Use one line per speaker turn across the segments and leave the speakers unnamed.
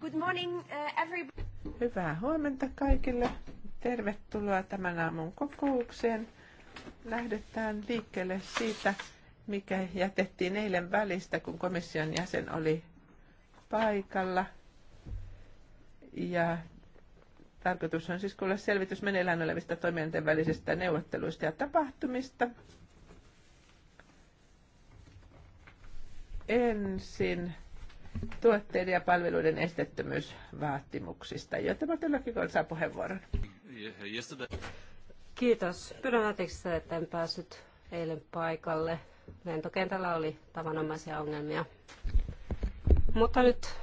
Good morning, uh, everybody. Hyvää huomenta kaikille. Tervetuloa tämän aamun kokoukseen. Lähdetään liikkeelle siitä, mikä jätettiin eilen välistä, kun komission jäsen oli paikalla. Ja tarkoitus on siis kuulla selvitys meneillään olevista toimijoiden välisistä neuvotteluista ja tapahtumista. Ensin tuotteiden ja palveluiden estettömyysvaatimuksista. Jotta Martin saa puheenvuoron.
Kiitos. Pyydän anteeksi, että en päässyt eilen paikalle. Lentokentällä oli tavanomaisia ongelmia. Mutta nyt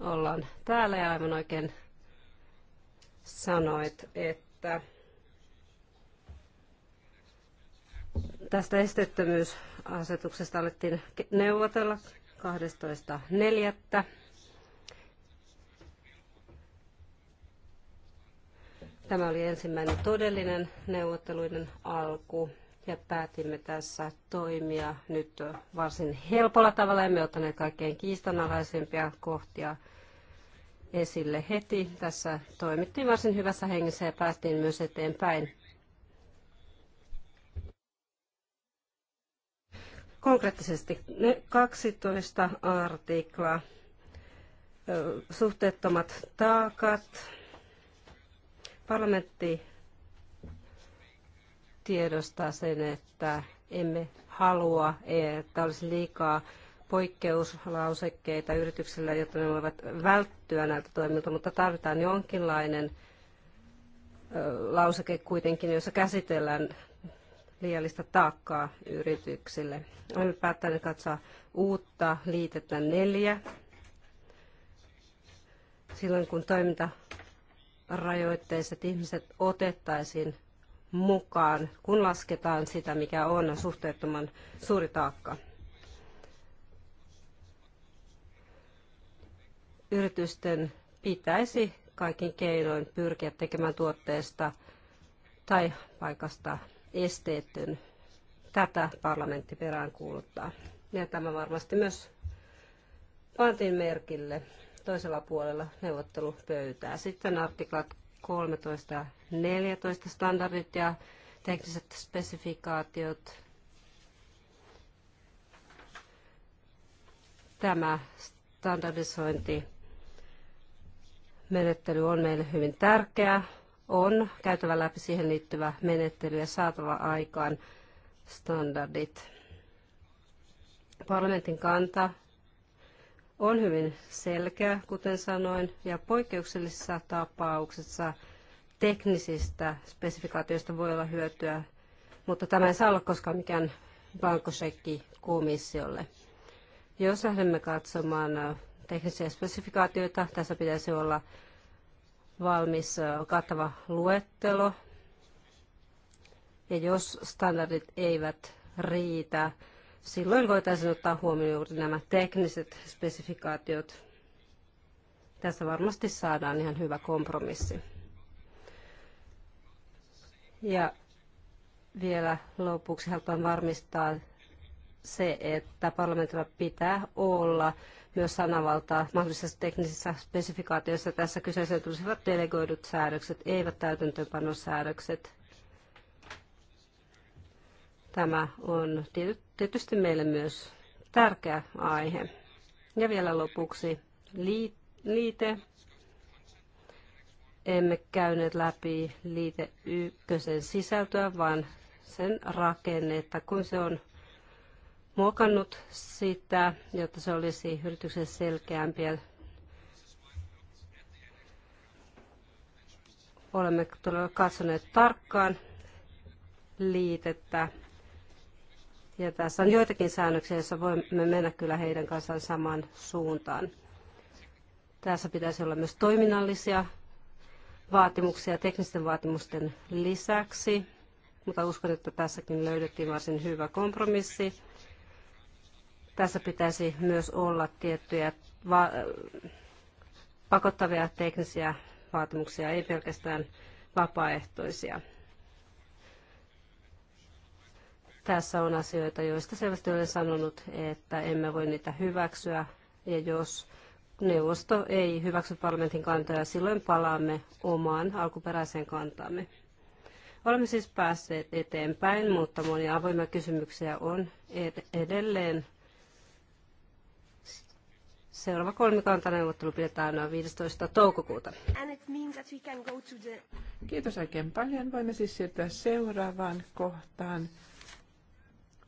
ollaan täällä ja aivan oikein sanoit, että tästä esteettömyysasetuksesta alettiin neuvotella 12.4. Tämä oli ensimmäinen todellinen neuvotteluiden alku ja päätimme tässä toimia nyt varsin helpolla tavalla. Emme ottaneet kaikkein kiistanalaisimpia kohtia esille heti. Tässä toimittiin varsin hyvässä hengessä ja päästiin myös eteenpäin. Konkreettisesti ne 12 artiklaa, suhteettomat taakat, parlamentti tiedostaa sen, että emme halua, että olisi liikaa poikkeuslausekkeita yrityksillä, jotta ne voivat välttyä näiltä toimilta, mutta tarvitaan jonkinlainen lauseke kuitenkin, jossa käsitellään liiallista taakkaa yrityksille. Olemme päättäneet katsoa uutta liitettä neljä. Silloin kun toimintarajoitteiset ihmiset otettaisiin mukaan, kun lasketaan sitä, mikä on suhteettoman suuri taakka. Yritysten pitäisi kaikin keinoin pyrkiä tekemään tuotteesta tai paikasta esteetön. Tätä parlamentti peräänkuuluttaa. Ja tämä varmasti myös pantiin merkille toisella puolella neuvottelupöytää. Sitten artiklat 13 ja 14 standardit ja tekniset spesifikaatiot. Tämä standardisointi menettely on meille hyvin tärkeä on käytävä läpi siihen liittyvä menettely ja saatava aikaan standardit. Parlamentin kanta on hyvin selkeä, kuten sanoin, ja poikkeuksellisissa tapauksissa teknisistä spesifikaatioista voi olla hyötyä, mutta tämä ei saa olla koskaan mikään valkosekki komissiolle. Jos lähdemme katsomaan teknisiä spesifikaatioita, tässä pitäisi olla valmis kattava luettelo. Ja jos standardit eivät riitä, silloin voitaisiin ottaa huomioon juuri nämä tekniset spesifikaatiot. Tässä varmasti saadaan ihan hyvä kompromissi. Ja vielä lopuksi haluan varmistaa se, että parlamentilla pitää olla myös sanavaltaa mahdollisissa teknisissä spesifikaatioissa. Tässä kyseessä tulisivat delegoidut säädökset, eivät täytäntöönpanosäädökset. Tämä on tietysti meille myös tärkeä aihe. Ja vielä lopuksi liite. Emme käyneet läpi liite ykkösen sisältöä, vaan sen rakennetta, kun se on muokannut sitä, jotta se olisi yrityksen selkeämpi olemme todella katsoneet tarkkaan liitettä. Ja tässä on joitakin säännöksiä, joissa voimme mennä kyllä heidän kanssaan samaan suuntaan. Tässä pitäisi olla myös toiminnallisia vaatimuksia teknisten vaatimusten lisäksi, mutta uskon, että tässäkin löydettiin varsin hyvä kompromissi. Tässä pitäisi myös olla tiettyjä pakottavia teknisiä vaatimuksia, ei pelkästään vapaaehtoisia. Tässä on asioita, joista selvästi olen sanonut, että emme voi niitä hyväksyä. Ja jos neuvosto ei hyväksy parlamentin kantoja, silloin palaamme omaan alkuperäiseen kantaamme. Olemme siis päässeet eteenpäin, mutta monia avoimia kysymyksiä on edelleen Seuraava kolmikantaneuvottelu pidetään 15.
toukokuuta. The... Kiitos oikein paljon. Voimme siis siirtyä seuraavaan kohtaan.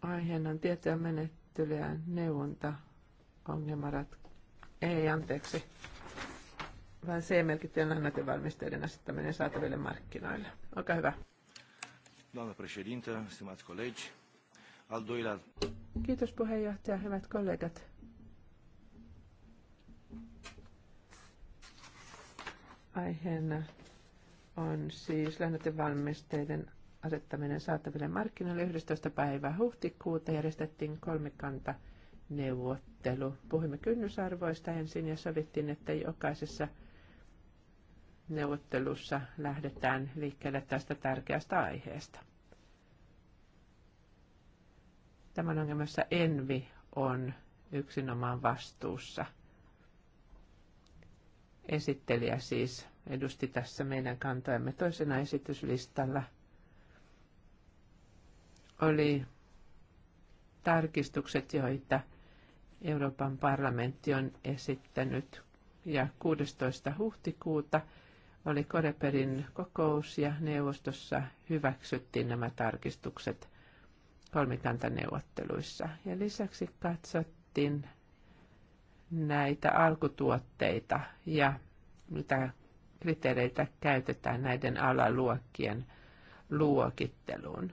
Aiheena on tietoja menettelyä neuvonta ongelmarat. Ei, anteeksi. Vain C-merkittyjen lannoitevalmisteiden asettaminen saataville markkinoille. Olkaa hyvä. Kiitos puheenjohtaja, hyvät kollegat. Aiheena on siis lannoitevalmisteiden asettaminen saataville markkinoille 11. päivää huhtikuuta järjestettiin kolmikanta neuvottelu. Puhuimme kynnysarvoista ensin ja sovittiin, että jokaisessa neuvottelussa lähdetään liikkeelle tästä tärkeästä aiheesta. Tämän ongelmassa Envi on yksinomaan vastuussa – Esittelijä siis edusti tässä meidän kantojamme toisena esityslistalla. Oli tarkistukset, joita Euroopan parlamentti on esittänyt. Ja 16. huhtikuuta oli Koreperin kokous ja neuvostossa hyväksyttiin nämä tarkistukset kolmikantaneuvotteluissa. Ja lisäksi katsottiin näitä alkutuotteita ja mitä kriteereitä käytetään näiden alaluokkien luokitteluun.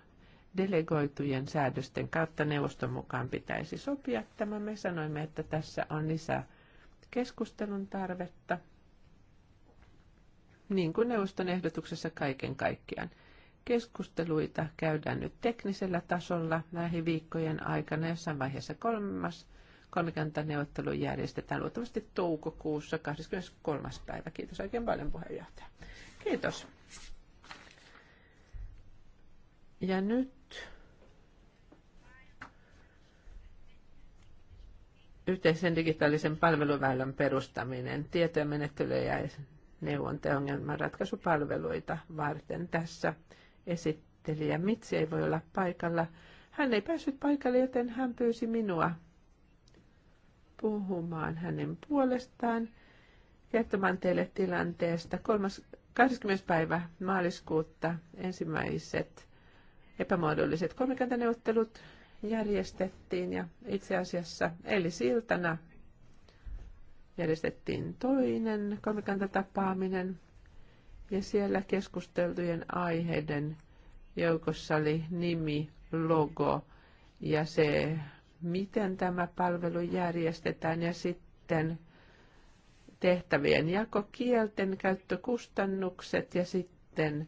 Delegoitujen säädösten kautta neuvoston mukaan pitäisi sopia tämä. Me sanoimme, että tässä on lisää keskustelun tarvetta, niin kuin neuvoston ehdotuksessa kaiken kaikkiaan. Keskusteluita käydään nyt teknisellä tasolla lähiviikkojen aikana, jossain vaiheessa kolmas neuvottelu järjestetään luultavasti toukokuussa 23. päivä. Kiitos oikein paljon puheenjohtaja. Kiitos. Ja nyt yhteisen digitaalisen palveluväylän perustaminen, tietojen menettelyjä ja neuvontaongelman ratkaisupalveluita varten tässä esittelijä. Mitsi ei voi olla paikalla. Hän ei päässyt paikalle, joten hän pyysi minua puhumaan hänen puolestaan, kertomaan teille tilanteesta. 20. päivä maaliskuuta ensimmäiset epämuodolliset kolmikantaneuvottelut järjestettiin ja itse asiassa eli siltana järjestettiin toinen kolmikantatapaaminen ja siellä keskusteltujen aiheiden joukossa oli nimi, logo ja se miten tämä palvelu järjestetään ja sitten tehtävien jako, kielten käyttökustannukset ja sitten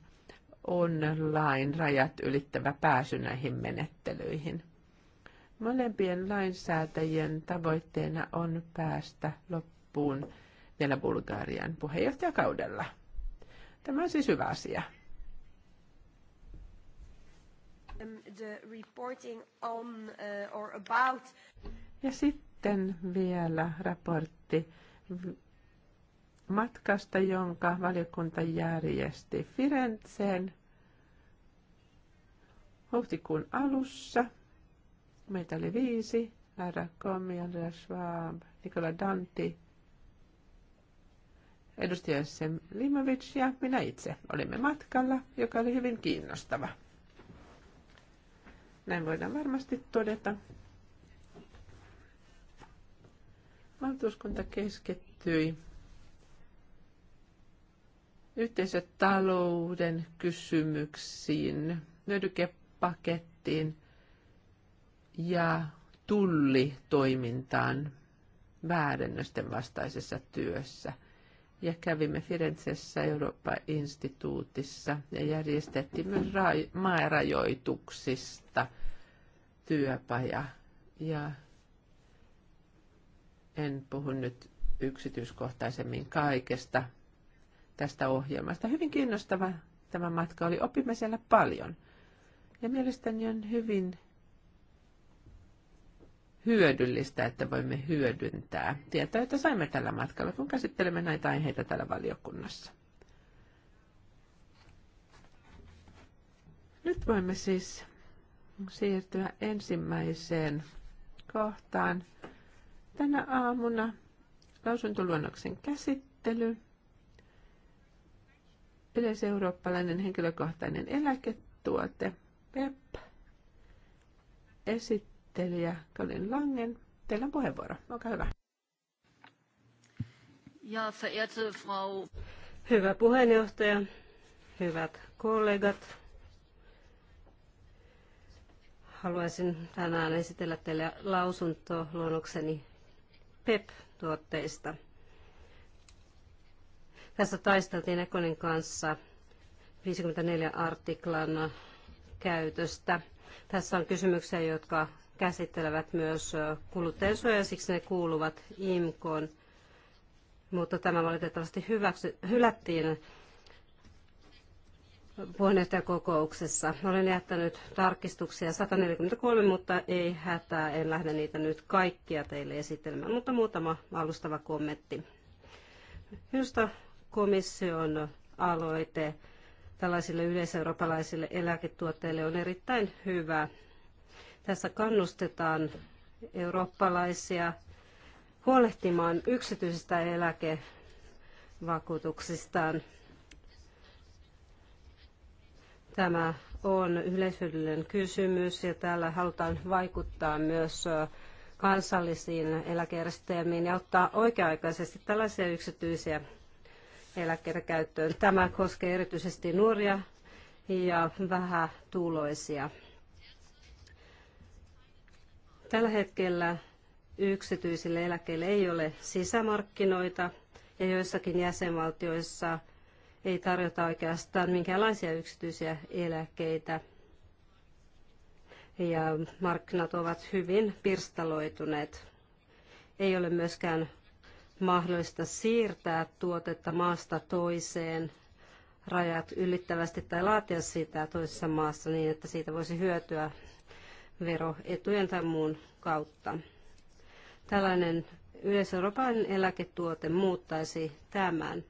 online rajat ylittävä pääsy näihin menettelyihin. Molempien lainsäätäjien tavoitteena on päästä loppuun vielä Bulgarian puheenjohtajakaudella. Tämä on siis hyvä asia.
Um, the reporting on, uh, or about...
Ja sitten vielä raportti matkasta, jonka valiokunta järjesti Firenzeen huhtikuun alussa. Meitä oli viisi. Lara Komi, Andrea Schwab, Nikola Danti, edustaja Sem Limovic ja minä itse olimme matkalla, joka oli hyvin kiinnostava. Näin voidaan varmasti todeta. Valtuuskunta keskittyi yhteisötalouden kysymyksiin, hyödykepakettiin ja tullitoimintaan väärennösten vastaisessa työssä – ja kävimme Firenzessä Eurooppa-instituutissa ja järjestettiin myös ra- maarajoituksista työpaja. Ja en puhu nyt yksityiskohtaisemmin kaikesta tästä ohjelmasta. Hyvin kiinnostava tämä matka oli. Opimme siellä paljon. Ja mielestäni on hyvin hyödyllistä, että voimme hyödyntää tietoa, että saimme tällä matkalla, kun käsittelemme näitä aiheita täällä valiokunnassa. Nyt voimme siis siirtyä ensimmäiseen kohtaan. Tänä aamuna lausuntoluonnoksen käsittely, yleiseurooppalainen henkilökohtainen eläketuote, PEP, esittää esittelijä Kalin Langen. Teillä on puheenvuoro. Olkaa hyvä.
Ja, verehrte Frau. Hyvä puheenjohtaja, hyvät kollegat. Haluaisin tänään esitellä teille lausunto luonnokseni PEP-tuotteista. Tässä taisteltiin Ekonin kanssa 54 artiklan käytöstä. Tässä on kysymyksiä, jotka käsittelevät myös kuluttajansuojaa, siksi ne kuuluvat IMKOon. Mutta tämä valitettavasti hyväksy, hylättiin puheenjohtajakokouksessa. Olen jättänyt tarkistuksia 143, mutta ei hätää, en lähde niitä nyt kaikkia teille esittelemään, mutta muutama alustava kommentti. Minusta komission aloite tällaisille yleiseurooppalaisille eläketuotteille on erittäin hyvä tässä kannustetaan eurooppalaisia huolehtimaan yksityisistä eläkevakuutuksistaan. Tämä on yleishyödyllinen kysymys ja täällä halutaan vaikuttaa myös kansallisiin eläkejärjestelmiin ja ottaa oikea-aikaisesti tällaisia yksityisiä eläkkeitä käyttöön. Tämä koskee erityisesti nuoria ja vähätuloisia. Tällä hetkellä yksityisille eläkkeille ei ole sisämarkkinoita ja joissakin jäsenvaltioissa ei tarjota oikeastaan minkäänlaisia yksityisiä eläkkeitä. Ja markkinat ovat hyvin pirstaloituneet. Ei ole myöskään mahdollista siirtää tuotetta maasta toiseen rajat ylittävästi tai laatia sitä toisessa maassa niin, että siitä voisi hyötyä veroetujen tai muun kautta. Tällainen yleiseurooppalainen eläketuote muuttaisi tämän.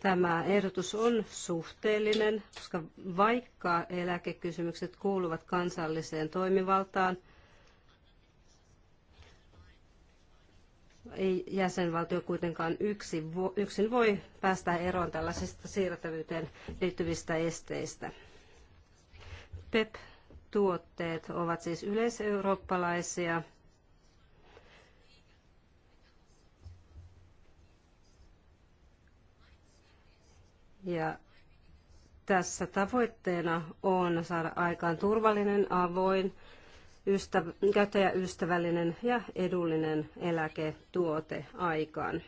Tämä ehdotus on suhteellinen, koska vaikka eläkekysymykset kuuluvat kansalliseen toimivaltaan, ei jäsenvaltio kuitenkaan yksin, yksin voi päästä eroon tällaisista siirrettävyyteen liittyvistä esteistä. PEP tuotteet ovat siis yleiseurooppalaisia. Ja tässä tavoitteena on saada aikaan turvallinen, avoin, ystäv- käyttäjäystävällinen ja edullinen eläketuote aikaan.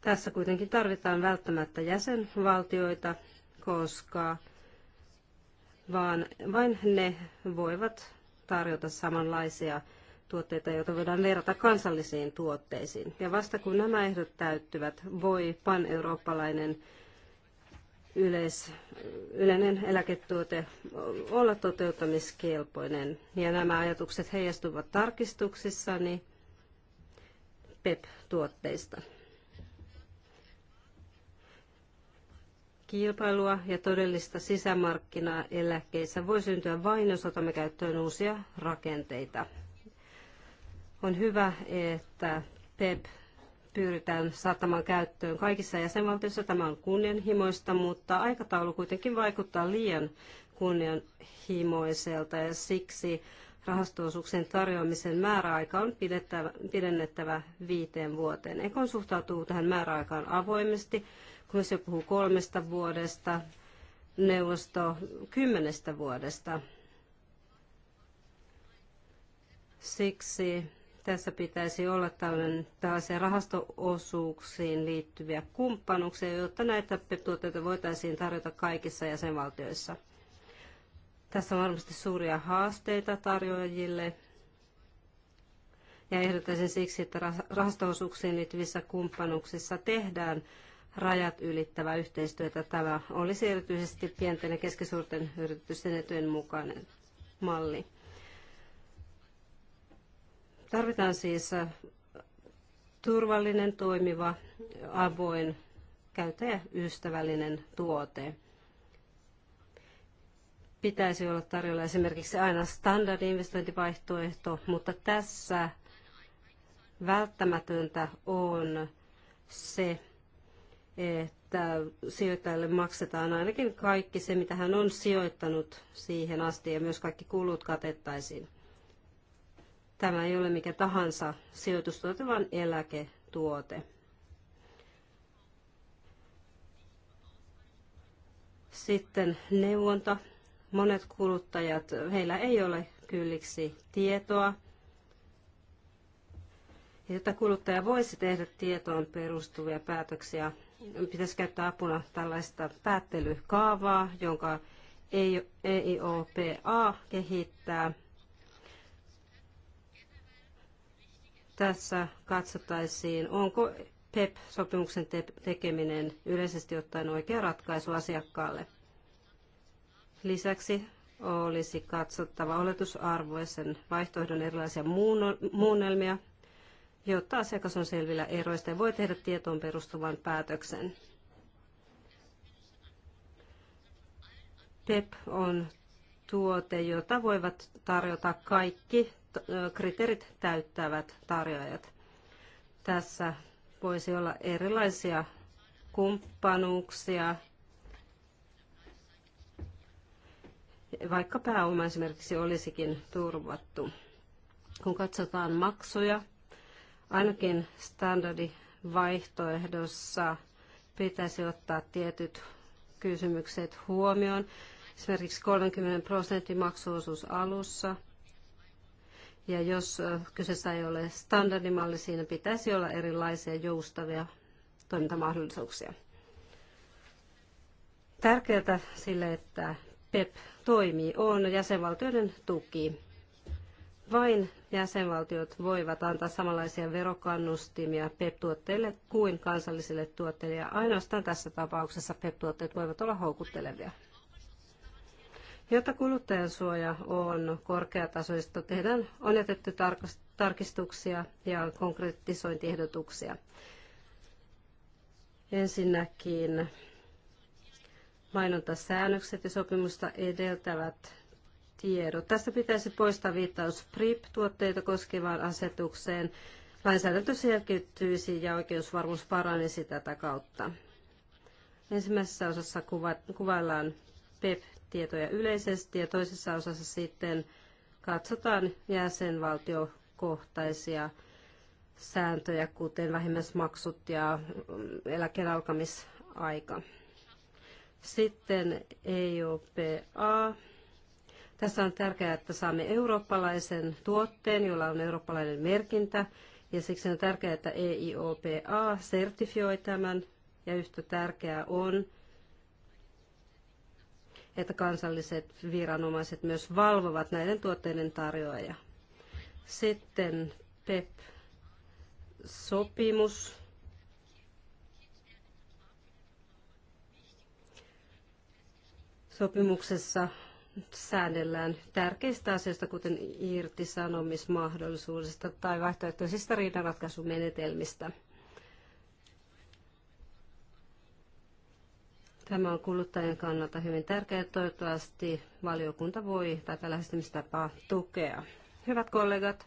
Tässä kuitenkin tarvitaan välttämättä jäsenvaltioita, koska vaan vain ne voivat tarjota samanlaisia tuotteita, joita voidaan verrata kansallisiin tuotteisiin. Ja vasta kun nämä ehdot täyttyvät, voi pan-eurooppalainen yleis, yleinen eläketuote olla toteuttamiskelpoinen. Ja nämä ajatukset heijastuvat tarkistuksissani PEP-tuotteista. Kilpailua ja todellista sisämarkkinaa eläkkeissä voi syntyä vain, jos otamme käyttöön uusia rakenteita. On hyvä, että PEP pyritään saattamaan käyttöön kaikissa jäsenvaltioissa. Tämä on kunnianhimoista, mutta aikataulu kuitenkin vaikuttaa liian kunnianhimoiselta ja siksi rahastoosuuksien tarjoamisen määräaika on pidennettävä viiteen vuoteen. Ekon suhtautuu tähän määräaikaan avoimesti Komissio puhuu kolmesta vuodesta, neuvosto kymmenestä vuodesta. Siksi tässä pitäisi olla tällainen, tällaisia rahastoosuuksiin liittyviä kumppanuuksia, jotta näitä tuotteita voitaisiin tarjota kaikissa jäsenvaltioissa. Tässä on varmasti suuria haasteita tarjoajille. Ja ehdottaisin siksi, että rahastoosuuksiin liittyvissä kumppanuuksissa tehdään rajat ylittävää yhteistyötä. Tämä olisi erityisesti pienten ja keskisuurten yritysten etujen mukainen malli. Tarvitaan siis äh, turvallinen, toimiva, avoin, käyttäjäystävällinen tuote. Pitäisi olla tarjolla esimerkiksi aina standardi-investointivaihtoehto, mutta tässä välttämätöntä on se, että sijoittajalle maksetaan ainakin kaikki se, mitä hän on sijoittanut siihen asti ja myös kaikki kulut katettaisiin. Tämä ei ole mikä tahansa sijoitustuote, vaan eläketuote. Sitten neuvonta. Monet kuluttajat, heillä ei ole kylliksi tietoa. Jotta kuluttaja voisi tehdä tietoon perustuvia päätöksiä, pitäisi käyttää apuna tällaista päättelykaavaa, jonka EIOPA e kehittää. Tässä katsottaisiin, onko PEP-sopimuksen tekeminen yleisesti ottaen oikea ratkaisu asiakkaalle. Lisäksi olisi katsottava oletusarvoisen vaihtoehdon erilaisia muunnelmia jotta asiakas on selvillä eroista ja voi tehdä tietoon perustuvan päätöksen. PEP e on tuote, jota voivat tarjota kaikki kriteerit täyttävät tarjoajat. Tässä voisi olla erilaisia kumppanuuksia, vaikka pääoma esimerkiksi olisikin turvattu. Kun katsotaan maksuja, Ainakin standardivaihtoehdossa pitäisi ottaa tietyt kysymykset huomioon. Esimerkiksi 30 prosentin maksuosuus alussa. Ja jos kyseessä ei ole standardimalli, siinä pitäisi olla erilaisia joustavia toimintamahdollisuuksia. Tärkeää sille, että PEP toimii, on jäsenvaltioiden tuki. Vain jäsenvaltiot voivat antaa samanlaisia verokannustimia PEP-tuotteille kuin kansallisille tuotteille, ja ainoastaan tässä tapauksessa PEP-tuotteet voivat olla houkuttelevia. Jotta kuluttajansuoja on korkeatasoista, tehdään on jätetty tarkistuksia ja konkretisointiehdotuksia. Ensinnäkin mainontasäännökset ja sopimusta edeltävät tiedot. Tässä pitäisi poistaa viittaus PRIP-tuotteita koskevaan asetukseen. Lainsäädäntö selkiytyisi ja oikeusvarmuus paranisi tätä kautta. Ensimmäisessä osassa kuva- kuvaillaan PEP-tietoja yleisesti ja toisessa osassa sitten katsotaan jäsenvaltiokohtaisia sääntöjä, kuten vähimmäismaksut ja eläkeen alkamisaika. Sitten EUPA tässä on tärkeää, että saamme eurooppalaisen tuotteen, jolla on eurooppalainen merkintä, ja siksi on tärkeää, että EIOPA sertifioi tämän, ja yhtä tärkeää on, että kansalliset viranomaiset myös valvovat näiden tuotteiden tarjoajia. Sitten PEP-sopimus. Sopimuksessa säädellään tärkeistä asioista, kuten irtisanomismahdollisuudesta tai vaihtoehtoisista riidanratkaisumenetelmistä. Tämä on kuluttajien kannalta hyvin tärkeää. Toivottavasti valiokunta voi tätä lähestymistapaa tukea. Hyvät kollegat,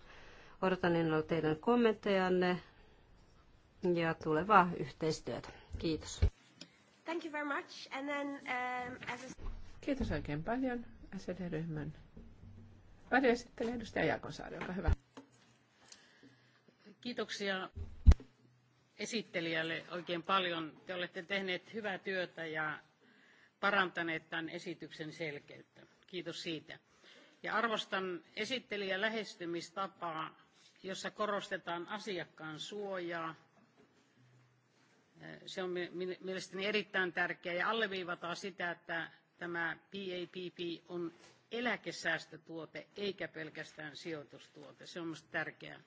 odotan innolla teidän kommenttejanne ja tulevaa
yhteistyötä. Kiitos.
Thank you very much. And then, um, as a...
Kiitos oikein paljon. SED-ryhmän varjoesittelijä edustaja Jaakonsaari, olkaa hyvä.
Kiitoksia esittelijälle oikein paljon. Te olette tehneet hyvää työtä ja parantaneet tämän esityksen selkeyttä. Kiitos siitä. Ja arvostan esittelijän lähestymistapaa, jossa korostetaan asiakkaan suojaa. Se on mielestäni erittäin tärkeää ja alleviivataan sitä, että tämä PAPP on eläkesäästötuote eikä pelkästään sijoitustuote. Se on minusta tärkeää.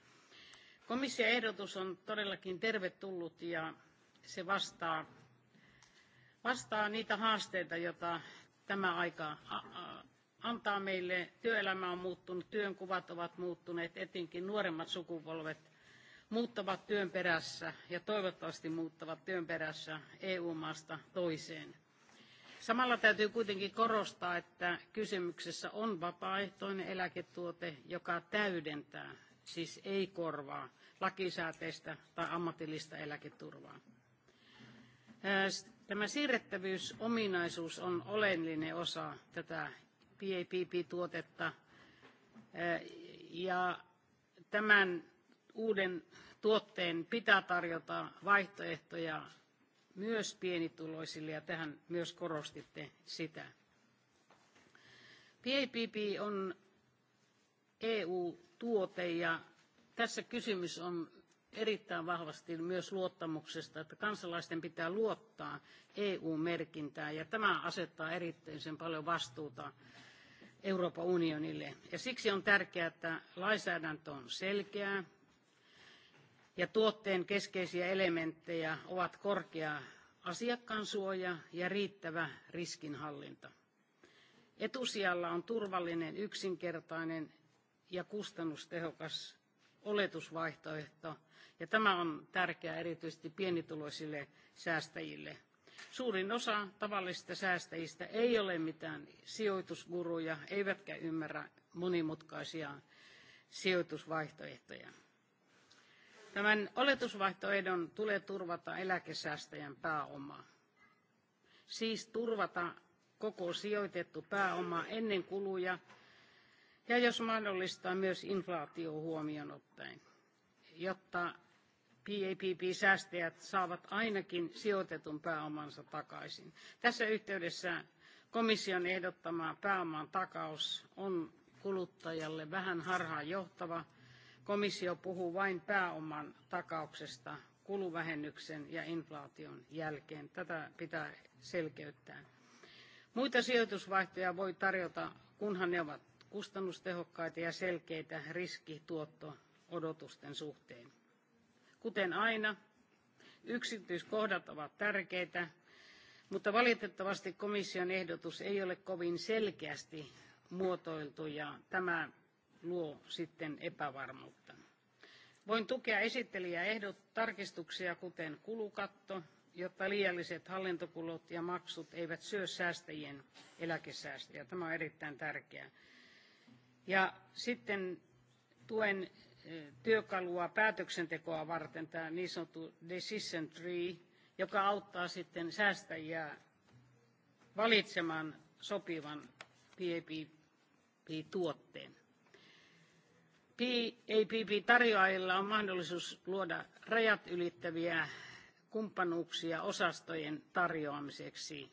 Komission ehdotus on todellakin tervetullut ja se vastaa, vastaa niitä haasteita, joita tämä aika antaa meille. Työelämä on muuttunut, työnkuvat ovat muuttuneet, etenkin nuoremmat sukupolvet muuttavat työn perässä ja toivottavasti muuttavat työn perässä EU-maasta toiseen. Samalla täytyy kuitenkin korostaa, että kysymyksessä on vapaaehtoinen eläketuote, joka täydentää, siis ei korvaa, lakisääteistä tai ammatillista eläketurvaa. Äh, tämä siirrettävyysominaisuus on oleellinen osa tätä PAPP-tuotetta äh, ja tämän uuden tuotteen pitää tarjota vaihtoehtoja myös pienituloisille ja tähän myös korostitte sitä. PAPP on EU-tuote ja tässä kysymys on erittäin vahvasti myös luottamuksesta, että kansalaisten pitää luottaa EU-merkintään ja tämä asettaa erityisen paljon vastuuta Euroopan unionille. Ja siksi on tärkeää, että lainsäädäntö on selkeää, ja tuotteen keskeisiä elementtejä ovat korkea asiakkaansuoja ja riittävä riskinhallinta. Etusijalla on turvallinen, yksinkertainen ja kustannustehokas oletusvaihtoehto, ja tämä on tärkeää erityisesti pienituloisille säästäjille. Suurin osa tavallisista säästäjistä ei ole mitään sijoitusguruja, eivätkä ymmärrä monimutkaisia sijoitusvaihtoehtoja. Tämän oletusvaihtoehdon tulee turvata eläkesäästäjän pääomaa. Siis turvata koko sijoitettu pääoma ennen kuluja ja jos mahdollista myös inflaatio huomioon ottaen, jotta PAPP-säästäjät saavat ainakin sijoitetun pääomansa takaisin. Tässä yhteydessä komission ehdottama pääoman takaus on kuluttajalle vähän harhaan johtava komissio puhuu vain pääoman takauksesta kuluvähennyksen ja inflaation jälkeen. Tätä pitää selkeyttää. Muita sijoitusvaihtoja voi tarjota, kunhan ne ovat kustannustehokkaita ja selkeitä riskituotto-odotusten suhteen. Kuten aina, yksityiskohdat ovat tärkeitä, mutta valitettavasti komission ehdotus ei ole kovin selkeästi muotoiltu ja tämä luo sitten epävarmuutta. Voin tukea esittelijä ehdot tarkistuksia, kuten kulukatto, jotta liialliset hallintokulut ja maksut eivät syö säästäjien eläkesäästöjä. Tämä on erittäin tärkeää. Ja sitten tuen eh, työkalua päätöksentekoa varten, tämä niin sanottu decision tree, joka auttaa sitten säästäjiä valitsemaan sopivan PAP-tuotteen. PAPP-tarjoajilla on mahdollisuus luoda rajat ylittäviä kumppanuuksia osastojen tarjoamiseksi,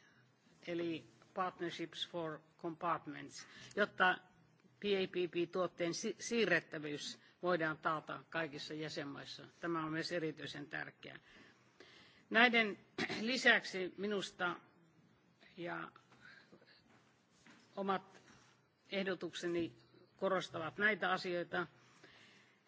eli Partnerships for Compartments, jotta PAPP-tuotteen siirrettävyys voidaan taata kaikissa jäsenmaissa. Tämä on myös erityisen tärkeää. Näiden lisäksi minusta ja omat ehdotukseni korostavat näitä asioita.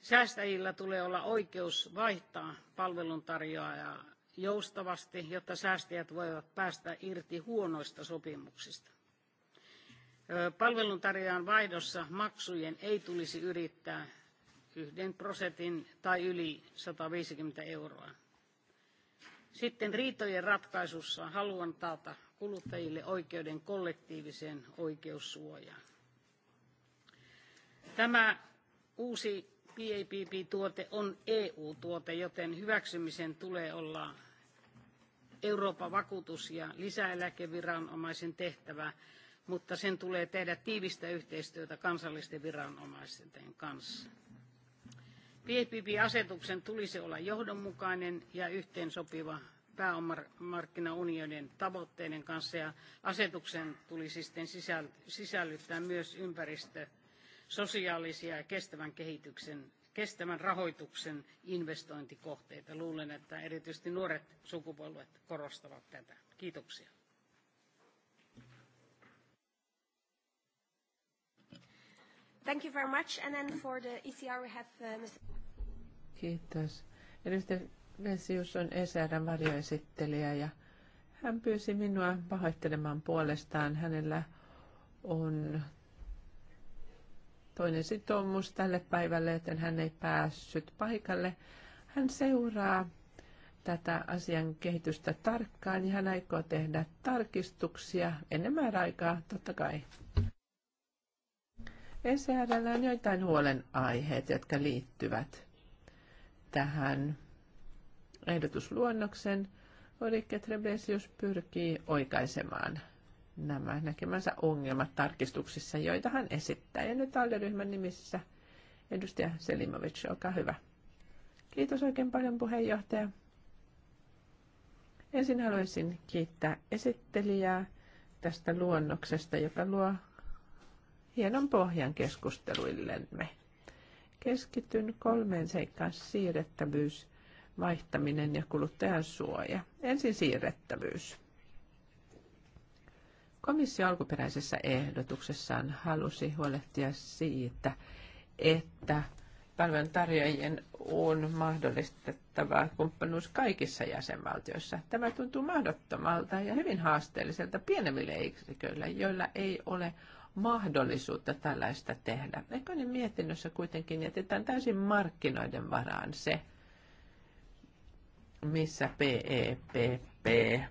Säästäjillä tulee olla oikeus vaihtaa palveluntarjoajaa joustavasti, jotta säästäjät voivat päästä irti huonoista sopimuksista. Palveluntarjoajan vaihdossa maksujen ei tulisi yrittää yhden prosentin tai yli 150 euroa. Sitten riitojen ratkaisussa haluan taata kuluttajille oikeuden kollektiiviseen oikeussuojaan. Tämä uusi PAPP-tuote on EU-tuote, joten hyväksymisen tulee olla Euroopan vakuutus- ja lisäeläkeviranomaisen tehtävä, mutta sen tulee tehdä tiivistä yhteistyötä kansallisten viranomaisten kanssa. PPP-asetuksen tulisi olla johdonmukainen ja yhteensopiva pääomamarkkinaunionin tavoitteiden kanssa ja asetuksen tulisi sitten sisällyttää myös ympäristö- sosiaalisia ja kestävän kehityksen kestävän rahoituksen investointikohteita. Luulen, että erityisesti nuoret sukupolvet korostavat tätä. Kiitoksia.
Thank you very much. And then for the ECR we have uh, Mr.
Kiitos. Edustaja Vesius on ECRn varjoesittelijä ja hän pyysi minua pahoittelemaan puolestaan. Hänellä on toinen sitoumus tälle päivälle, joten hän ei päässyt paikalle. Hän seuraa tätä asian kehitystä tarkkaan ja hän aikoo tehdä tarkistuksia enemmän aikaa, totta kai. ECRllä on joitain huolenaiheet, jotka liittyvät tähän ehdotusluonnoksen. Ulrike Trebesius pyrkii oikaisemaan nämä näkemänsä ongelmat tarkistuksissa, joita hän esittää. Ja nyt ryhmän nimissä edustaja Selimovic, olkaa hyvä. Kiitos oikein paljon puheenjohtaja. Ensin haluaisin kiittää esittelijää tästä luonnoksesta, joka luo hienon pohjan keskusteluillemme. Keskityn kolmeen seikkaan siirrettävyys, vaihtaminen ja kuluttajan suoja. Ensin siirrettävyys. Komissio alkuperäisessä ehdotuksessaan halusi huolehtia siitä, että tarjoajien on mahdollistettava kumppanuus kaikissa jäsenvaltioissa. Tämä tuntuu mahdottomalta ja hyvin haasteelliselta pienemmille yksiköille, joilla ei ole mahdollisuutta tällaista tehdä. Ekonin mietinnössä kuitenkin jätetään täysin markkinoiden varaan se, missä PEPP e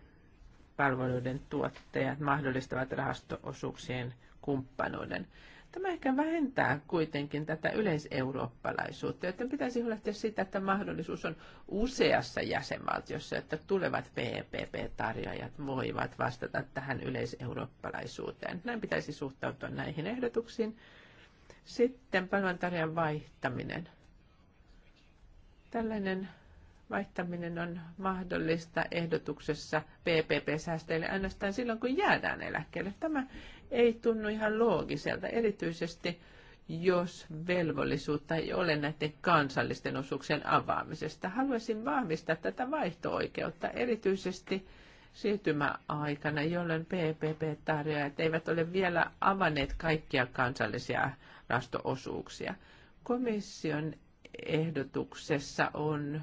palveluiden tuottajat mahdollistavat rahastoosuuksien kumppanuuden. Tämä ehkä vähentää kuitenkin tätä yleiseurooppalaisuutta, joten pitäisi huolehtia siitä, että mahdollisuus on useassa jäsenvaltiossa, että tulevat PPP-tarjoajat voivat vastata tähän yleiseurooppalaisuuteen. Näin pitäisi suhtautua näihin ehdotuksiin. Sitten palveluntarjan vaihtaminen. Tällainen vaihtaminen on mahdollista ehdotuksessa PPP-säästöille ainoastaan silloin, kun jäädään eläkkeelle. Tämä ei tunnu ihan loogiselta, erityisesti jos velvollisuutta ei ole näiden kansallisten osuuksien avaamisesta. Haluaisin vahvistaa tätä vaihto-oikeutta, erityisesti siirtymäaikana, jolloin PPP-tarjoajat eivät ole vielä avanneet kaikkia kansallisia rastoosuuksia. Komission ehdotuksessa on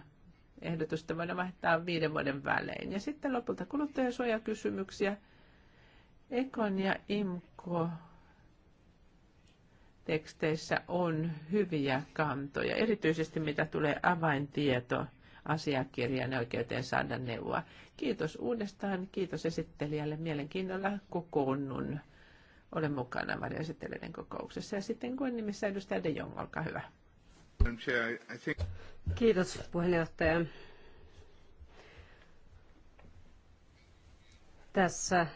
ehdotusta voidaan vaihtaa viiden vuoden välein. Ja sitten lopulta kuluttajansuojakysymyksiä. Ekon ja IMKO teksteissä on hyviä kantoja, erityisesti mitä tulee avaintieto asiakirjan oikeuteen saada neuvoa. Kiitos uudestaan, kiitos esittelijälle. Mielenkiinnolla kokoonnun. Olen mukana varjoesittelijöiden kokouksessa. Ja sitten kuin nimissä edustaja De Jong, olkaa hyvä. Kiitos puheenjohtaja.
Tässä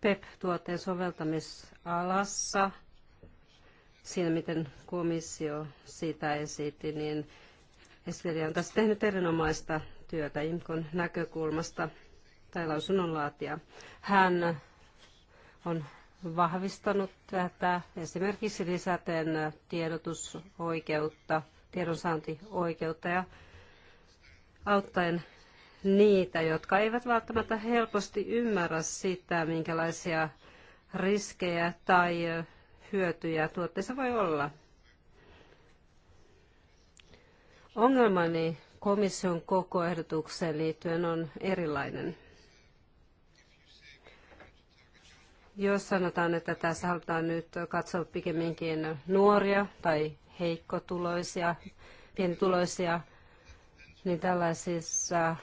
PEP-tuotteen soveltamisalassa, siinä miten komissio sitä esitti, niin esittelijä on tässä tehnyt erinomaista työtä IMKon näkökulmasta tai lausunnonlaatija. Hän on vahvistanut tätä esimerkiksi lisäten tiedotusoikeutta, tiedonsaantioikeutta ja auttaen niitä, jotka eivät välttämättä helposti ymmärrä sitä, minkälaisia riskejä tai hyötyjä tuotteessa voi olla. Ongelmani komission koko ehdotukseen liittyen on erilainen. Jos sanotaan, että tässä halutaan nyt katsoa pikemminkin nuoria tai heikkotuloisia, pienituloisia, niin tällaisissa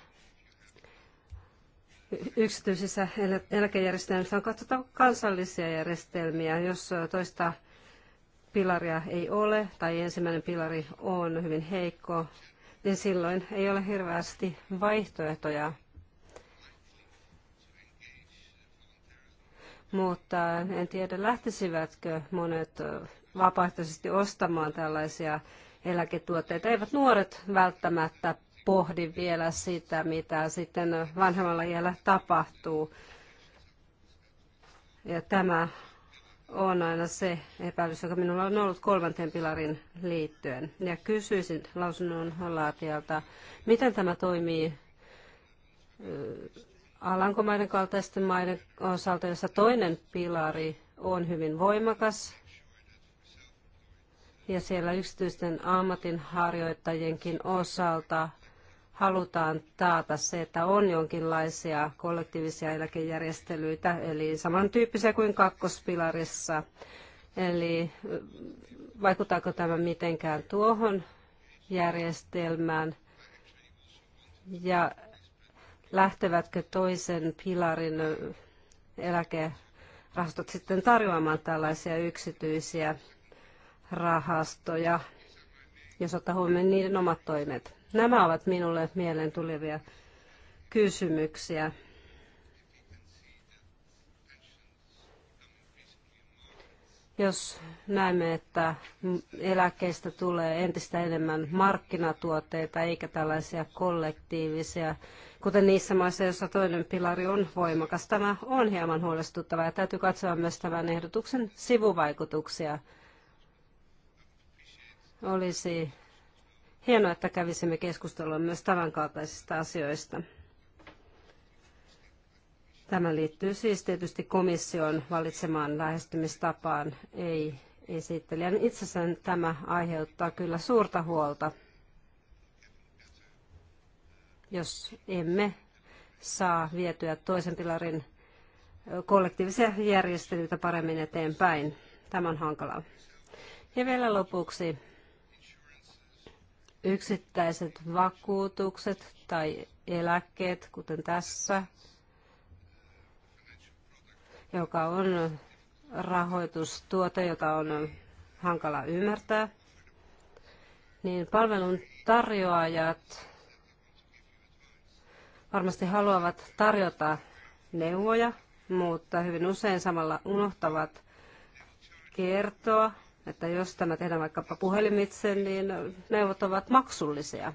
yksityisissä eläkejärjestelmissä on katsottava kansallisia järjestelmiä. Jos toista pilaria ei ole tai ensimmäinen pilari on hyvin heikko, niin silloin ei ole hirveästi vaihtoehtoja mutta en tiedä lähtisivätkö monet vapaaehtoisesti ostamaan tällaisia eläketuotteita. Eivät nuoret välttämättä pohdi vielä sitä, mitä sitten vanhemmalla iällä tapahtuu. Ja tämä on aina se epäilys, joka minulla on ollut kolmanteen pilarin liittyen. Ja kysyisin lausunnon laatijalta, miten tämä toimii Alankomaiden kaltaisten maiden osalta, jossa toinen pilari on hyvin voimakas ja siellä yksityisten ammatinharjoittajienkin osalta halutaan taata se, että on jonkinlaisia kollektiivisia eläkejärjestelyitä, eli samantyyppisiä kuin kakkospilarissa. Eli vaikuttaako tämä mitenkään tuohon järjestelmään? Ja lähtevätkö toisen pilarin eläkerahastot sitten tarjoamaan tällaisia yksityisiä rahastoja, jos ottaa huomioon niiden omat toimet. Nämä ovat minulle mieleen tulevia kysymyksiä. Jos näemme, että eläkkeistä tulee entistä enemmän markkinatuotteita eikä tällaisia kollektiivisia, kuten niissä maissa, joissa toinen pilari on voimakas, tämä on hieman huolestuttavaa ja täytyy katsoa myös tämän ehdotuksen sivuvaikutuksia. Olisi hienoa, että kävisimme keskustelua myös tämänkaltaisista asioista. Tämä liittyy siis tietysti komission valitsemaan lähestymistapaan, ei esittelijän. Itsessään tämä aiheuttaa kyllä suurta huolta, jos emme saa vietyä toisen pilarin kollektiivisia järjestelyitä paremmin eteenpäin. Tämä on hankalaa. Ja vielä lopuksi yksittäiset vakuutukset tai eläkkeet, kuten tässä joka on rahoitustuote, jota on hankala ymmärtää, niin palvelun tarjoajat varmasti haluavat tarjota neuvoja, mutta hyvin usein samalla unohtavat kertoa, että jos tämä tehdään vaikkapa puhelimitse, niin neuvot ovat maksullisia.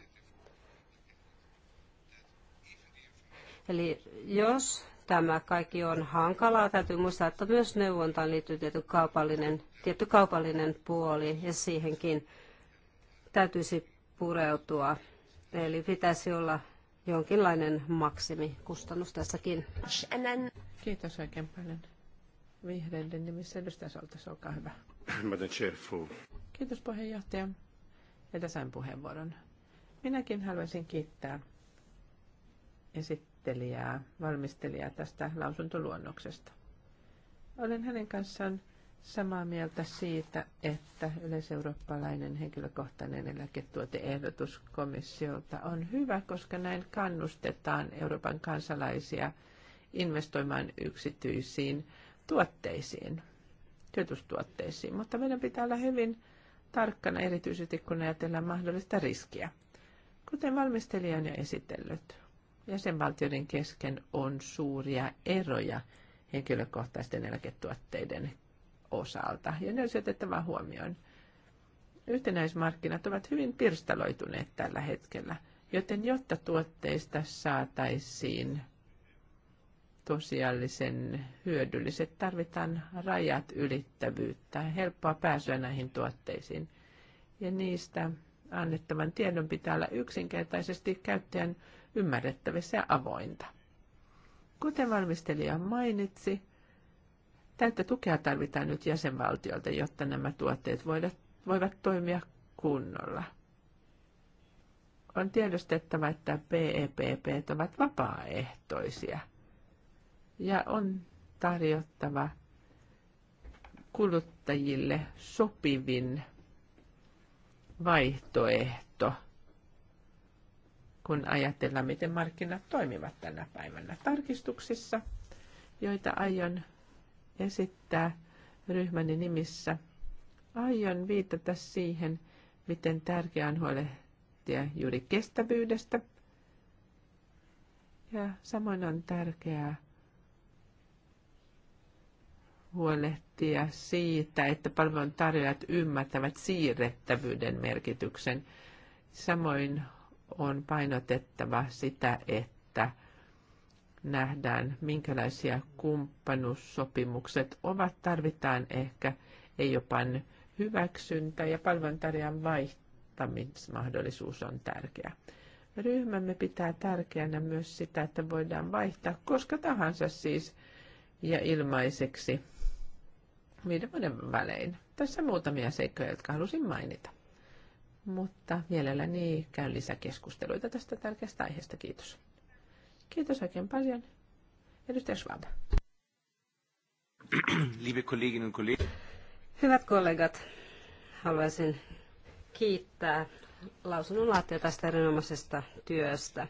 Eli jos Tämä kaikki on hankalaa. Täytyy muistaa, että myös neuvontaan liittyy tietty kaupallinen, tietty kaupallinen puoli ja siihenkin täytyisi pureutua. Eli pitäisi olla jonkinlainen maksimikustannus tässäkin. Kiitos oikein paljon.
Vihreiden nimissä edustaja Soltas, olkaa hyvä. Kiitos puheenjohtaja, että sain puheenvuoron. Minäkin haluaisin kiittää esittää esittelijää, valmistelijaa tästä lausuntoluonnoksesta. Olen hänen kanssaan samaa mieltä siitä, että yleiseurooppalainen henkilökohtainen eläketuoteehdotus komissiolta on hyvä, koska näin kannustetaan Euroopan kansalaisia investoimaan yksityisiin tuotteisiin, työtustuotteisiin. Mutta meidän pitää olla hyvin tarkkana, erityisesti kun ajatellaan mahdollista riskiä. Kuten valmistelijan ja esitellyt, jäsenvaltioiden kesken on suuria eroja henkilökohtaisten eläketuotteiden osalta. Ja ne on otettava huomioon. Yhtenäismarkkinat ovat hyvin pirstaloituneet tällä hetkellä, joten jotta tuotteista saataisiin tosiaallisen hyödylliset, tarvitaan rajat ylittävyyttä, helppoa pääsyä näihin tuotteisiin. Ja niistä annettavan tiedon pitää olla yksinkertaisesti käyttäjän ymmärrettävissä ja avointa. Kuten valmistelija mainitsi, täyttä tukea tarvitaan nyt jäsenvaltiolta, jotta nämä tuotteet voivat toimia kunnolla. On tiedostettava, että PEPP e ovat vapaaehtoisia ja on tarjottava kuluttajille sopivin vaihtoehto – kun ajatellaan, miten markkinat toimivat tänä päivänä. Tarkistuksissa, joita aion esittää ryhmäni nimissä, aion viitata siihen, miten tärkeää on huolehtia juuri kestävyydestä. Ja samoin on tärkeää huolehtia siitä, että palveluntarjoajat ymmärtävät siirrettävyyden merkityksen. Samoin on painotettava sitä, että nähdään, minkälaisia kumppanuussopimukset ovat. Tarvitaan ehkä ei jopa hyväksyntä ja palveluntarjan vaihtamismahdollisuus on tärkeä. Ryhmämme pitää tärkeänä myös sitä, että voidaan vaihtaa koska tahansa siis ja ilmaiseksi viiden vuoden välein. Tässä muutamia seikkoja, jotka halusin mainita mutta mielelläni käyn lisäkeskusteluita tästä tärkeästä aiheesta. Kiitos. Kiitos oikein paljon. Edustaja Schwab.
Liebe Kolleginnen und Kollegen.
Hyvät kollegat, haluaisin
kiittää lausunnonlaatia tästä erinomaisesta työstä.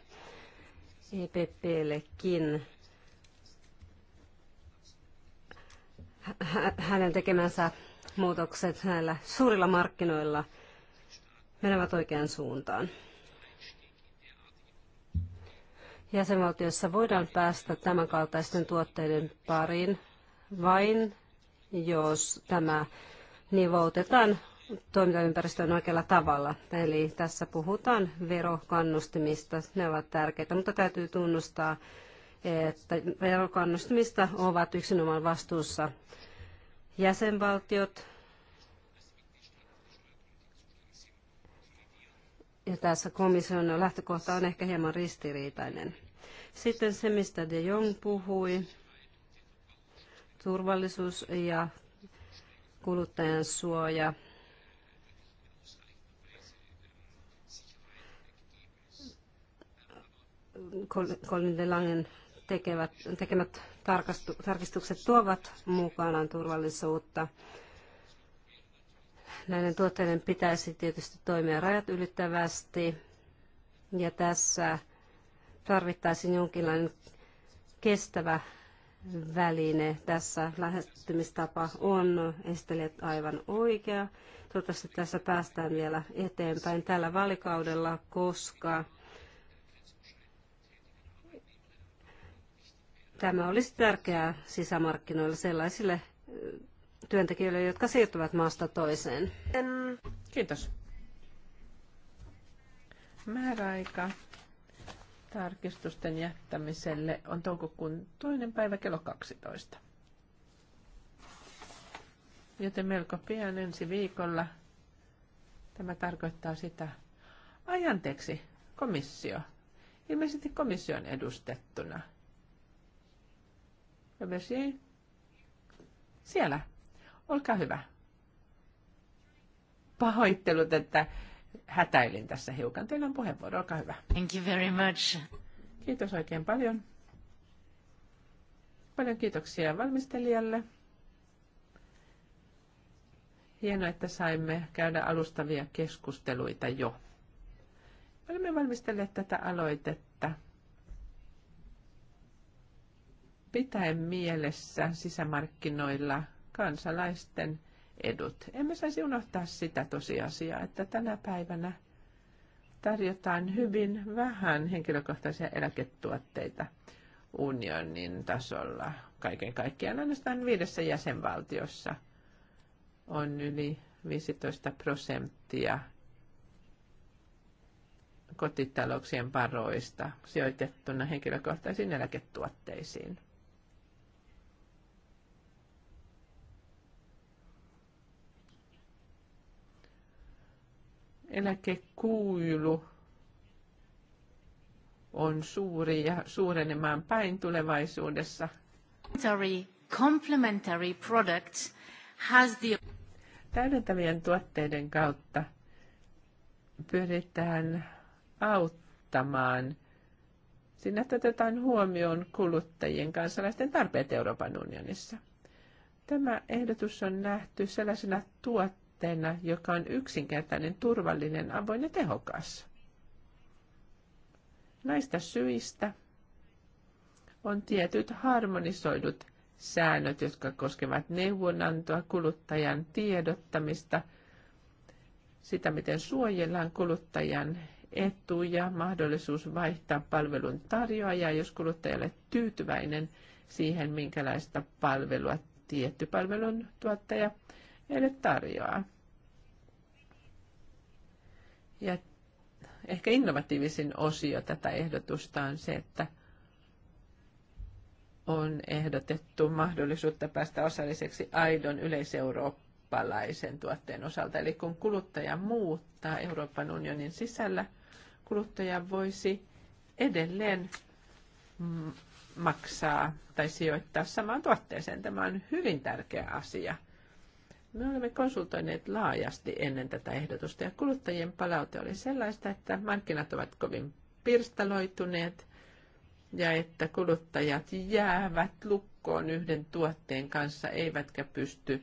EPPllekin. Hänen tekemänsä muutokset näillä suurilla markkinoilla – menevät oikeaan suuntaan. Jäsenvaltiossa voidaan päästä tämänkaltaisten tuotteiden pariin vain, jos tämä nivoutetaan toimintaympäristön oikealla tavalla. Eli tässä puhutaan verokannustimista, ne ovat tärkeitä, mutta täytyy tunnustaa, että verokannustimista ovat yksinomaan vastuussa jäsenvaltiot, Ja tässä komission lähtökohta on ehkä hieman ristiriitainen. Sitten se, mistä De Jong puhui, turvallisuus ja kuluttajan suoja. Colin de Langen tekevät, tekemät tarkastukset tuovat mukanaan turvallisuutta Näiden tuotteiden pitäisi tietysti toimia rajat ylittävästi ja tässä tarvittaisiin jonkinlainen kestävä väline. Tässä lähestymistapa on esittelijät aivan oikea. Toivottavasti tässä päästään vielä eteenpäin tällä valikaudella, koska tämä olisi tärkeää sisämarkkinoilla sellaisille työntekijöille, jotka siirtyvät maasta toiseen.
Kiitos. Määräaika tarkistusten jättämiselle on toukokuun toinen päivä kello 12. Joten melko pian ensi viikolla tämä tarkoittaa sitä ajanteeksi komissio. Ilmeisesti komission edustettuna. Siellä Olkaa hyvä. Pahoittelut, että hätäilin tässä hiukan. Teillä on puheenvuoro, olkaa hyvä. Thank you very much. Kiitos oikein paljon. Paljon kiitoksia valmistelijalle. Hienoa, että saimme käydä alustavia keskusteluita jo. Olemme valmistelleet tätä aloitetta pitäen mielessä sisämarkkinoilla kansalaisten edut. Emme saisi unohtaa sitä tosiasiaa, että tänä päivänä tarjotaan hyvin vähän henkilökohtaisia eläketuotteita unionin tasolla. Kaiken kaikkiaan ainoastaan viidessä jäsenvaltiossa on yli 15 prosenttia kotitalouksien varoista sijoitettuna henkilökohtaisiin eläketuotteisiin. eläkekuilu on suuri ja suurenemaan päin tulevaisuudessa. Complementary products has the... Täydentävien tuotteiden kautta pyritään auttamaan. Siinä otetaan huomioon kuluttajien kansalaisten tarpeet Euroopan unionissa. Tämä ehdotus on nähty sellaisena tuotteena, tuotteena, joka on yksinkertainen, turvallinen, avoin ja tehokas. Näistä syistä on tietyt harmonisoidut säännöt, jotka koskevat neuvonantoa, kuluttajan tiedottamista, sitä miten suojellaan kuluttajan etuja, mahdollisuus vaihtaa palvelun tarjoajaa, jos kuluttajalle tyytyväinen siihen, minkälaista palvelua tietty palvelun tuottaja meille tarjoaa. Ja ehkä innovatiivisin osio tätä ehdotusta on se, että on ehdotettu mahdollisuutta päästä osalliseksi aidon yleiseurooppalaisen tuotteen osalta. Eli kun kuluttaja muuttaa Euroopan unionin sisällä, kuluttaja voisi edelleen maksaa tai sijoittaa samaan tuotteeseen. Tämä on hyvin tärkeä asia – me olemme konsultoineet laajasti ennen tätä ehdotusta ja kuluttajien palaute oli sellaista, että markkinat ovat kovin pirstaloituneet ja että kuluttajat jäävät lukkoon yhden tuotteen kanssa eivätkä pysty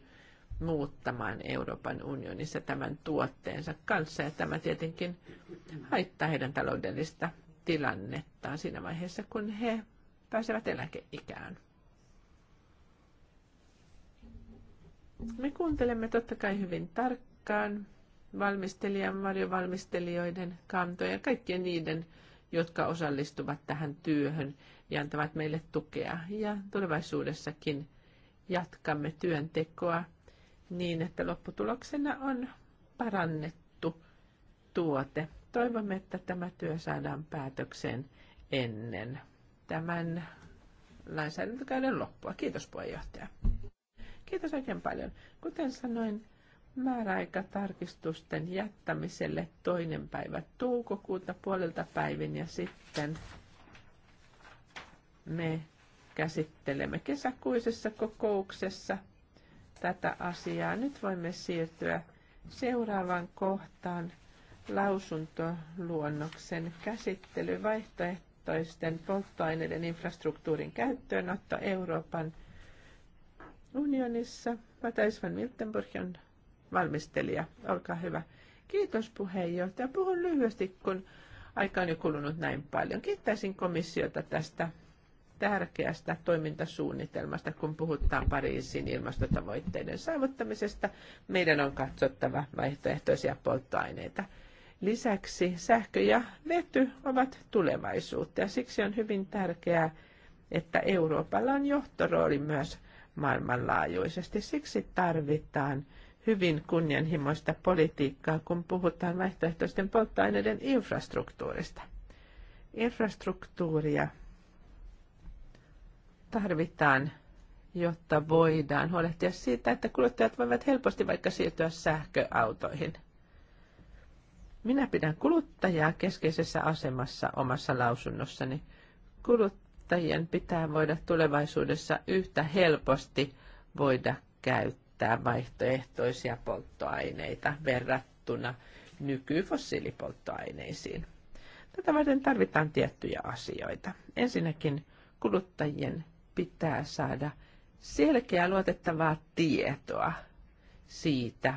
muuttamaan Euroopan unionissa tämän tuotteensa kanssa. Ja tämä tietenkin haittaa heidän taloudellista tilannettaan siinä vaiheessa, kun he pääsevät eläkeikään. Me kuuntelemme totta kai hyvin tarkkaan valmistelijan, varjovalmistelijoiden kantoja, kaikkien niiden, jotka osallistuvat tähän työhön ja antavat meille tukea. Ja tulevaisuudessakin jatkamme työntekoa niin, että lopputuloksena on parannettu tuote. Toivomme, että tämä työ saadaan päätökseen ennen tämän lainsäädäntökäyden loppua. Kiitos puheenjohtaja. Kiitos oikein paljon. Kuten sanoin, määräaika tarkistusten jättämiselle toinen päivä toukokuuta puolelta päivin ja sitten me käsittelemme kesäkuisessa kokouksessa tätä asiaa. Nyt voimme siirtyä seuraavaan kohtaan lausuntoluonnoksen käsittely vaihtoehtoisten polttoaineiden infrastruktuurin käyttöönotto Euroopan – unionissa. Matais Miltenburgin valmistelija. Olkaa hyvä. Kiitos puheenjohtaja. Puhun lyhyesti, kun aika on jo kulunut näin paljon. Kiittäisin komissiota tästä tärkeästä toimintasuunnitelmasta, kun puhutaan Pariisin ilmastotavoitteiden saavuttamisesta. Meidän on katsottava vaihtoehtoisia polttoaineita. Lisäksi sähkö ja vety ovat tulevaisuutta ja siksi on hyvin tärkeää, että Euroopalla on johtorooli myös maailmanlaajuisesti. Siksi tarvitaan hyvin kunnianhimoista politiikkaa, kun puhutaan vaihtoehtoisten polttoaineiden infrastruktuurista. Infrastruktuuria tarvitaan, jotta voidaan huolehtia siitä, että kuluttajat voivat helposti vaikka siirtyä sähköautoihin. Minä pidän kuluttajaa keskeisessä asemassa omassa lausunnossani. Kulut kuluttajien pitää voida tulevaisuudessa yhtä helposti voida käyttää vaihtoehtoisia polttoaineita verrattuna nykyfossiilipolttoaineisiin. Tätä varten tarvitaan tiettyjä asioita. Ensinnäkin kuluttajien pitää saada selkeää luotettavaa tietoa siitä,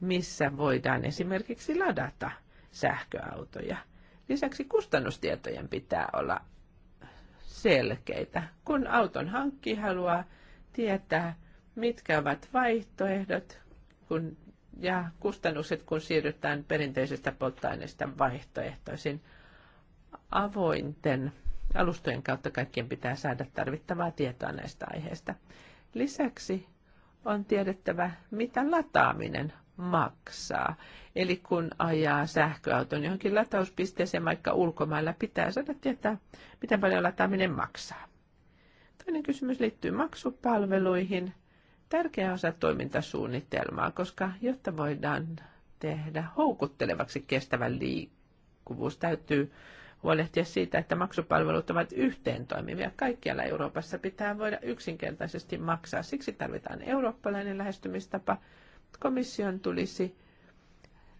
missä voidaan esimerkiksi ladata sähköautoja. Lisäksi kustannustietojen pitää olla selkeitä. Kun auton hankki haluaa tietää, mitkä ovat vaihtoehdot kun, ja kustannukset, kun siirrytään perinteisestä polttoaineesta vaihtoehtoisin. Avointen alustojen kautta kaikkien pitää saada tarvittavaa tietoa näistä aiheista. Lisäksi on tiedettävä, mitä lataaminen maksaa. Eli kun ajaa sähköauton johonkin latauspisteeseen vaikka ulkomailla, pitää saada tietää, miten paljon lataaminen maksaa. Toinen kysymys liittyy maksupalveluihin. Tärkeä osa toimintasuunnitelmaa, koska jotta voidaan tehdä houkuttelevaksi kestävän liikkuvuus, täytyy huolehtia siitä, että maksupalvelut ovat yhteen toimivia. Kaikkialla Euroopassa pitää voida yksinkertaisesti maksaa. Siksi tarvitaan eurooppalainen lähestymistapa – komission tulisi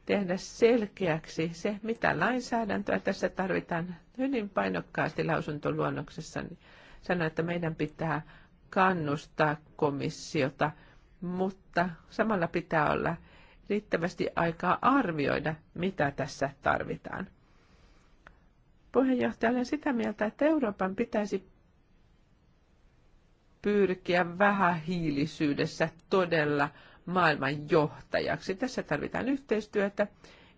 tehdä selkeäksi se, mitä lainsäädäntöä tässä tarvitaan hyvin painokkaasti lausuntoluonnoksessa. Niin sanoa, että meidän pitää kannustaa komissiota, mutta samalla pitää olla riittävästi aikaa arvioida, mitä tässä tarvitaan. Puheenjohtaja, olen sitä mieltä, että Euroopan pitäisi pyrkiä vähähiilisyydessä todella maailman johtajaksi. Tässä tarvitaan yhteistyötä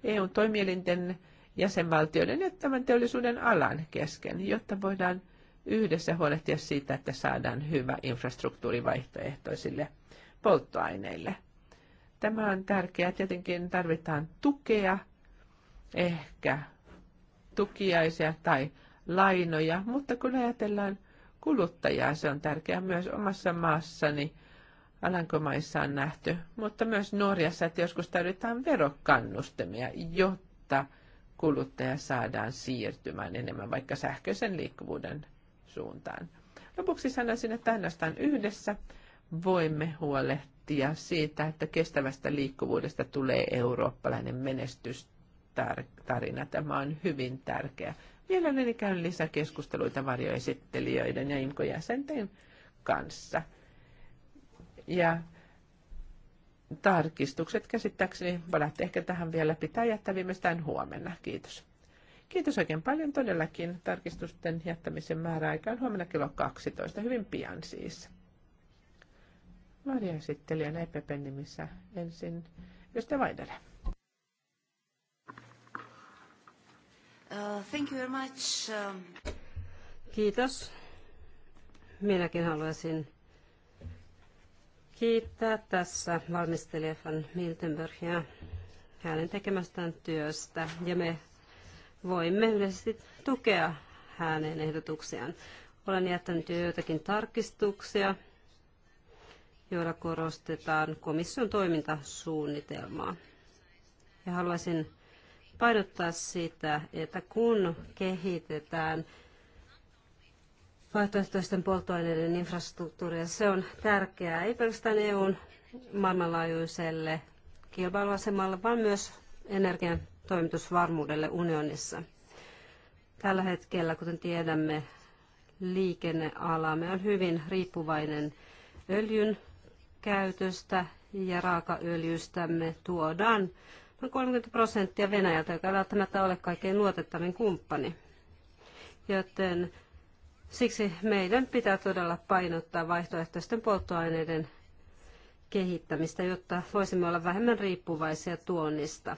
EUn toimielinten jäsenvaltioiden ja tämän teollisuuden alan kesken, jotta voidaan yhdessä huolehtia siitä, että saadaan hyvä infrastruktuuri vaihtoehtoisille polttoaineille. Tämä on tärkeää. Tietenkin tarvitaan tukea, ehkä tukiaisia tai lainoja, mutta kun ajatellaan kuluttajaa, se on tärkeää myös omassa maassani – Alankomaissa on nähty, mutta myös Norjassa, että joskus tarvitaan verokannustamia, jotta kuluttaja saadaan siirtymään enemmän vaikka sähköisen liikkuvuuden suuntaan. Lopuksi sanoisin, että ainoastaan yhdessä voimme huolehtia siitä, että kestävästä liikkuvuudesta tulee eurooppalainen menestystarina. Tämä on hyvin tärkeä. Mielelläni käyn lisäkeskusteluita varjoesittelijöiden ja imkojäsenten kanssa. Ja tarkistukset käsittääkseni voidaan ehkä tähän vielä pitää jättää viimeistään huomenna. Kiitos. Kiitos oikein paljon todellakin. Tarkistusten jättämisen määräaikaan huomenna kello 12, hyvin pian siis. Varjaesittelijänä EPPn nimissä ensin Josta Vaidere. Uh, thank you very much.
Um... Kiitos. Minäkin haluaisin kiittää tässä valmistelija van Miltenbergia hänen tekemästään työstä ja me voimme yleisesti tukea hänen ehdotuksiaan. Olen jättänyt jo joitakin tarkistuksia, joilla korostetaan komission toimintasuunnitelmaa. Ja haluaisin painottaa sitä, että kun kehitetään vaihtoehtoisten polttoaineiden infrastruktuuria. Se on tärkeää ei pelkästään EUn maailmanlaajuiselle kilpailuasemalle, vaan myös energian toimitusvarmuudelle unionissa. Tällä hetkellä, kuten tiedämme, liikennealamme on hyvin riippuvainen öljyn käytöstä ja raakaöljystämme tuodaan noin 30 prosenttia Venäjältä, joka ei välttämättä ole kaikkein luotettavin kumppani. Joten Siksi meidän pitää todella painottaa vaihtoehtoisten polttoaineiden kehittämistä, jotta voisimme olla vähemmän riippuvaisia tuonnista.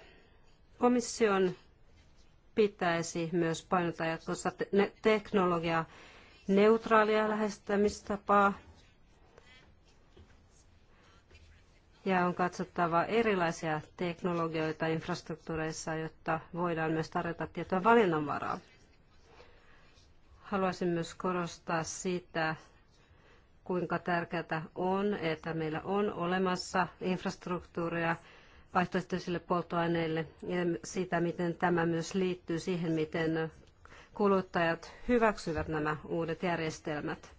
Komission pitäisi myös painottaa jatkossa teknologia teknologiaa neutraalia lähestymistapaa ja on katsottava erilaisia teknologioita infrastruktuureissa, jotta voidaan myös tarjota tietoa valinnanvaraa. Haluaisin myös korostaa sitä, kuinka tärkeää on, että meillä on olemassa infrastruktuuria vaihtoehtoisille polttoaineille ja sitä, miten tämä myös liittyy siihen, miten kuluttajat hyväksyvät nämä uudet järjestelmät.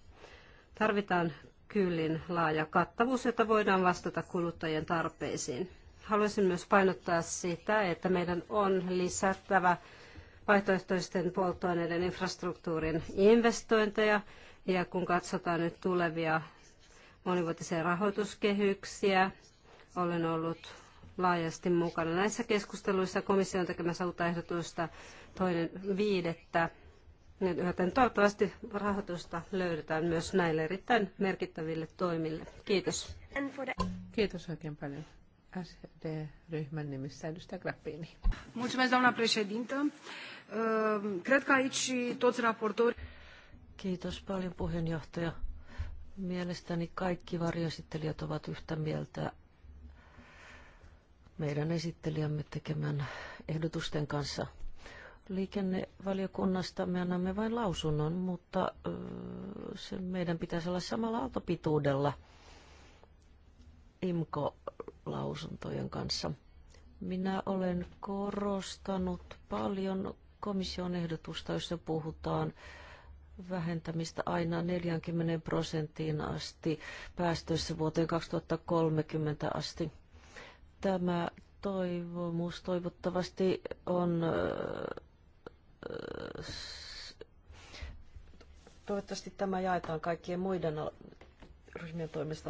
Tarvitaan kyllin laaja kattavuus, jotta voidaan vastata kuluttajien tarpeisiin. Haluaisin myös painottaa sitä, että meidän on lisättävä vaihtoehtoisten polttoaineiden infrastruktuurin investointeja. Ja kun katsotaan nyt tulevia monivuotisia rahoituskehyksiä, olen ollut laajasti mukana näissä keskusteluissa. Komission tekemässä uutta ehdotusta toinen viidettä, joten toivottavasti rahoitusta löydetään myös näille erittäin merkittäville toimille.
Kiitos. Kiitos oikein paljon. SD-ryhmän nimissä edustaja Grappini.
Mulțumesc, doamna președintă. Ehm, cred că aici toți
raportori... Kiitos paljon puheenjohtaja. Mielestäni kaikki varjoesittelijät ovat yhtä mieltä meidän esittelijämme tekemän ehdotusten kanssa. Liikennevaliokunnasta me annamme vain lausunnon, mutta se meidän pitäisi olla samalla autopituudella IMKO-lausuntojen kanssa. Minä olen korostanut paljon komission ehdotusta, jossa puhutaan vähentämistä aina 40 prosenttiin asti päästöissä vuoteen 2030 asti. Tämä toivomus toivottavasti on toivottavasti tämä jaetaan kaikkien muiden ryhmien toimesta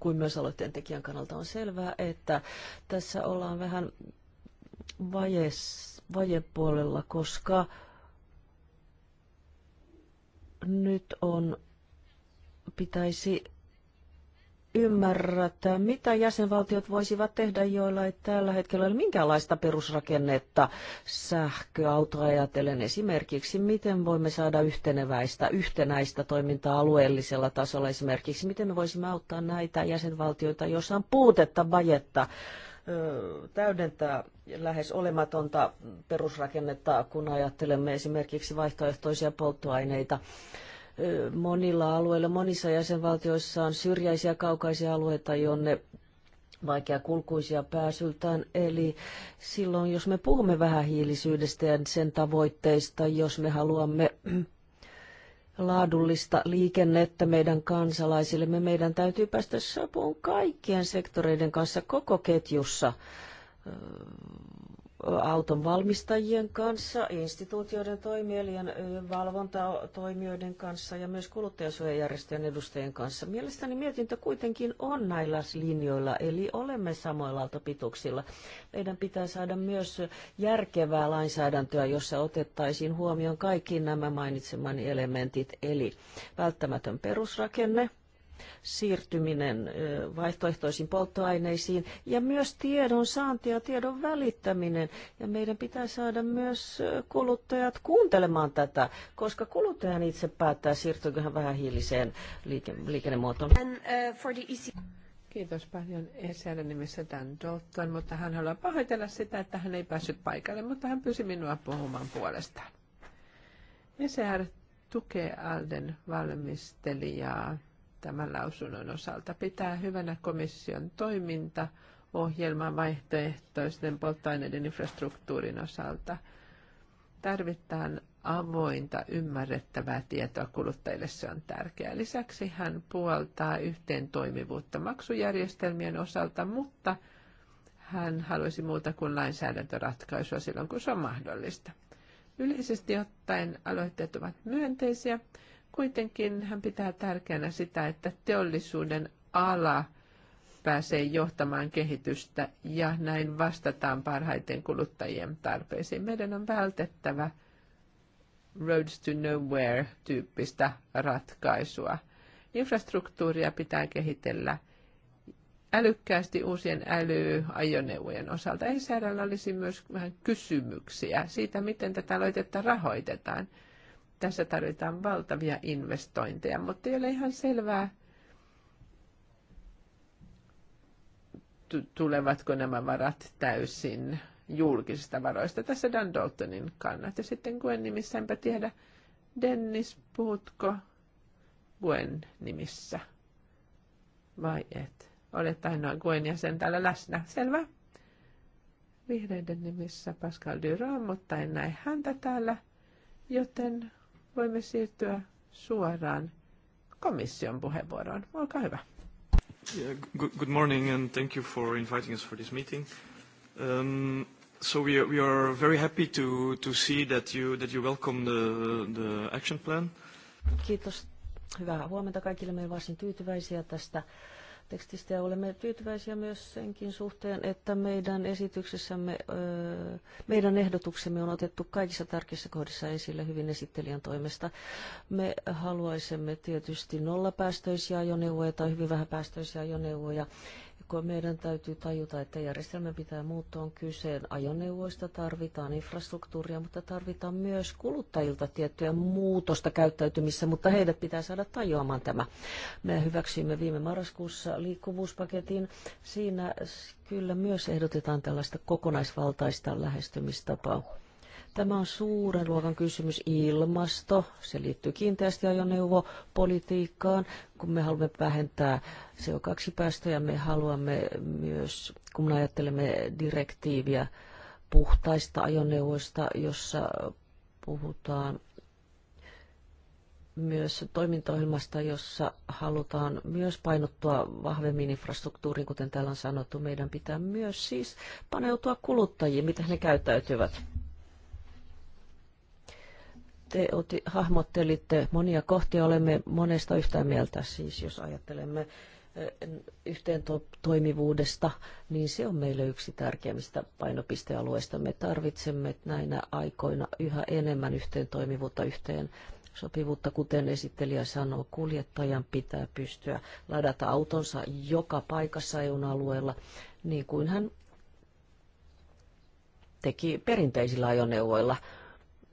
kuin myös aloitteen tekijän kannalta on selvää, että tässä ollaan vähän vajepuolella, koska nyt on, pitäisi ymmärrätä, mitä jäsenvaltiot voisivat tehdä, joilla ei tällä hetkellä ole minkäänlaista perusrakennetta sähköautoa ajatellen esimerkiksi, miten voimme saada yhteneväistä, yhtenäistä toimintaa alueellisella tasolla esimerkiksi, miten me voisimme auttaa näitä jäsenvaltioita, joissa on puutetta vajetta täydentää lähes olematonta perusrakennetta, kun ajattelemme esimerkiksi vaihtoehtoisia polttoaineita. Monilla alueilla, monissa jäsenvaltioissa on syrjäisiä kaukaisia alueita, jonne vaikea kulkuisia pääsyltään. Eli silloin, jos me puhumme vähähiilisyydestä ja sen tavoitteista, jos me haluamme laadullista liikennettä meidän kansalaisillemme. Meidän täytyy päästä sopuun kaikkien sektoreiden kanssa koko ketjussa auton valmistajien kanssa, instituutioiden toimielien valvontatoimijoiden kanssa ja myös kuluttajasuojajärjestöjen edustajien kanssa. Mielestäni mietintö kuitenkin on näillä linjoilla, eli olemme samoilla altapituksilla. Meidän pitää saada myös järkevää lainsäädäntöä, jossa otettaisiin huomioon kaikki nämä mainitsemani elementit, eli välttämätön perusrakenne, siirtyminen vaihtoehtoisiin polttoaineisiin ja myös tiedon saanti ja tiedon välittäminen. Ja meidän pitää saada myös kuluttajat kuuntelemaan tätä, koska kuluttajan itse päättää, siirtyykö hän hiiliseen liike- liikennemuotoon.
E Kiitos paljon ESR nimessä Dan Dalton, mutta hän haluaa pahoitella sitä, että hän ei päässyt paikalle, mutta hän pyysi minua puhumaan puolestaan. ESR tukee Alden valmistelijaa tämän lausunnon osalta. Pitää hyvänä komission toiminta ohjelman vaihtoehtoisten polttoaineiden infrastruktuurin osalta. Tarvitaan avointa, ymmärrettävää tietoa kuluttajille, se on tärkeää. Lisäksi hän puoltaa yhteen toimivuutta maksujärjestelmien osalta, mutta hän haluaisi muuta kuin lainsäädäntöratkaisua silloin, kun se on mahdollista. Yleisesti ottaen aloitteet ovat myönteisiä. Kuitenkin hän pitää tärkeänä sitä, että teollisuuden ala pääsee johtamaan kehitystä ja näin vastataan parhaiten kuluttajien tarpeisiin. Meidän on vältettävä Roads to Nowhere-tyyppistä ratkaisua. Infrastruktuuria pitää kehitellä älykkäästi uusien älyajoneuvojen osalta. ECRL olisi myös vähän kysymyksiä siitä, miten tätä loitetta rahoitetaan – tässä tarvitaan valtavia investointeja, mutta ei ole ihan selvää, tulevatko nämä varat täysin julkisista varoista. Tässä Dan Daltonin kannat. Ja sitten Gwen nimissä, enpä tiedä, Dennis, puhutko Gwen nimissä vai et? Olet ainoa Gwen jäsen täällä läsnä. Selvä. Vihreiden nimissä Pascal Duran, mutta en näe häntä täällä, joten voimme siirtyä suoraan komission puheenvuoroon. Olkaa hyvä.
Yeah, good, good morning and thank you for inviting us for this meeting. Um, so we are, we are very happy to, to see that you, that you welcome the, the action plan. Kiitos. Hyvää huomenta kaikille. Me varsin tyytyväisiä tästä tekstistä ja olemme tyytyväisiä myös senkin suhteen, että meidän esityksessämme, meidän ehdotuksemme on otettu kaikissa tärkeissä kohdissa esille hyvin esittelijän toimesta. Me haluaisimme tietysti nollapäästöisiä ajoneuvoja tai hyvin vähäpäästöisiä ajoneuvoja kun meidän täytyy tajuta, että järjestelmä pitää muuttua, on kyseen ajoneuvoista, tarvitaan infrastruktuuria, mutta tarvitaan myös kuluttajilta tiettyä muutosta käyttäytymissä, mutta heidät pitää saada tajuamaan tämä. Me hyväksyimme viime marraskuussa liikkuvuuspaketin. Siinä kyllä myös ehdotetaan tällaista kokonaisvaltaista lähestymistapaa Tämä on suuren luokan kysymys ilmasto. Se liittyy kiinteästi ajoneuvopolitiikkaan. Kun me haluamme vähentää CO2-päästöjä, me haluamme myös, kun me ajattelemme direktiiviä puhtaista ajoneuvoista, jossa puhutaan myös toimintaohjelmasta, jossa halutaan myös painottua vahvemmin infrastruktuuriin, kuten täällä on sanottu. Meidän pitää myös siis paneutua kuluttajiin, miten he käyttäytyvät te oti, hahmottelitte monia kohtia, olemme monesta yhtä mieltä, siis jos ajattelemme yhteen to- toimivuudesta, niin se on meille yksi tärkeimmistä painopistealueista. Me tarvitsemme näinä aikoina yhä enemmän yhteen toimivuutta, yhteen sopivuutta, kuten esittelijä sanoo, kuljettajan pitää pystyä ladata autonsa joka paikassa EUn alueella, niin kuin hän teki perinteisillä ajoneuvoilla –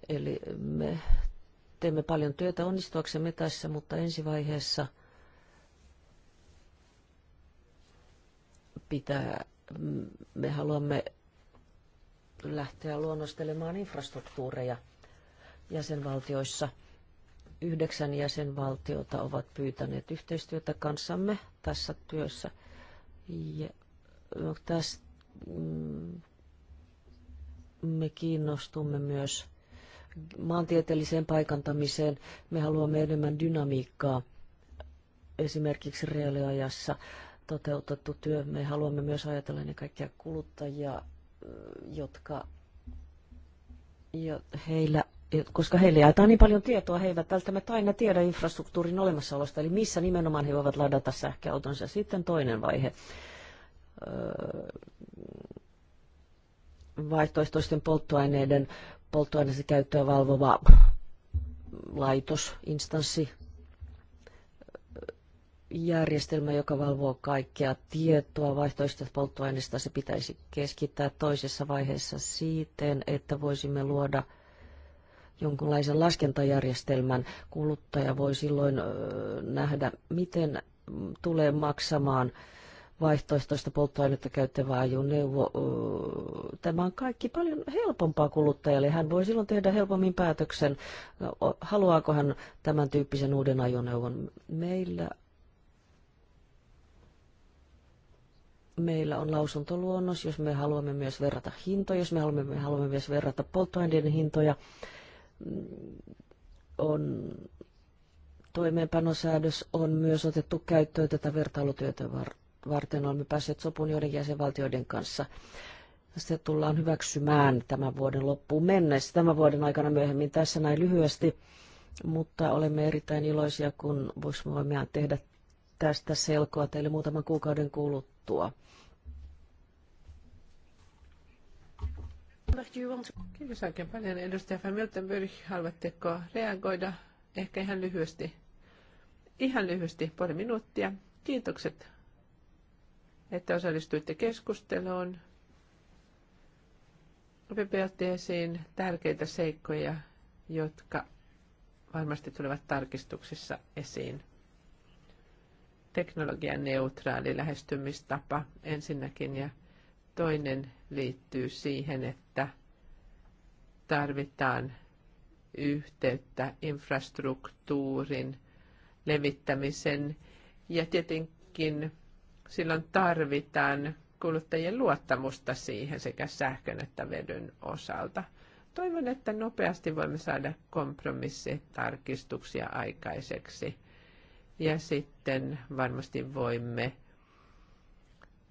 Eli me teemme paljon työtä onnistuaksemme tässä, mutta ensivaiheessa pitää, me haluamme lähteä luonnostelemaan infrastruktuureja jäsenvaltioissa. Yhdeksän jäsenvaltiota ovat pyytäneet yhteistyötä kanssamme tässä työssä. Ja mm, tästä mm, me kiinnostumme myös maantieteelliseen paikantamiseen. Me haluamme enemmän dynamiikkaa esimerkiksi reaaliajassa toteutettu työ. Me haluamme myös ajatella ne kaikkia kuluttajia, jotka jo, heillä koska heille jaetaan niin paljon tietoa, he eivät välttämättä aina tiedä infrastruktuurin olemassaolosta, eli missä nimenomaan he voivat ladata sähköautonsa. Sitten toinen vaihe vaihtoehtoisten polttoaineiden polttoaineiden käyttöä valvova laitos, instanssi, järjestelmä, joka valvoo kaikkea tietoa vaihtoista polttoaineista, se pitäisi keskittää toisessa vaiheessa siten, että voisimme luoda jonkunlaisen laskentajärjestelmän. Kuluttaja voi silloin nähdä, miten tulee maksamaan vaihtoehtoista polttoainetta käyttävä ajoneuvo. Tämä on kaikki paljon helpompaa kuluttajalle. Hän voi silloin tehdä helpommin päätöksen, haluaako hän tämän tyyppisen uuden ajoneuvon. Meillä meillä on lausuntoluonnos, jos me haluamme myös verrata hintoja, jos me haluamme, me haluamme myös verrata polttoaineiden hintoja, mm, on toimeenpanosäädös on myös otettu käyttöön tätä vertailutyötä varten varten olemme päässeet sopuun joiden jäsenvaltioiden kanssa. Se tullaan hyväksymään tämän vuoden loppuun mennessä, tämän vuoden aikana myöhemmin tässä näin lyhyesti, mutta olemme erittäin iloisia, kun voimme tehdä tästä selkoa teille muutaman kuukauden kuluttua.
Kiitos oikein paljon. Edustaja Van Miltenberg, haluatteko reagoida ehkä ihan lyhyesti? Ihan lyhyesti, pari minuuttia. Kiitokset että osallistuitte keskusteluun. Opitte esiin tärkeitä seikkoja, jotka varmasti tulevat tarkistuksissa esiin. Teknologian neutraali lähestymistapa ensinnäkin ja toinen liittyy siihen, että tarvitaan yhteyttä infrastruktuurin levittämisen ja tietenkin silloin tarvitaan kuluttajien luottamusta siihen sekä sähkön että vedyn osalta. Toivon, että nopeasti voimme saada kompromissitarkistuksia aikaiseksi. Ja sitten varmasti voimme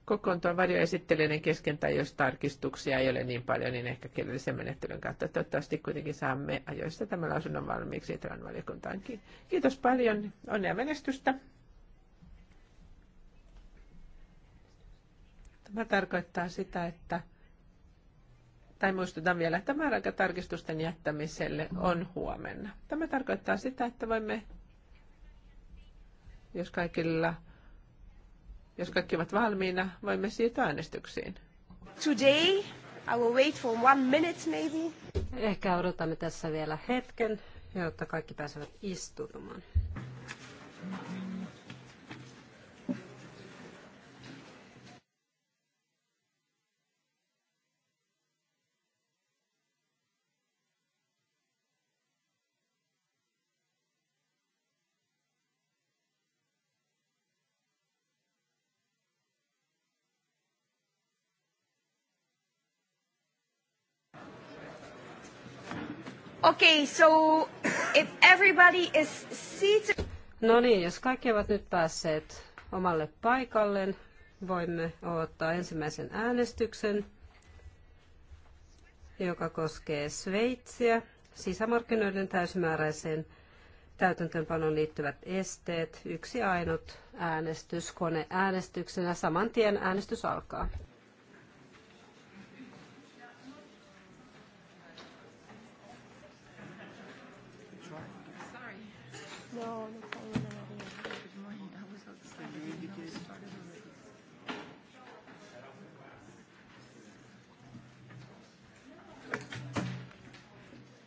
kokoontua varjoesittelijöiden kesken tai jos tarkistuksia ei ole niin paljon, niin ehkä kielellisen menettelyn kautta. Toivottavasti kuitenkin saamme ajoissa tämän lausunnon valmiiksi Itran valiokuntaankin. Kiitos paljon, onnea menestystä. Tämä tarkoittaa sitä, että, tai muistutan vielä, että tarkistusten jättämiselle on huomenna. Tämä tarkoittaa sitä, että voimme, jos kaikilla, jos kaikki ovat valmiina, voimme siitä äänestyksiin. Today, I will
wait for one minute maybe. Ehkä odotamme tässä vielä hetken, jotta kaikki pääsevät istumaan. Mm-hmm.
Okay, so if everybody is seated...
No niin, jos kaikki ovat nyt päässeet omalle paikalle, voimme ottaa ensimmäisen äänestyksen, joka koskee Sveitsiä, sisämarkkinoiden täysimääräiseen täytäntöönpanoon liittyvät esteet, yksi ainut äänestys koneäänestyksenä. Saman tien äänestys alkaa.
No, Good morning. I was outside. You started already.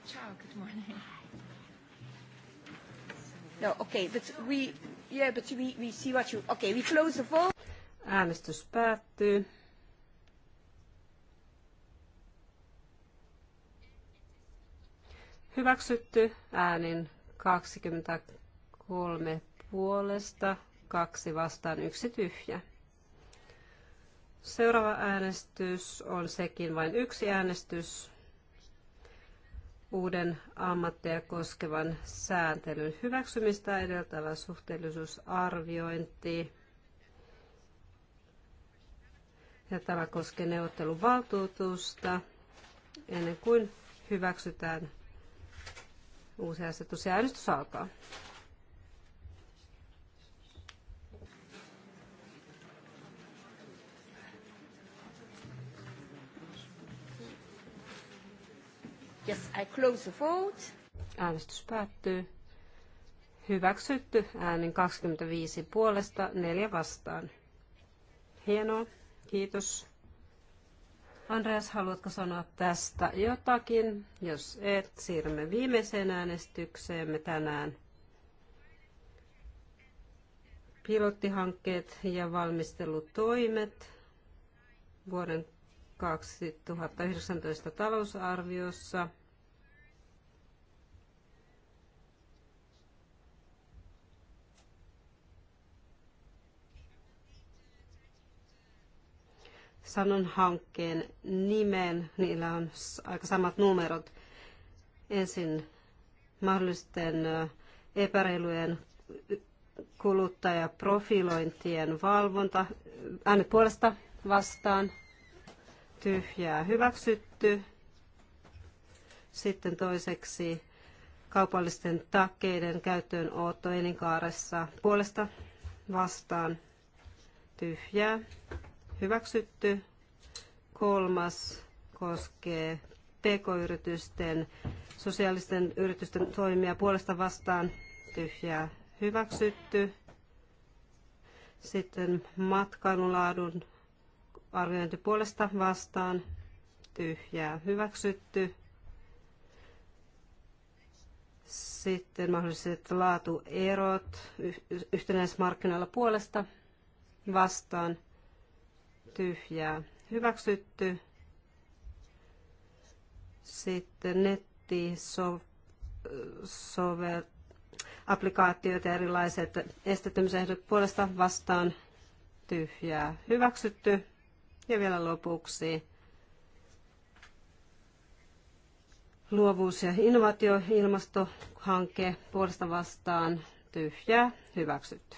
Ciao, good morning.
No, okay, but we, yeah, but we, we see what you, okay, we close the vote. Äänestys päättyy. Hyväksytty äänin 22 Kolme puolesta, kaksi vastaan, yksi tyhjä. Seuraava äänestys on sekin vain yksi äänestys uuden ammattia koskevan sääntelyn hyväksymistä edeltävä suhteellisuusarviointi. Ja tämä koskee neuvotteluvaltuutusta ennen kuin hyväksytään uusi asetus ja äänestys alkaa. Yes, I close the vote. Äänestys päättyy. Hyväksytty äänin 25 puolesta, 4 vastaan. Hienoa, kiitos. Andreas, haluatko sanoa tästä jotakin? Jos et, siirrymme viimeiseen äänestykseemme tänään. Pilottihankkeet ja valmistelutoimet vuoden 2019 talousarviossa. sanon hankkeen nimen. Niillä on aika samat numerot. Ensin mahdollisten epäreilujen kuluttajaprofilointien valvonta. Äänet puolesta vastaan. Tyhjää hyväksytty. Sitten toiseksi kaupallisten takkeiden käyttöönotto elinkaaressa puolesta vastaan tyhjää hyväksytty. Kolmas koskee pk-yritysten, sosiaalisten yritysten toimia puolesta vastaan tyhjää hyväksytty. Sitten matkailulaadun arviointi puolesta vastaan tyhjää hyväksytty. Sitten mahdolliset laatuerot yhtenäismarkkinoilla puolesta vastaan tyhjää hyväksytty. Sitten nettisovel applikaatiot ja erilaiset esteettömyysehdot puolesta vastaan tyhjää hyväksytty. Ja vielä lopuksi luovuus- ja innovaatioilmastohanke puolesta vastaan tyhjää hyväksytty.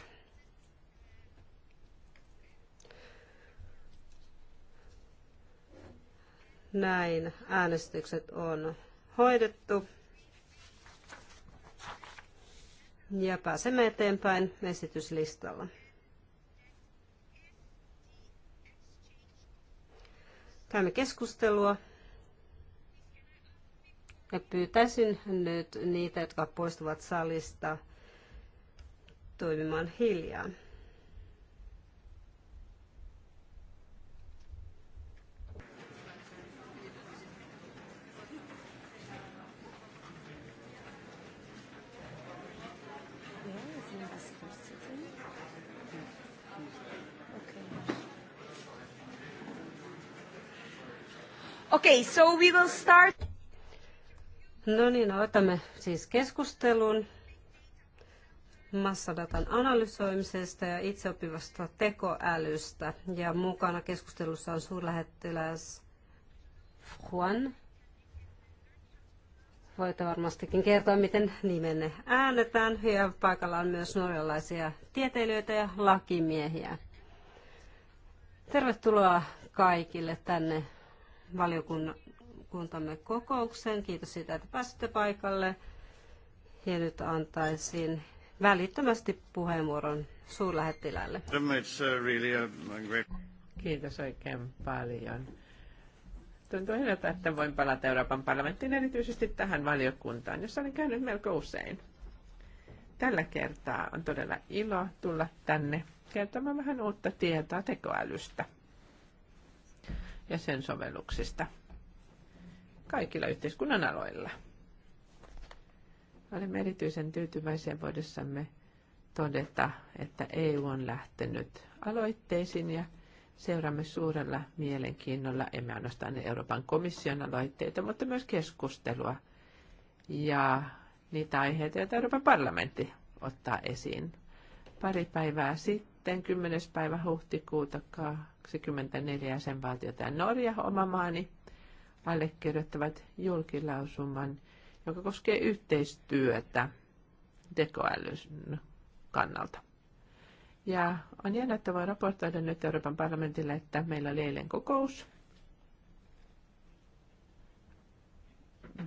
Näin äänestykset on hoidettu. Ja pääsemme eteenpäin esityslistalla. Käymme keskustelua. Ja pyytäisin nyt niitä, jotka poistuvat salista, toimimaan hiljaa. Okay, so we will start. No niin, otamme siis keskustelun massadatan analysoimisesta ja itseopivasta tekoälystä. Ja mukana keskustelussa on suurlähettiläs Juan. Voitte varmastikin kertoa, miten nimenne äänetään. Ja paikalla on myös norjalaisia tieteilijöitä ja lakimiehiä. Tervetuloa kaikille tänne valiokuntamme kokouksen Kiitos siitä, että pääsitte paikalle. Ja nyt antaisin välittömästi puheenvuoron suurlähettilälle.
Uh, Kiitos oikein paljon. Tuntuu hyvältä, että voin palata Euroopan parlamenttiin, erityisesti tähän valiokuntaan, jossa olen käynyt melko usein. Tällä kertaa on todella ilo tulla tänne kertomaan vähän uutta tietoa tekoälystä ja sen sovelluksista kaikilla yhteiskunnan aloilla. Olemme erityisen tyytyväisiä voidessamme todeta, että EU on lähtenyt aloitteisiin ja seuraamme suurella mielenkiinnolla, emme ainoastaan Euroopan komission aloitteita, mutta myös keskustelua ja niitä aiheita, joita Euroopan parlamentti ottaa esiin. Pari päivää sitten sitten 10. päivä huhtikuuta 24 jäsenvaltiota ja Norja, oma maani, allekirjoittavat julkilausuman, joka koskee yhteistyötä tekoälyn kannalta. Ja on jännä, että voi raportoida nyt Euroopan parlamentille, että meillä oli eilen kokous.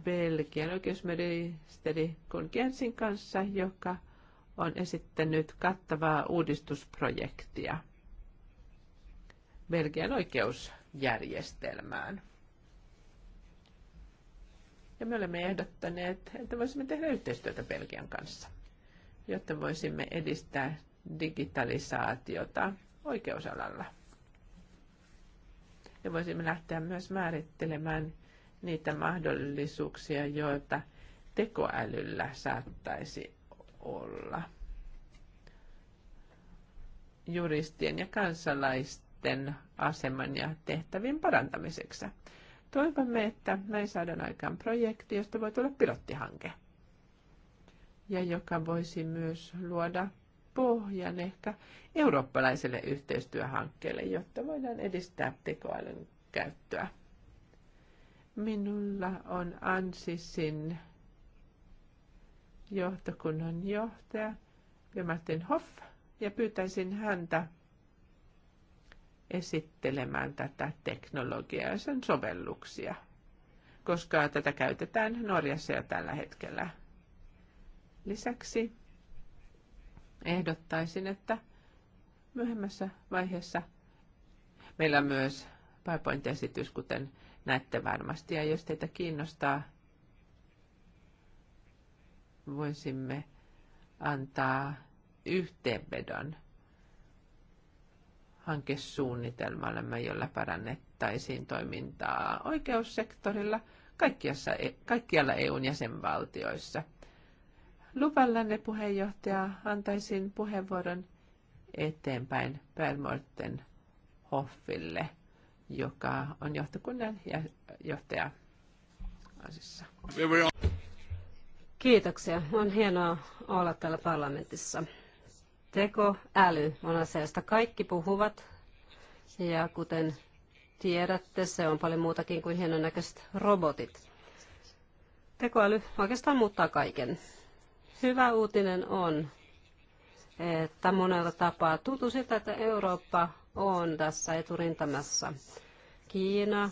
Belgian oikeusministeri Kun Kiensin kanssa, joka on esittänyt kattavaa uudistusprojektia Belgian oikeusjärjestelmään. Ja me olemme ehdottaneet, että voisimme tehdä yhteistyötä Belgian kanssa, jotta voisimme edistää digitalisaatiota oikeusalalla. Ja voisimme lähteä myös määrittelemään niitä mahdollisuuksia, joita tekoälyllä saattaisi olla juristien ja kansalaisten aseman ja tehtävien parantamiseksi. Toivomme, että näin saadaan aikaan projekti, josta voi tulla pilottihanke ja joka voisi myös luoda pohjan ehkä eurooppalaiselle yhteistyöhankkeelle, jotta voidaan edistää tekoälyn käyttöä. Minulla on Ansisin johtokunnan johtaja ja Martin Hoff ja pyytäisin häntä esittelemään tätä teknologiaa ja sen sovelluksia, koska tätä käytetään Norjassa jo tällä hetkellä. Lisäksi ehdottaisin, että myöhemmässä vaiheessa meillä on myös PowerPoint-esitys, kuten näette varmasti. Ja jos teitä kiinnostaa voisimme antaa yhteenvedon hankesuunnitelmallemme, jolla parannettaisiin toimintaa oikeussektorilla e-, kaikkialla EUn jäsenvaltioissa. Lupallanne puheenjohtaja antaisin puheenvuoron eteenpäin Pärmorten Hoffille, joka on johtokunnan johtaja. Asissa. Kiitoksia. On hienoa
olla täällä parlamentissa. Tekoäly on asia, josta kaikki puhuvat. Ja kuten tiedätte, se on paljon muutakin kuin hienonäköiset robotit. Tekoäly oikeastaan muuttaa kaiken. Hyvä uutinen on, että monella tapaa tuntuu siltä, että Eurooppa on tässä eturintamassa. Kiina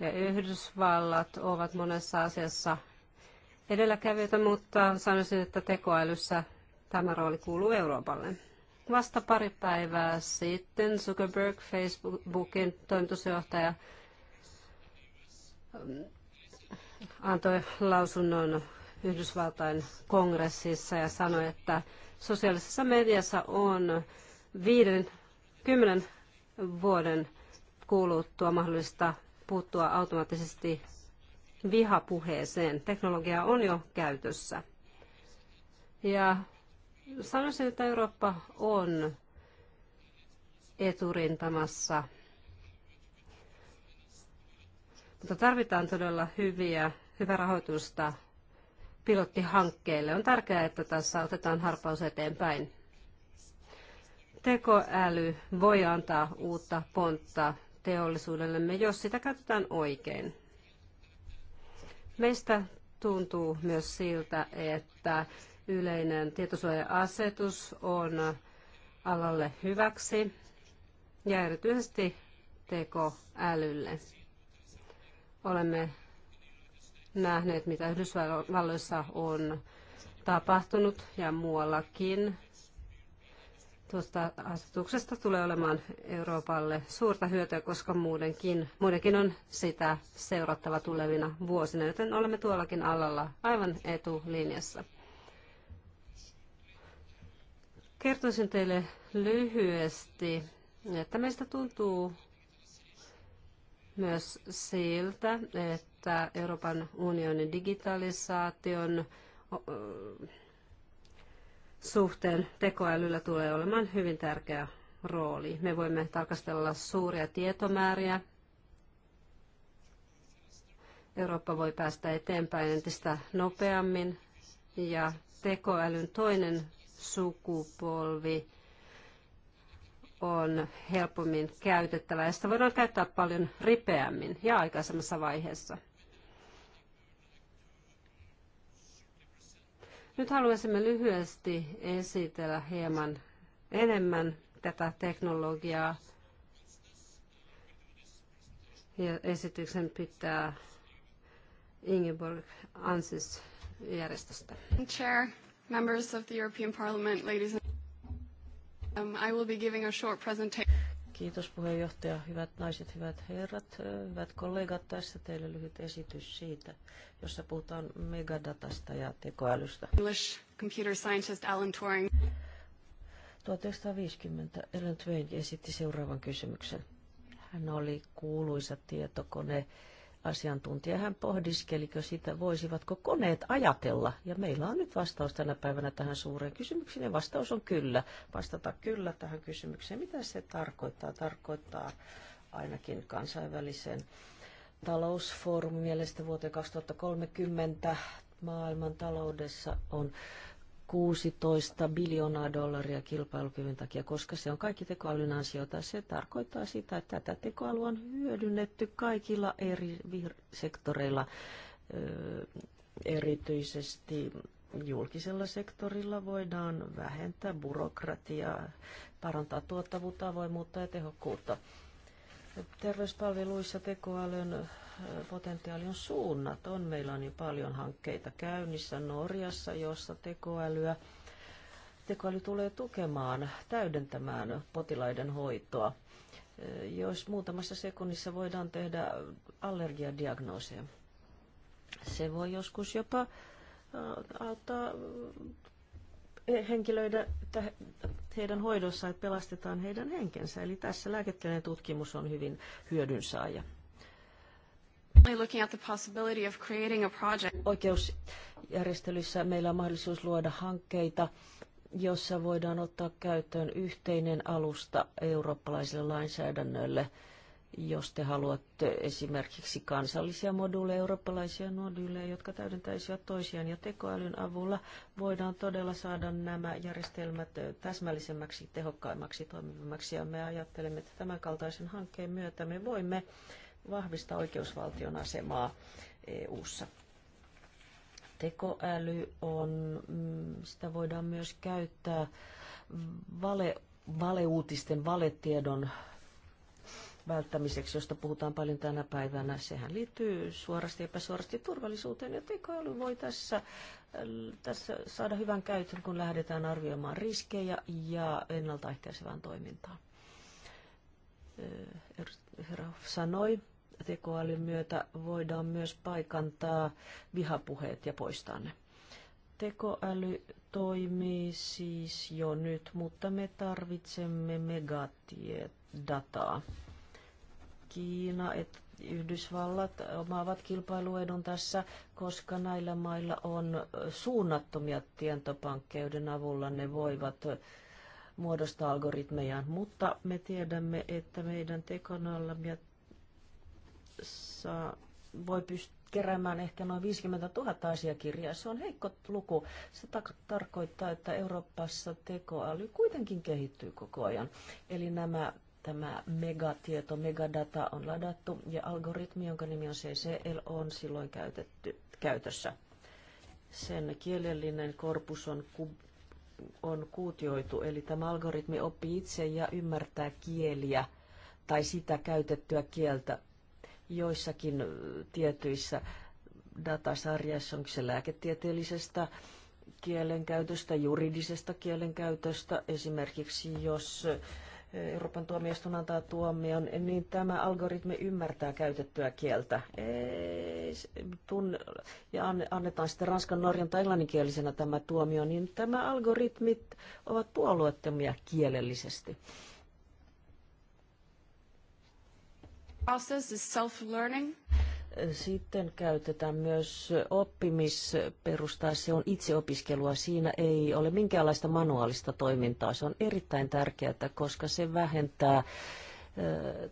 ja Yhdysvallat ovat monessa asiassa edelläkävijöitä, mutta sanoisin, että tekoälyssä tämä rooli kuuluu Euroopalle. Vasta pari päivää sitten Zuckerberg, Facebookin toimitusjohtaja, mm, antoi lausunnon Yhdysvaltain kongressissa ja sanoi, että sosiaalisessa mediassa on viiden, kymmenen vuoden kuuluttua mahdollista puuttua automaattisesti vihapuheeseen. Teknologia on jo käytössä. Ja sanoisin, että Eurooppa on eturintamassa. Mutta tarvitaan todella hyviä, hyvää rahoitusta pilottihankkeille. On tärkeää, että tässä otetaan harppaus eteenpäin. Tekoäly voi antaa uutta pontta teollisuudellemme, jos sitä käytetään oikein. Meistä tuntuu myös siltä, että yleinen tietosuoja-asetus on alalle hyväksi ja erityisesti tekoälylle. Olemme nähneet, mitä Yhdysvalloissa on tapahtunut ja muuallakin Tuosta asetuksesta tulee olemaan Euroopalle suurta hyötyä, koska muidenkin, muidenkin on sitä seurattava tulevina vuosina, joten olemme tuollakin alalla aivan etulinjassa. Kertoisin teille lyhyesti, että meistä tuntuu myös siltä, että Euroopan unionin digitalisaation suhteen tekoälyllä tulee olemaan hyvin tärkeä rooli. Me voimme tarkastella suuria tietomääriä. Eurooppa voi päästä eteenpäin entistä nopeammin ja tekoälyn toinen sukupolvi on helpommin käytettävä ja sitä voidaan käyttää paljon ripeämmin ja aikaisemmassa vaiheessa. Nyt haluaisimme lyhyesti esitellä hieman enemmän tätä teknologiaa. Ja esityksen pitää Ingeborg Ansis järjestöstä.
Chair, members of the European Parliament, ladies and um, I will be giving a short presentation. Kiitos puheenjohtaja. Hyvät
naiset, hyvät herrat, hyvät kollegat. Tässä teille lyhyt esitys siitä, jossa puhutaan megadatasta ja tekoälystä. computer scientist Alan Turing. 1950 Alan Turing esitti seuraavan kysymyksen. Hän oli kuuluisa tietokone asiantuntija. Hän pohdiskelikö sitä, voisivatko koneet ajatella? Ja meillä on nyt vastaus tänä päivänä tähän suureen kysymykseen. Ja vastaus on kyllä. Vastata kyllä tähän kysymykseen. Mitä se tarkoittaa? Tarkoittaa ainakin kansainvälisen talousfoorumin mielestä vuoteen 2030 maailman taloudessa on 16 biljoonaa dollaria kilpailukyvyn takia, koska se on kaikki tekoälyn ansiota. Se tarkoittaa sitä, että tätä tekoälyä on hyödynnetty kaikilla eri sektoreilla, erityisesti julkisella sektorilla voidaan vähentää byrokratiaa, parantaa tuottavuutta, avoimuutta ja tehokkuutta. Terveyspalveluissa tekoälyn potentiaali on suunnaton. Meillä on jo paljon hankkeita käynnissä Norjassa, jossa tekoälyä, tekoäly tulee tukemaan, täydentämään potilaiden hoitoa. Jos muutamassa sekunnissa voidaan tehdä allergiadiagnooseja. Se voi joskus jopa auttaa henkilöitä heidän hoidossa, että pelastetaan heidän henkensä. Eli tässä lääketieteellinen tutkimus on hyvin hyödyn saaja. Oikeusjärjestelyssä meillä on mahdollisuus luoda hankkeita, jossa voidaan ottaa käyttöön yhteinen alusta eurooppalaiselle lainsäädännölle – jos te haluatte esimerkiksi kansallisia moduuleja, eurooppalaisia moduuleja, jotka täydentäisivät toisiaan. Ja tekoälyn avulla voidaan todella saada nämä järjestelmät täsmällisemmäksi, tehokkaimmaksi, toimivimmaksi. Ja me ajattelemme, että tämän kaltaisen hankkeen myötä me voimme vahvistaa oikeusvaltion asemaa EU-ssa. Tekoäly on, mm, sitä voidaan myös käyttää vale, valeuutisten, valetiedon välttämiseksi, josta puhutaan paljon tänä päivänä. Sehän liittyy suorasti ja epäsuorasti turvallisuuteen ja tekoäly voi tässä, äh, tässä saada hyvän käytön, kun lähdetään arvioimaan riskejä ja ennaltaehkäisevään toimintaan. Äh, er- herra sanoi, tekoälyn myötä voidaan myös paikantaa vihapuheet ja poistaa ne. Tekoäly toimii siis jo nyt, mutta me tarvitsemme megatiet dataa. Kiina että Yhdysvallat omaavat kilpailuedun tässä, koska näillä mailla on suunnattomia tietopankkeuden avulla. Ne voivat muodostaa algoritmeja, mutta me tiedämme, että meidän tekonalla saa, voi pystyä keräämään ehkä noin 50 000 asiakirjaa. Se on heikko luku. Se ta- tarkoittaa, että Euroopassa tekoäly kuitenkin kehittyy koko ajan. Eli nämä tämä megatieto, megadata on ladattu ja algoritmi, jonka nimi on CCL, on silloin käytetty, käytössä. Sen kielellinen korpus on, on kuutioitu, eli tämä algoritmi oppii itse ja ymmärtää kieliä tai sitä käytettyä kieltä joissakin tietyissä datasarjassa, onko se lääketieteellisestä kielenkäytöstä, juridisesta kielenkäytöstä, esimerkiksi jos Euroopan tuomioistuin antaa tuomion, niin tämä algoritmi ymmärtää käytettyä kieltä. Ei, ja annetaan sitten ranskan, norjan tai englanninkielisenä tämä tuomio, niin tämä algoritmit ovat puolueettomia kielellisesti.
Process is self-learning.
Sitten käytetään myös oppimisperustaa, se on itseopiskelua. Siinä ei ole minkäänlaista manuaalista toimintaa. Se on erittäin tärkeää, koska se vähentää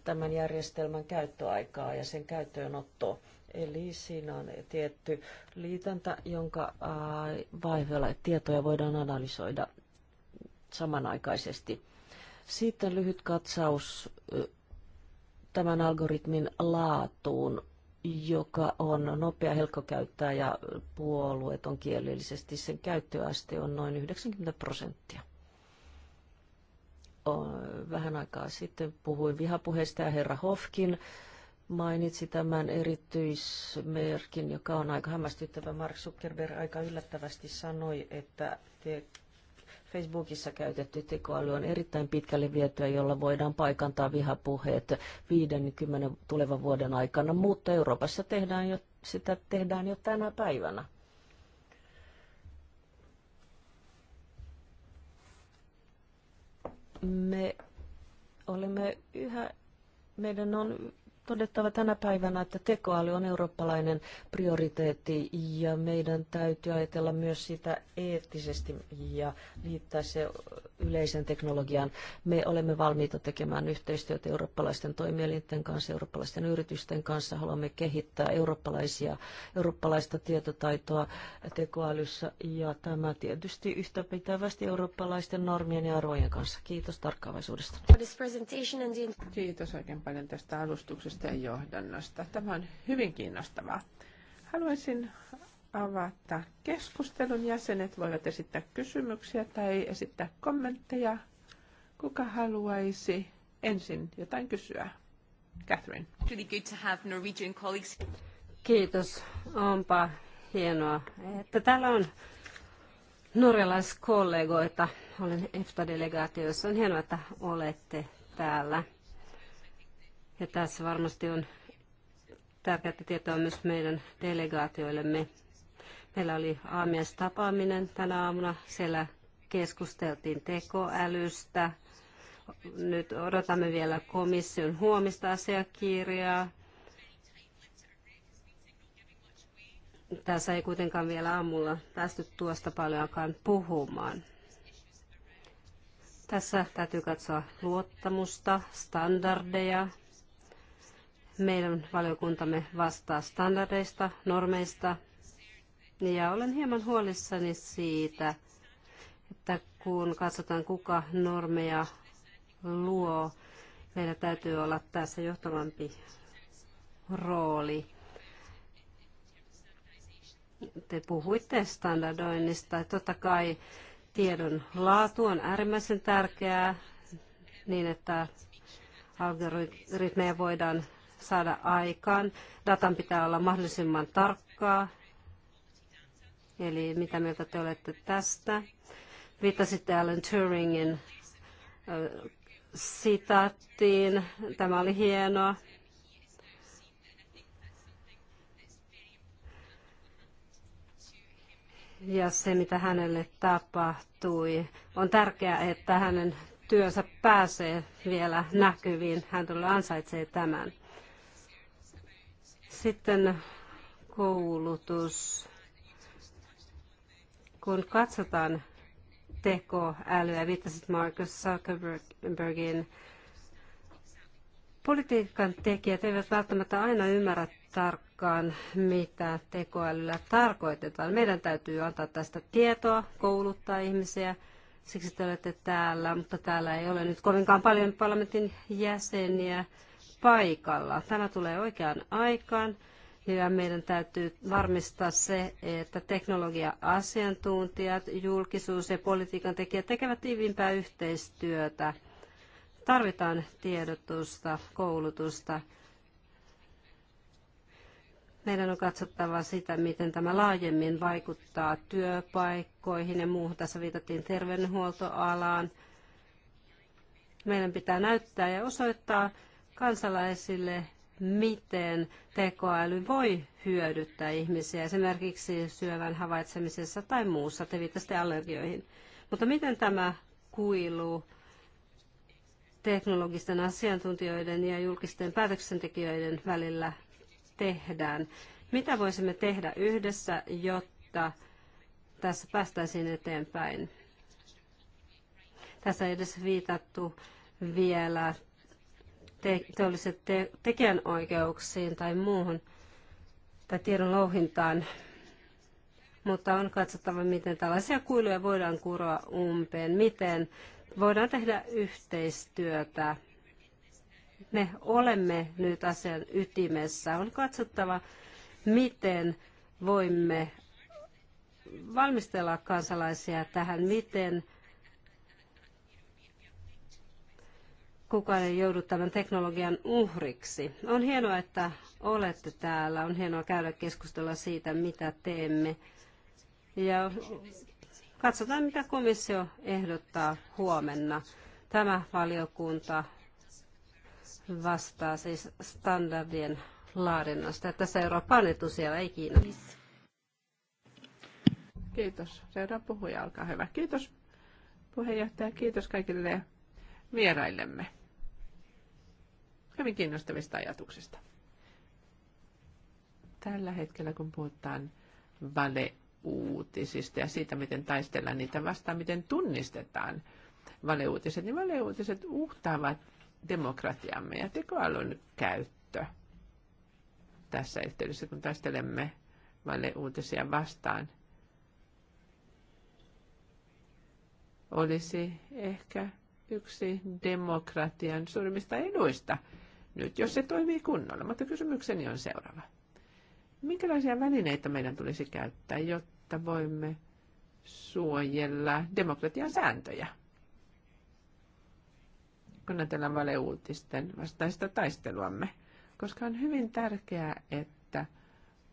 tämän järjestelmän käyttöaikaa ja sen käyttöönottoa. Eli siinä on tietty liitäntä, jonka vaiheella tietoja voidaan analysoida samanaikaisesti. Sitten lyhyt katsaus tämän algoritmin laatuun joka on nopea, helppo käyttää ja puolueeton kielellisesti. Sen käyttöaste on noin 90 prosenttia. Vähän aikaa sitten puhuin vihapuheesta ja herra Hofkin mainitsi tämän erityismerkin, joka on aika hämmästyttävä. Mark Zuckerberg aika yllättävästi sanoi, että te Facebookissa käytetty tekoäly on erittäin pitkälle vietyä, jolla voidaan paikantaa vihapuheet 50 tulevan vuoden aikana, mutta Euroopassa tehdään jo, sitä tehdään jo tänä päivänä. Me olemme yhä, meidän on todettava tänä päivänä, että tekoäly on eurooppalainen prioriteetti ja meidän täytyy ajatella myös sitä eettisesti ja liittää se yleisen teknologian. Me olemme valmiita tekemään yhteistyötä eurooppalaisten toimielinten kanssa, eurooppalaisten yritysten kanssa. Haluamme kehittää eurooppalaisia, eurooppalaista tietotaitoa tekoälyssä ja tämä tietysti yhtäpitävästi eurooppalaisten normien ja arvojen kanssa. Kiitos tarkkaavaisuudesta.
Kiitos oikein paljon tästä alustuksesta hallinnosta johdannosta. Tämä on hyvin kiinnostavaa. Haluaisin avata keskustelun. Jäsenet voivat esittää kysymyksiä tai esittää kommentteja. Kuka haluaisi ensin jotain kysyä? Catherine. Really good to have Norwegian colleagues. Kiitos.
Onpa hienoa, että täällä on norjalaiskollegoita. Olen efta delegaatioissa On hienoa, että olette täällä. Ja tässä varmasti on tärkeää tietoa myös meidän delegaatioillemme. Meillä oli aamiaistapaaminen tänä aamuna. Siellä keskusteltiin tekoälystä. Nyt odotamme vielä komission huomista asiakirjaa. Tässä ei kuitenkaan vielä aamulla päästy tuosta paljonkaan puhumaan. Tässä täytyy katsoa luottamusta, standardeja, meidän valiokuntamme vastaa standardeista, normeista ja olen hieman huolissani siitä, että kun katsotaan kuka normeja luo, meillä täytyy olla tässä johtavampi rooli. Te puhuitte standardoinnista. Totta kai tiedon laatu on äärimmäisen tärkeää niin, että algoritmeja voidaan saada aikaan. Datan pitää olla mahdollisimman tarkkaa. Eli mitä mieltä te olette tästä? Viittasitte Alan Turingin sitaattiin. Tämä oli hienoa. ja se, mitä hänelle tapahtui. On tärkeää, että hänen työnsä pääsee vielä näkyviin. Hän tulee ansaitsee tämän. Sitten koulutus. Kun katsotaan tekoälyä, viittasit Marcus Zuckerbergin, politiikan tekijät eivät välttämättä aina ymmärrä tarkkaan, mitä tekoälyllä tarkoitetaan. Meidän täytyy antaa tästä tietoa, kouluttaa ihmisiä, siksi te olette täällä, mutta täällä ei ole nyt kovinkaan paljon parlamentin jäseniä paikalla. Tämä tulee oikeaan aikaan ja meidän täytyy varmistaa se, että teknologia-asiantuntijat, julkisuus ja politiikan tekijät tekevät tiiviimpää yhteistyötä. Tarvitaan tiedotusta, koulutusta. Meidän on katsottava sitä, miten tämä laajemmin vaikuttaa työpaikkoihin ja muuhun. Tässä viitattiin terveydenhuoltoalaan. Meidän pitää näyttää ja osoittaa, kansalaisille, miten tekoäly voi hyödyttää ihmisiä esimerkiksi syövän havaitsemisessa tai muussa, te viittasitte allergioihin. Mutta miten tämä kuilu teknologisten asiantuntijoiden ja julkisten päätöksentekijöiden välillä tehdään? Mitä voisimme tehdä yhdessä, jotta tässä päästäisiin eteenpäin? Tässä ei edes viitattu vielä te- teolliset te- tekijänoikeuksiin tai muuhun tai tiedon louhintaan, mutta on katsottava, miten tällaisia kuiluja voidaan kuroa umpeen, miten voidaan tehdä yhteistyötä. Me olemme nyt asian ytimessä. On katsottava, miten voimme valmistella kansalaisia tähän, miten kukaan ei joudu tämän teknologian uhriksi. On hienoa, että olette täällä. On hienoa käydä keskustella siitä, mitä teemme. Ja katsotaan, mitä komissio ehdottaa huomenna. Tämä valiokunta vastaa siis standardien laadinnasta. Tässä Eurooppa on etusijalla,
ei Kiina. Kiitos. Seuraava puhuja, olkaa hyvä. Kiitos puheenjohtaja, kiitos kaikille vieraillemme hyvin kiinnostavista ajatuksista. Tällä hetkellä, kun puhutaan valeuutisista ja siitä, miten taistellaan niitä vastaan, miten tunnistetaan valeuutiset, niin valeuutiset uhtaavat demokratiamme ja tekoälyn käyttö tässä yhteydessä, kun taistelemme valeuutisia vastaan, olisi ehkä yksi demokratian suurimmista eduista – nyt, jos se toimii kunnolla. Mutta kysymykseni on seuraava. Minkälaisia välineitä meidän tulisi käyttää, jotta voimme suojella demokratian sääntöjä? Kun ajatellaan valeuutisten vastaista taisteluamme. Koska on hyvin tärkeää, että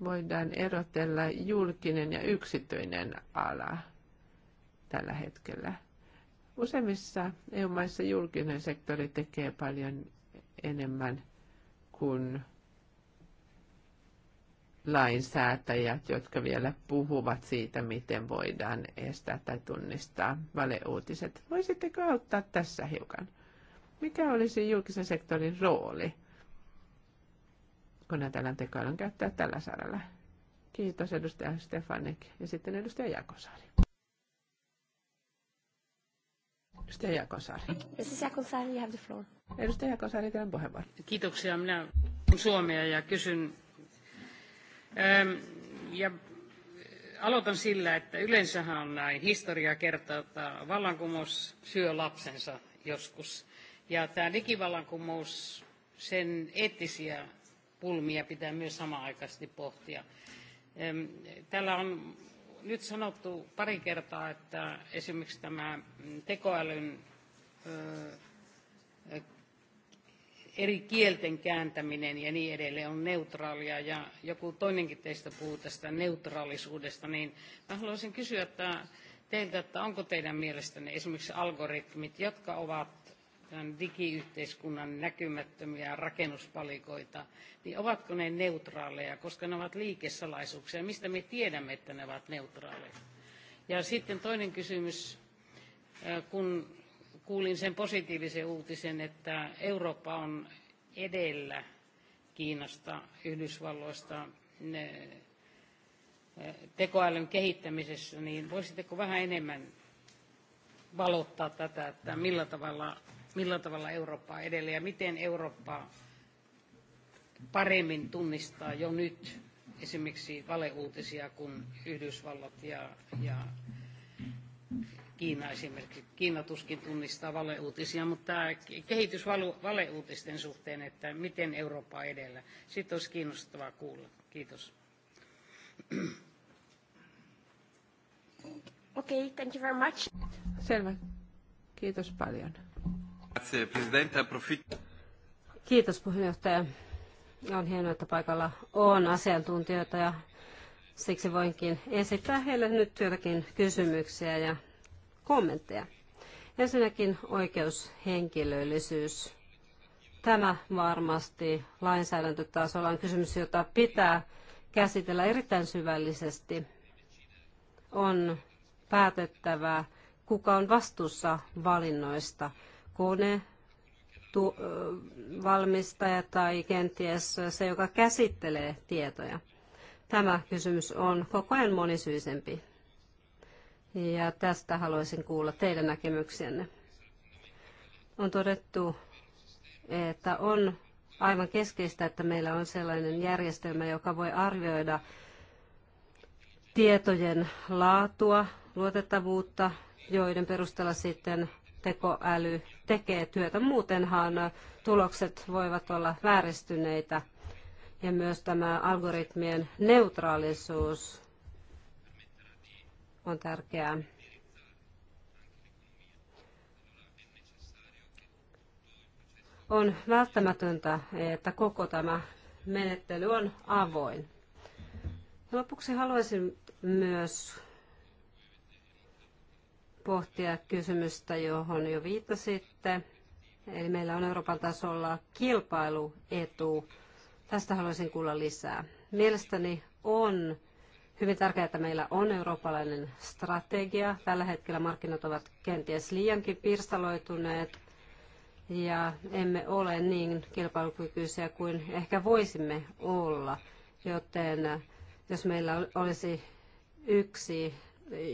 voidaan erotella julkinen ja yksityinen ala tällä hetkellä. Useimmissa EU-maissa julkinen sektori tekee paljon enemmän kuin lainsäätäjät, jotka vielä puhuvat siitä, miten voidaan estää tai tunnistaa valeuutiset. Voisitteko auttaa tässä hiukan? Mikä olisi julkisen sektorin rooli, kun ajatellaan tekoälyn käyttää tällä saralla? Kiitos edustaja Stefanik ja sitten edustaja Jakosaari. Edustaja Jaakonsaari. Edustaja Jaakonsaari, you have the floor. Edustaja Jaakonsaari, teidän puheenvuoro.
Kiitoksia. Minä suomea ja kysyn ähm, ja aloitan sillä, että yleensähän on näin. Historia kertoo, että vallankumous syö lapsensa joskus. Ja tämä digivallankumous, sen eettisiä pulmia pitää myös samanaikaisesti pohtia. Ähm, Tällä on nyt sanottu pari kertaa, että esimerkiksi tämä tekoälyn eri kielten kääntäminen ja niin edelleen on neutraalia ja joku toinenkin teistä puhuu tästä neutraalisuudesta, niin mä haluaisin kysyä että teiltä, että onko teidän mielestänne esimerkiksi algoritmit, jotka ovat tämän digiyhteiskunnan näkymättömiä rakennuspalikoita, niin ovatko ne neutraaleja, koska ne ovat liikesalaisuuksia. Mistä me tiedämme, että ne ovat neutraaleja? Ja sitten toinen kysymys, kun kuulin sen positiivisen uutisen, että Eurooppa on edellä Kiinasta, Yhdysvalloista ne, tekoälyn kehittämisessä, niin voisitteko vähän enemmän valottaa tätä, että millä tavalla millä tavalla Eurooppaa edelleen ja miten Eurooppaa paremmin tunnistaa jo nyt esimerkiksi valeuutisia, kuin Yhdysvallat ja, ja Kiina esimerkiksi. Kiina tuskin tunnistaa valeuutisia, mutta tämä kehitys valeuutisten suhteen, että miten Eurooppa edellä. Sitten olisi kiinnostavaa kuulla. Kiitos.
Okei, okay, thank you very much. Selvä. Kiitos paljon.
Kiitos puheenjohtaja. On hienoa, että paikalla on asiantuntijoita ja siksi voinkin esittää heille nyt joitakin kysymyksiä ja kommentteja. Ensinnäkin oikeushenkilöllisyys. Tämä varmasti lainsäädäntötasolla on kysymys, jota pitää käsitellä erittäin syvällisesti. On päätettävää, kuka on vastuussa valinnoista kone valmistaja tai kenties se, joka käsittelee tietoja. Tämä kysymys on koko ajan monisyisempi. Ja tästä haluaisin kuulla teidän näkemyksenne. On todettu, että on aivan keskeistä, että meillä on sellainen järjestelmä, joka voi arvioida tietojen laatua, luotettavuutta, joiden perusteella sitten tekoäly tekee työtä. Muutenhan tulokset voivat olla vääristyneitä ja myös tämä algoritmien neutraalisuus on tärkeää. On välttämätöntä, että koko tämä menettely on avoin. Lopuksi haluaisin myös pohtia kysymystä, johon jo viittasitte. Eli meillä on Euroopan tasolla kilpailuetu. Tästä haluaisin kuulla lisää. Mielestäni on hyvin tärkeää, että meillä on eurooppalainen strategia. Tällä hetkellä markkinat ovat kenties liiankin pirstaloituneet ja emme ole niin kilpailukykyisiä kuin ehkä voisimme olla. Joten jos meillä olisi yksi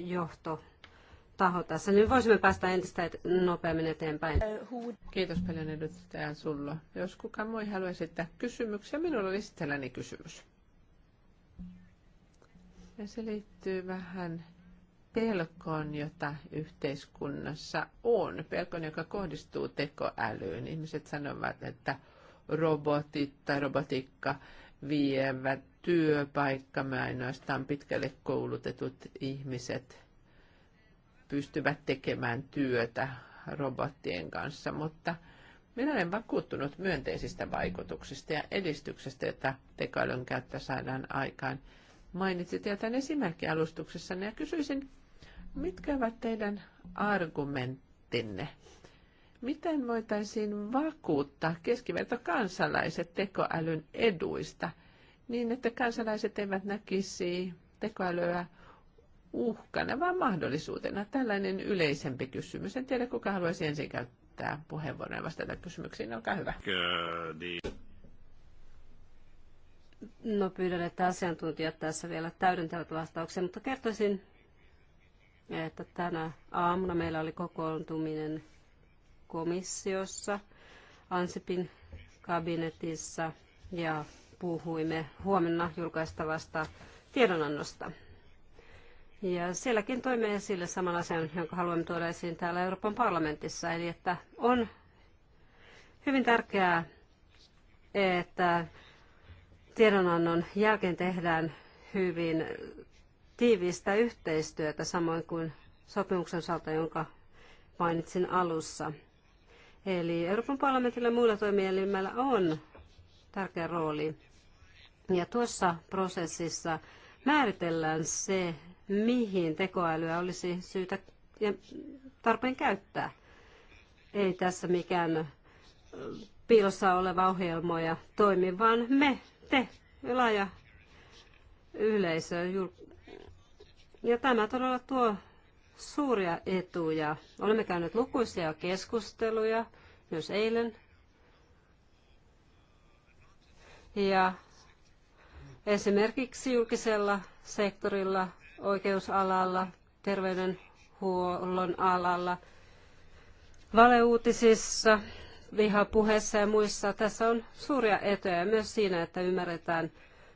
johto taho tässä,
Nyt voisimme päästä entistä nopeammin eteenpäin. Kiitos paljon edustaja Sullo. Jos kukaan muu haluaisi esittää kysymyksiä, minulla olisi tällainen kysymys. Ja se liittyy vähän pelkoon, jota yhteiskunnassa on. Pelkoon, joka kohdistuu tekoälyyn. Ihmiset sanovat, että robotit tai robotiikka vievät me ainoastaan pitkälle koulutetut ihmiset pystyvät tekemään työtä robottien kanssa, mutta minä olen vakuuttunut myönteisistä vaikutuksista ja edistyksestä, jota tekoälyn käyttö saadaan aikaan. Mainitsit jotain esimerkkiä alustuksessanne ja kysyisin, mitkä ovat teidän argumenttinne? Miten voitaisiin vakuuttaa keskiverto kansalaiset tekoälyn eduista niin, että kansalaiset eivät näkisi tekoälyä uhkana, vaan mahdollisuutena. Tällainen yleisempi kysymys. En tiedä, kuka haluaisi ensin käyttää puheenvuoron vastata kysymyksiin. Olkaa hyvä. No pyydän, että asiantuntijat
tässä vielä täydentävät vastauksen, mutta kertoisin, että tänä aamuna meillä oli kokoontuminen komissiossa, Ansipin kabinetissa ja puhuimme huomenna julkaistavasta tiedonannosta. Ja sielläkin toimme esille saman asian, jonka haluamme tuoda esiin täällä Euroopan parlamentissa, eli että on hyvin tärkeää, että tiedonannon jälkeen tehdään hyvin tiiviistä yhteistyötä, samoin kuin sopimuksen osalta, jonka mainitsin alussa. Eli Euroopan parlamentilla ja muilla toimielimillä on tärkeä rooli. Ja tuossa prosessissa määritellään se, mihin tekoälyä olisi syytä ja tarpeen käyttää. Ei tässä mikään piilossa oleva ohjelmoja toimi, vaan me, te, laaja yleisö. Ja tämä todella tuo suuria etuja. Olemme käyneet lukuisia keskusteluja, myös eilen. Ja esimerkiksi julkisella sektorilla oikeusalalla, terveydenhuollon alalla, valeuutisissa, vihapuheessa ja muissa. Tässä on suuria etuja myös siinä, että ymmärretään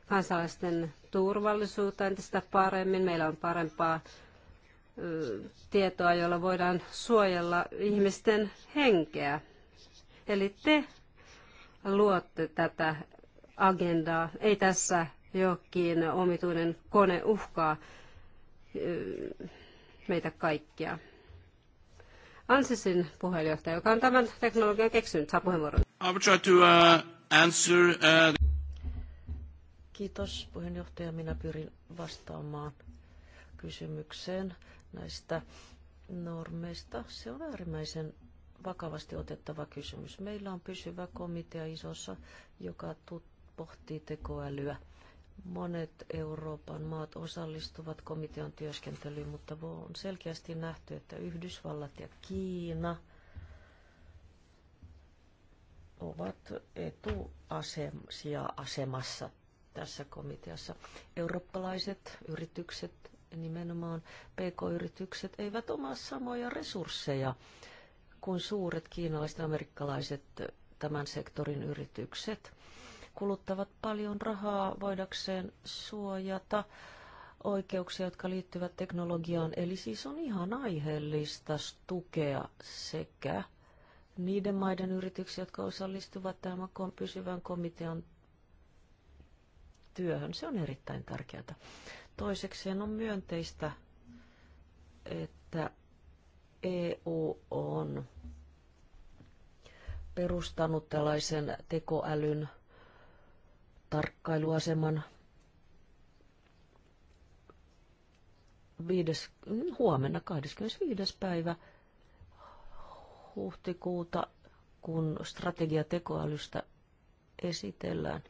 kansalaisten turvallisuutta entistä paremmin. Meillä on parempaa tietoa, jolla voidaan suojella ihmisten henkeä. Eli te luotte tätä agendaa. Ei tässä jokin omituinen kone uhkaa meitä kaikkia. Ansisin puheenjohtaja, joka on tämän teknologian keksinyt, saa puheenvuoron.
Uh, uh,
Kiitos puheenjohtaja. Minä pyrin vastaamaan kysymykseen näistä normeista. Se on äärimmäisen vakavasti otettava kysymys. Meillä on pysyvä komitea isossa, joka pohtii tekoälyä Monet Euroopan maat osallistuvat komitean työskentelyyn, mutta on selkeästi nähty, että Yhdysvallat ja Kiina ovat etuasemassa asemassa tässä komiteassa. Eurooppalaiset yritykset, nimenomaan PK-yritykset, eivät omaa samoja resursseja kuin suuret kiinalaiset ja amerikkalaiset tämän sektorin yritykset kuluttavat paljon rahaa voidakseen suojata oikeuksia, jotka liittyvät teknologiaan. Eli siis on ihan aiheellista tukea sekä niiden maiden yrityksiä, jotka osallistuvat tämän pysyvän komitean työhön. Se on erittäin tärkeää. Toisekseen on myönteistä, että EU on perustanut tällaisen tekoälyn tarkkailuaseman viides huomenna 25. päivä huhtikuuta, kun strategiatekoälystä esitellään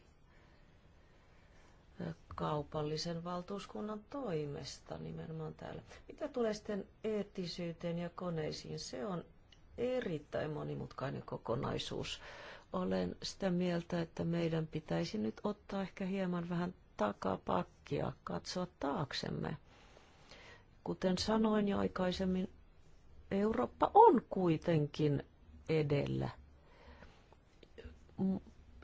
kaupallisen valtuuskunnan toimesta nimenomaan täällä. Mitä tulee sitten eettisyyteen ja koneisiin? Se on erittäin monimutkainen kokonaisuus. Olen sitä mieltä, että meidän pitäisi nyt ottaa ehkä hieman vähän takapakkia, katsoa taaksemme. Kuten sanoin jo aikaisemmin, Eurooppa on kuitenkin edellä.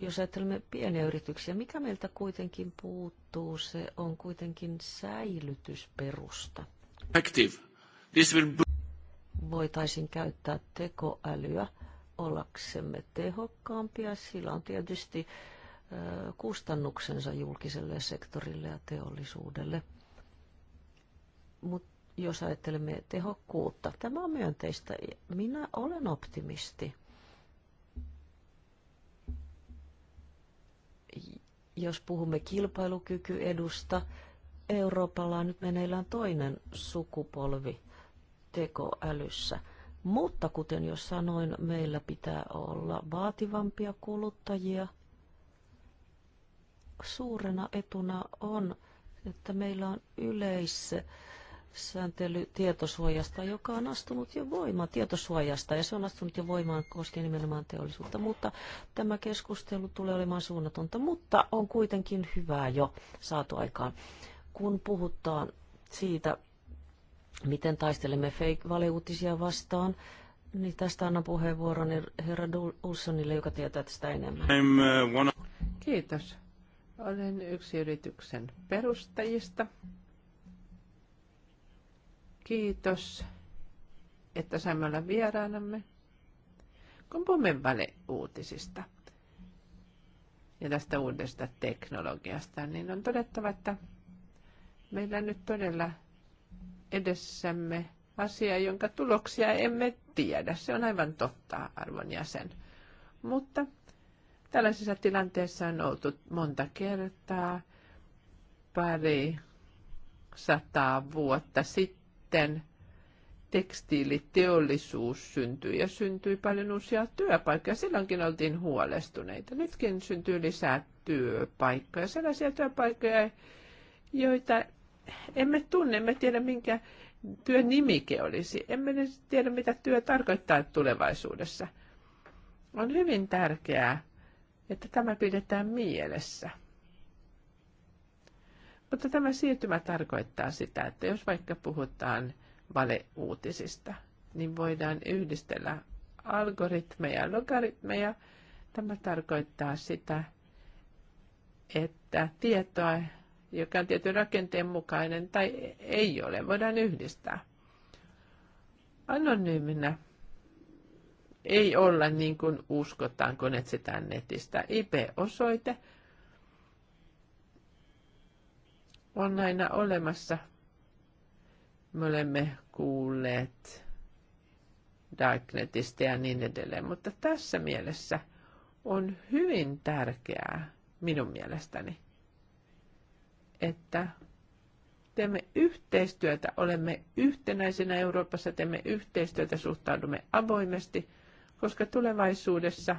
Jos ajattelemme pieniä yrityksiä, mikä meiltä kuitenkin puuttuu, se on kuitenkin säilytysperusta. Active. This will... Voitaisiin käyttää tekoälyä ollaksemme tehokkaampia. Sillä on tietysti kustannuksensa julkiselle sektorille ja teollisuudelle. Mutta jos ajattelemme tehokkuutta, tämä on myönteistä. Minä olen optimisti. Jos puhumme kilpailukykyedusta, Euroopalla on nyt meneillään toinen sukupolvi tekoälyssä – mutta kuten jo sanoin, meillä pitää olla vaativampia kuluttajia. Suurena etuna on, että meillä on yleis sääntely tietosuojasta, joka on astunut jo voimaan, tietosuojasta, ja se on astunut jo voimaan koskien nimenomaan teollisuutta, mutta tämä keskustelu tulee olemaan suunnatonta, mutta on kuitenkin hyvää jo saatu aikaan. Kun puhutaan siitä, miten taistelemme fake-valeuutisia vastaan. Niin tästä annan puheenvuoron herra Ulssonille, joka tietää tästä enemmän.
Uh, Kiitos. Olen yksi yrityksen perustajista. Kiitos, että saimme olla vieraanamme. Kun puhumme valeuutisista ja tästä uudesta teknologiasta, niin on todettava, että meillä nyt todella edessämme asia, jonka tuloksia emme tiedä. Se on aivan totta, arvon jäsen. Mutta tällaisessa tilanteessa on oltu monta kertaa, pari sataa vuotta sitten tekstiiliteollisuus syntyi ja syntyi paljon uusia työpaikkoja. Silloinkin oltiin huolestuneita. Nytkin syntyy lisää työpaikkoja, sellaisia työpaikkoja, joita emme tunne, emme tiedä minkä työn nimike olisi. Emme tiedä, mitä työ tarkoittaa tulevaisuudessa. On hyvin tärkeää, että tämä pidetään mielessä. Mutta tämä siirtymä tarkoittaa sitä, että jos vaikka puhutaan valeuutisista, niin voidaan yhdistellä algoritmeja ja logaritmeja. Tämä tarkoittaa sitä, että tietoa joka on tietyn rakenteen mukainen tai ei ole. Voidaan yhdistää. Anonyyminä ei olla niin kuin uskotaan, kun etsitään netistä. IP-osoite on aina olemassa. Me olemme kuulleet Darknetistä ja niin edelleen, mutta tässä mielessä on hyvin tärkeää minun mielestäni, että teemme yhteistyötä, olemme yhtenäisenä Euroopassa, teemme yhteistyötä, suhtaudumme avoimesti, koska tulevaisuudessa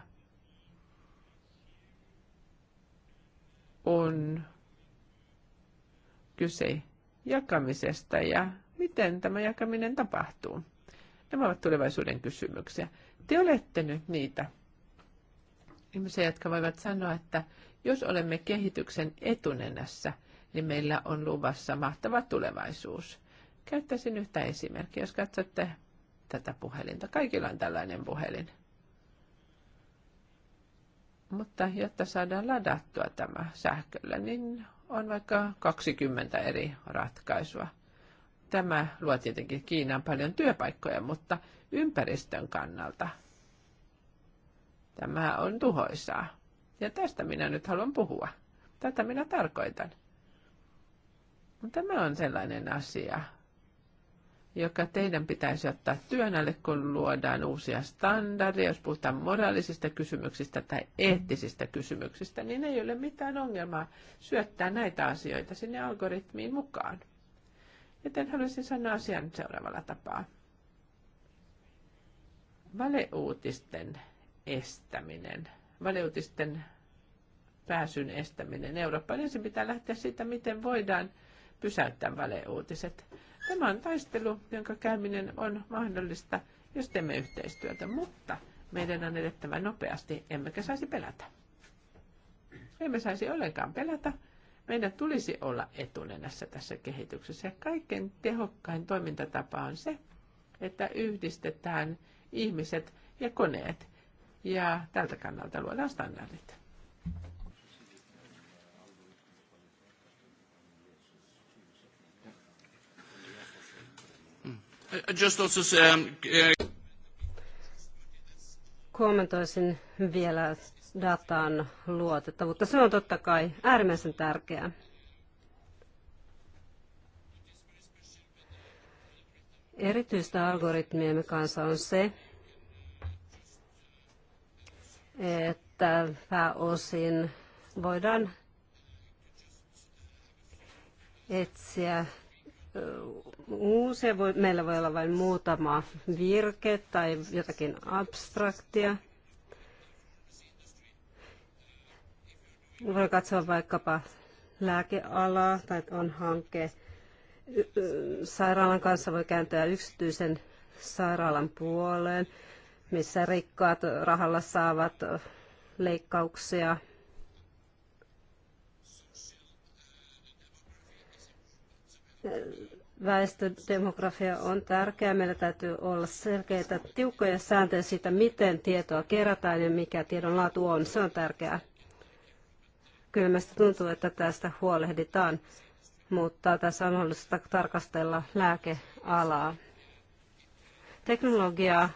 on kyse jakamisesta ja miten tämä jakaminen tapahtuu. Nämä ovat tulevaisuuden kysymyksiä. Te olette nyt niitä ihmisiä, jotka voivat sanoa, että jos olemme kehityksen etunenässä – niin meillä on luvassa mahtava tulevaisuus. Käyttäisin yhtä esimerkkiä, jos katsotte tätä puhelinta. Kaikilla on tällainen puhelin. Mutta jotta saadaan ladattua tämä sähköllä, niin on vaikka 20 eri ratkaisua. Tämä luo tietenkin Kiinaan paljon työpaikkoja, mutta ympäristön kannalta tämä on tuhoisaa. Ja tästä minä nyt haluan puhua. Tätä minä tarkoitan. Tämä on sellainen asia, joka teidän pitäisi ottaa työn alle, kun luodaan uusia standardeja. Jos puhutaan moraalisista kysymyksistä tai eettisistä kysymyksistä, niin ei ole mitään ongelmaa syöttää näitä asioita sinne algoritmiin mukaan. Joten haluaisin sanoa asian seuraavalla tapaa. Valeuutisten estäminen, valeuutisten pääsyn estäminen Eurooppaan, ensin pitää lähteä siitä, miten voidaan – pysäyttää valeuutiset. Tämä on taistelu, jonka käyminen on mahdollista, jos teemme yhteistyötä, mutta meidän on edettävä nopeasti, emmekä saisi pelätä. Emme saisi ollenkaan pelätä. Meidän tulisi olla etunenässä tässä kehityksessä. Ja tehokkain toimintatapa on se, että yhdistetään ihmiset ja koneet. Ja tältä kannalta luodaan standardit. Just also, um, uh,
Kommentoisin vielä datan luotettavuutta. Se on totta kai äärimmäisen tärkeää. Erityistä algoritmiemme kanssa on se, että pääosin voidaan etsiä Uusia voi, meillä voi olla vain muutama virke tai jotakin abstraktia. Voi katsoa vaikkapa lääkealaa tai on hanke. Sairaalan kanssa voi kääntyä yksityisen sairaalan puoleen, missä rikkaat rahalla saavat leikkauksia väestödemografia on tärkeä, Meillä täytyy olla selkeitä, tiukkoja sääntöjä siitä, miten tietoa kerätään ja mikä tiedon laatu on. Se on tärkeää. Kyllä tuntuu, että tästä huolehditaan, mutta tässä on mahdollista tarkastella lääkealaa. Teknologiaa,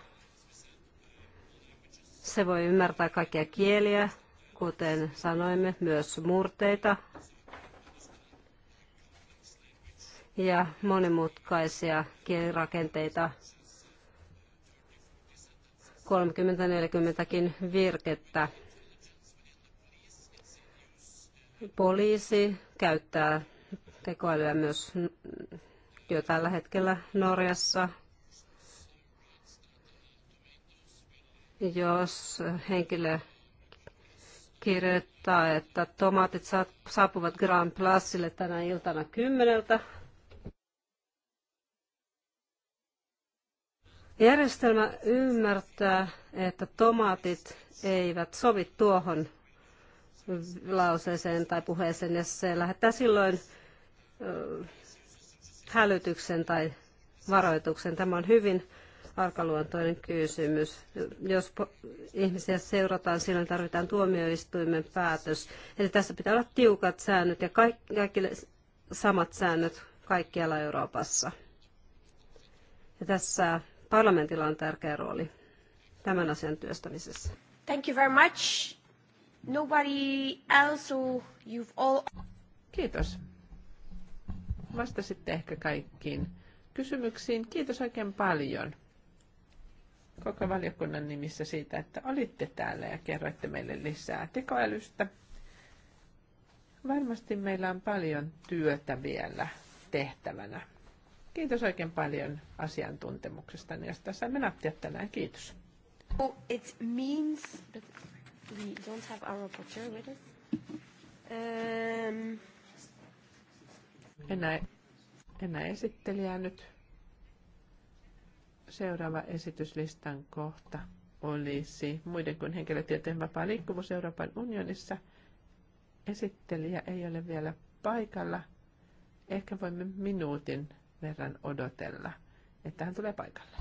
se voi ymmärtää kaikkia kieliä, kuten sanoimme, myös murteita, ja monimutkaisia kielirakenteita 30-40kin virkettä. Poliisi käyttää tekoälyä myös jo tällä hetkellä Norjassa. Jos henkilö kirjoittaa, että tomaatit saapuvat Grand Placille tänä iltana kymmeneltä, Järjestelmä ymmärtää, että tomaatit eivät sovi tuohon lauseeseen tai puheeseen, ja se lähettää silloin hälytyksen tai varoituksen. Tämä on hyvin arkaluontoinen kysymys. Jos ihmisiä seurataan, silloin tarvitaan tuomioistuimen päätös. Eli tässä pitää olla tiukat säännöt ja kaikille samat säännöt kaikkialla Euroopassa. Ja tässä Parlamentilla on tärkeä rooli tämän asian työstämisessä.
Thank you very much. Nobody else, you've all... Kiitos. Vastasitte ehkä kaikkiin kysymyksiin. Kiitos oikein paljon koko valiokunnan nimissä siitä, että olitte täällä ja kerroitte meille lisää tekoälystä. Varmasti meillä on paljon työtä vielä tehtävänä. Kiitos oikein paljon asiantuntemuksesta, josta saimme nappia tänään. Kiitos.
Oh, it means that we don't have our
rapporteur with us. Um... Enää, enää esittelijää nyt. Seuraava esityslistan kohta olisi muiden kuin henkilötietojen vapaa liikkuvuus Euroopan unionissa. Esittelijä ei ole vielä paikalla. Ehkä voimme minuutin verran odotella, että hän tulee paikalle.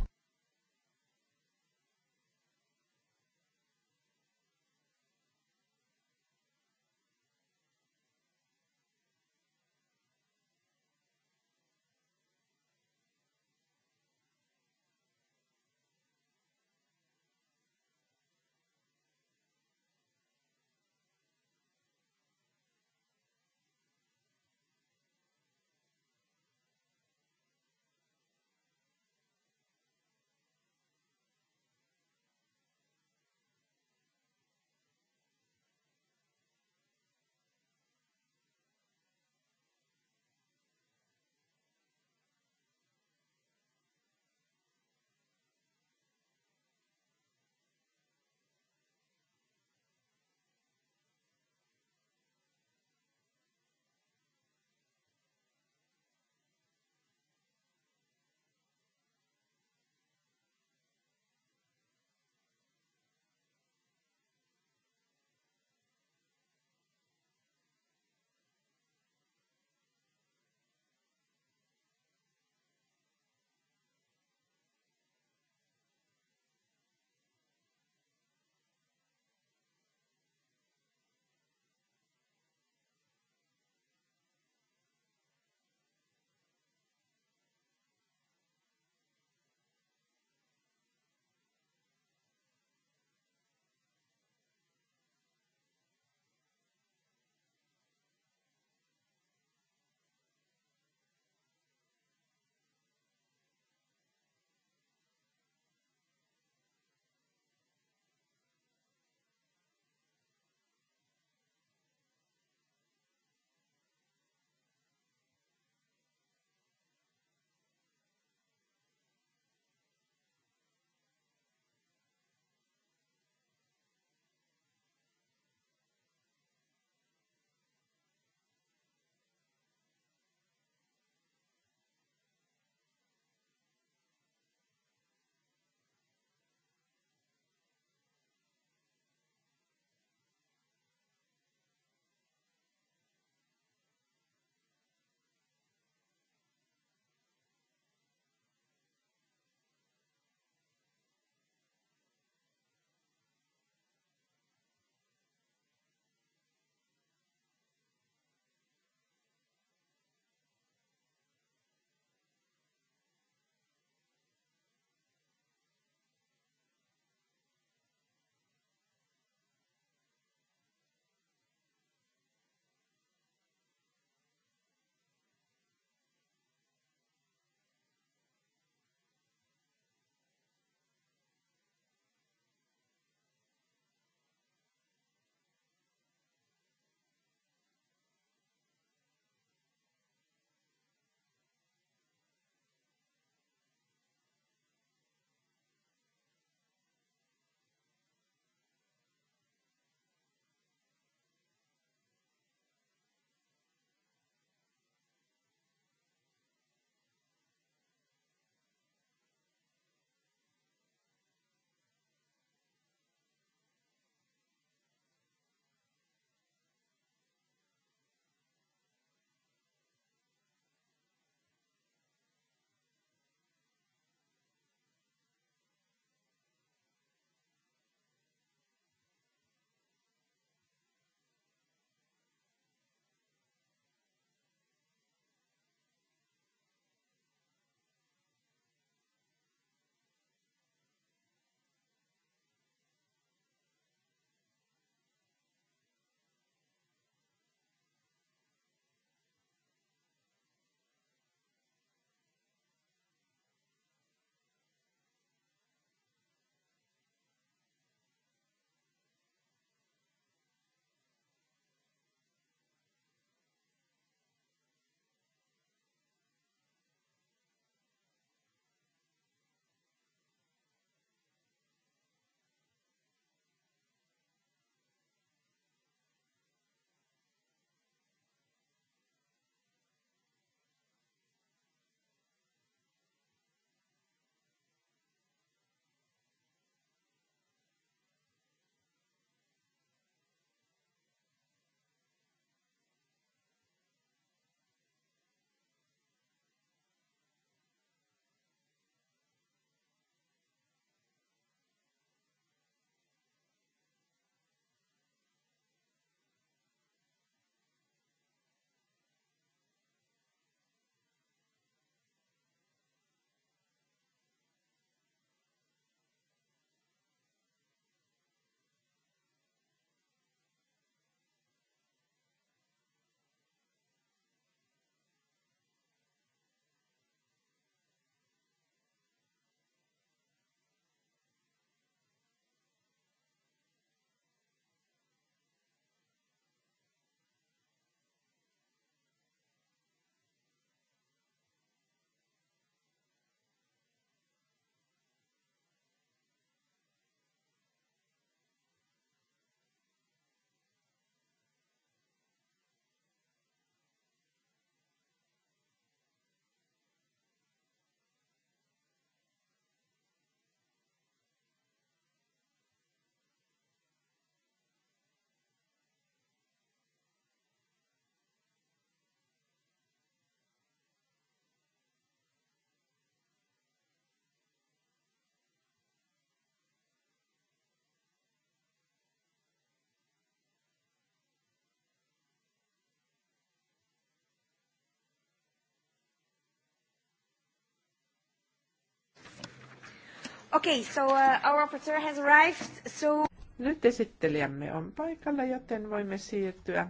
Okay,
so uh, our officer has arrived,
so... Nyt esittelijämme on paikalla, joten voimme siirtyä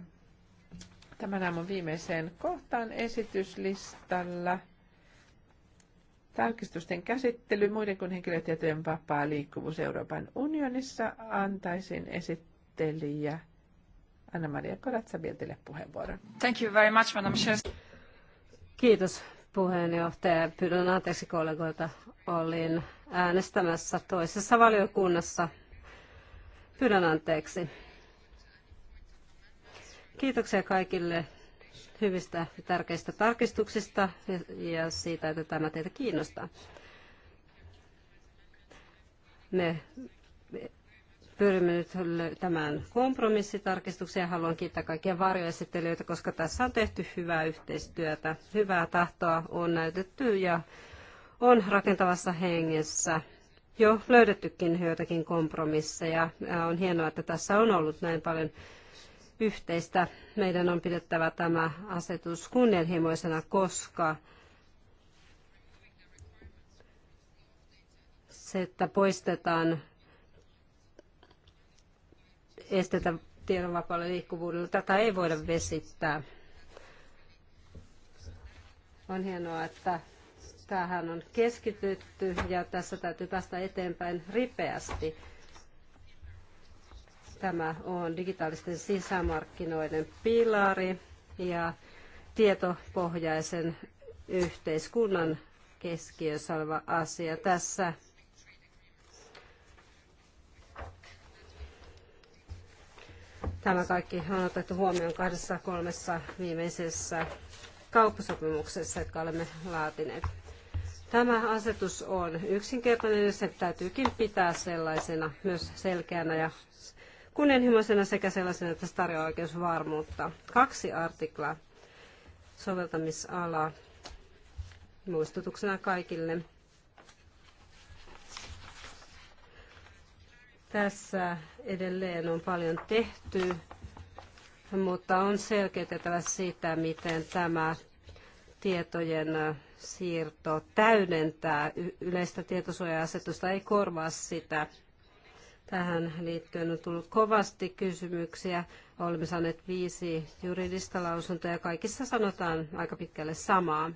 tämän aamun viimeiseen kohtaan esityslistalla. Tarkistusten käsittely muiden kuin henkilötietojen vapaa liikkuvuus Euroopan unionissa antaisin esittelijä Anna-Maria Koratsa-Bieltille puheenvuoron. Thank you very much, Madam
Kiitos puheenjohtaja. Pyydän anteeksi kollegoilta. Olin äänestämässä toisessa valiokunnassa. Pyydän anteeksi. Kiitoksia kaikille hyvistä ja tärkeistä tarkistuksista ja siitä, että tämä teitä kiinnostaa. Me pyrimme nyt löytämään kompromissitarkistuksia. Haluan kiittää kaikkia varjoesittelijöitä, koska tässä on tehty hyvää yhteistyötä. Hyvää tahtoa on näytetty ja on rakentavassa hengessä jo löydettykin joitakin kompromisseja. On hienoa, että tässä on ollut näin paljon yhteistä. Meidän on pidettävä tämä asetus kunnianhimoisena, koska se, että poistetaan estetä vapaalle liikkuvuudelle. Tätä ei voida vesittää. On hienoa, että tähän on keskitytty ja tässä täytyy päästä eteenpäin ripeästi. Tämä on digitaalisten sisämarkkinoiden pilari ja tietopohjaisen yhteiskunnan keskiössä oleva asia. Tässä Tämä kaikki on otettu huomioon kahdessa kolmessa viimeisessä kauppasopimuksessa, jotka olemme laatineet. Tämä asetus on yksinkertainen ja se täytyykin pitää sellaisena myös selkeänä ja kunnianhimoisena sekä sellaisena, että se tarjoaa oikeusvarmuutta. Kaksi artiklaa soveltamisalaa muistutuksena kaikille Tässä edelleen on paljon tehty, mutta on selkeytettävä sitä, miten tämä tietojen siirto täydentää yleistä tietosuoja-asetusta, ei korvaa sitä. Tähän liittyen on tullut kovasti kysymyksiä. Olemme saaneet viisi juridista lausuntoa ja kaikissa sanotaan aika pitkälle samaa.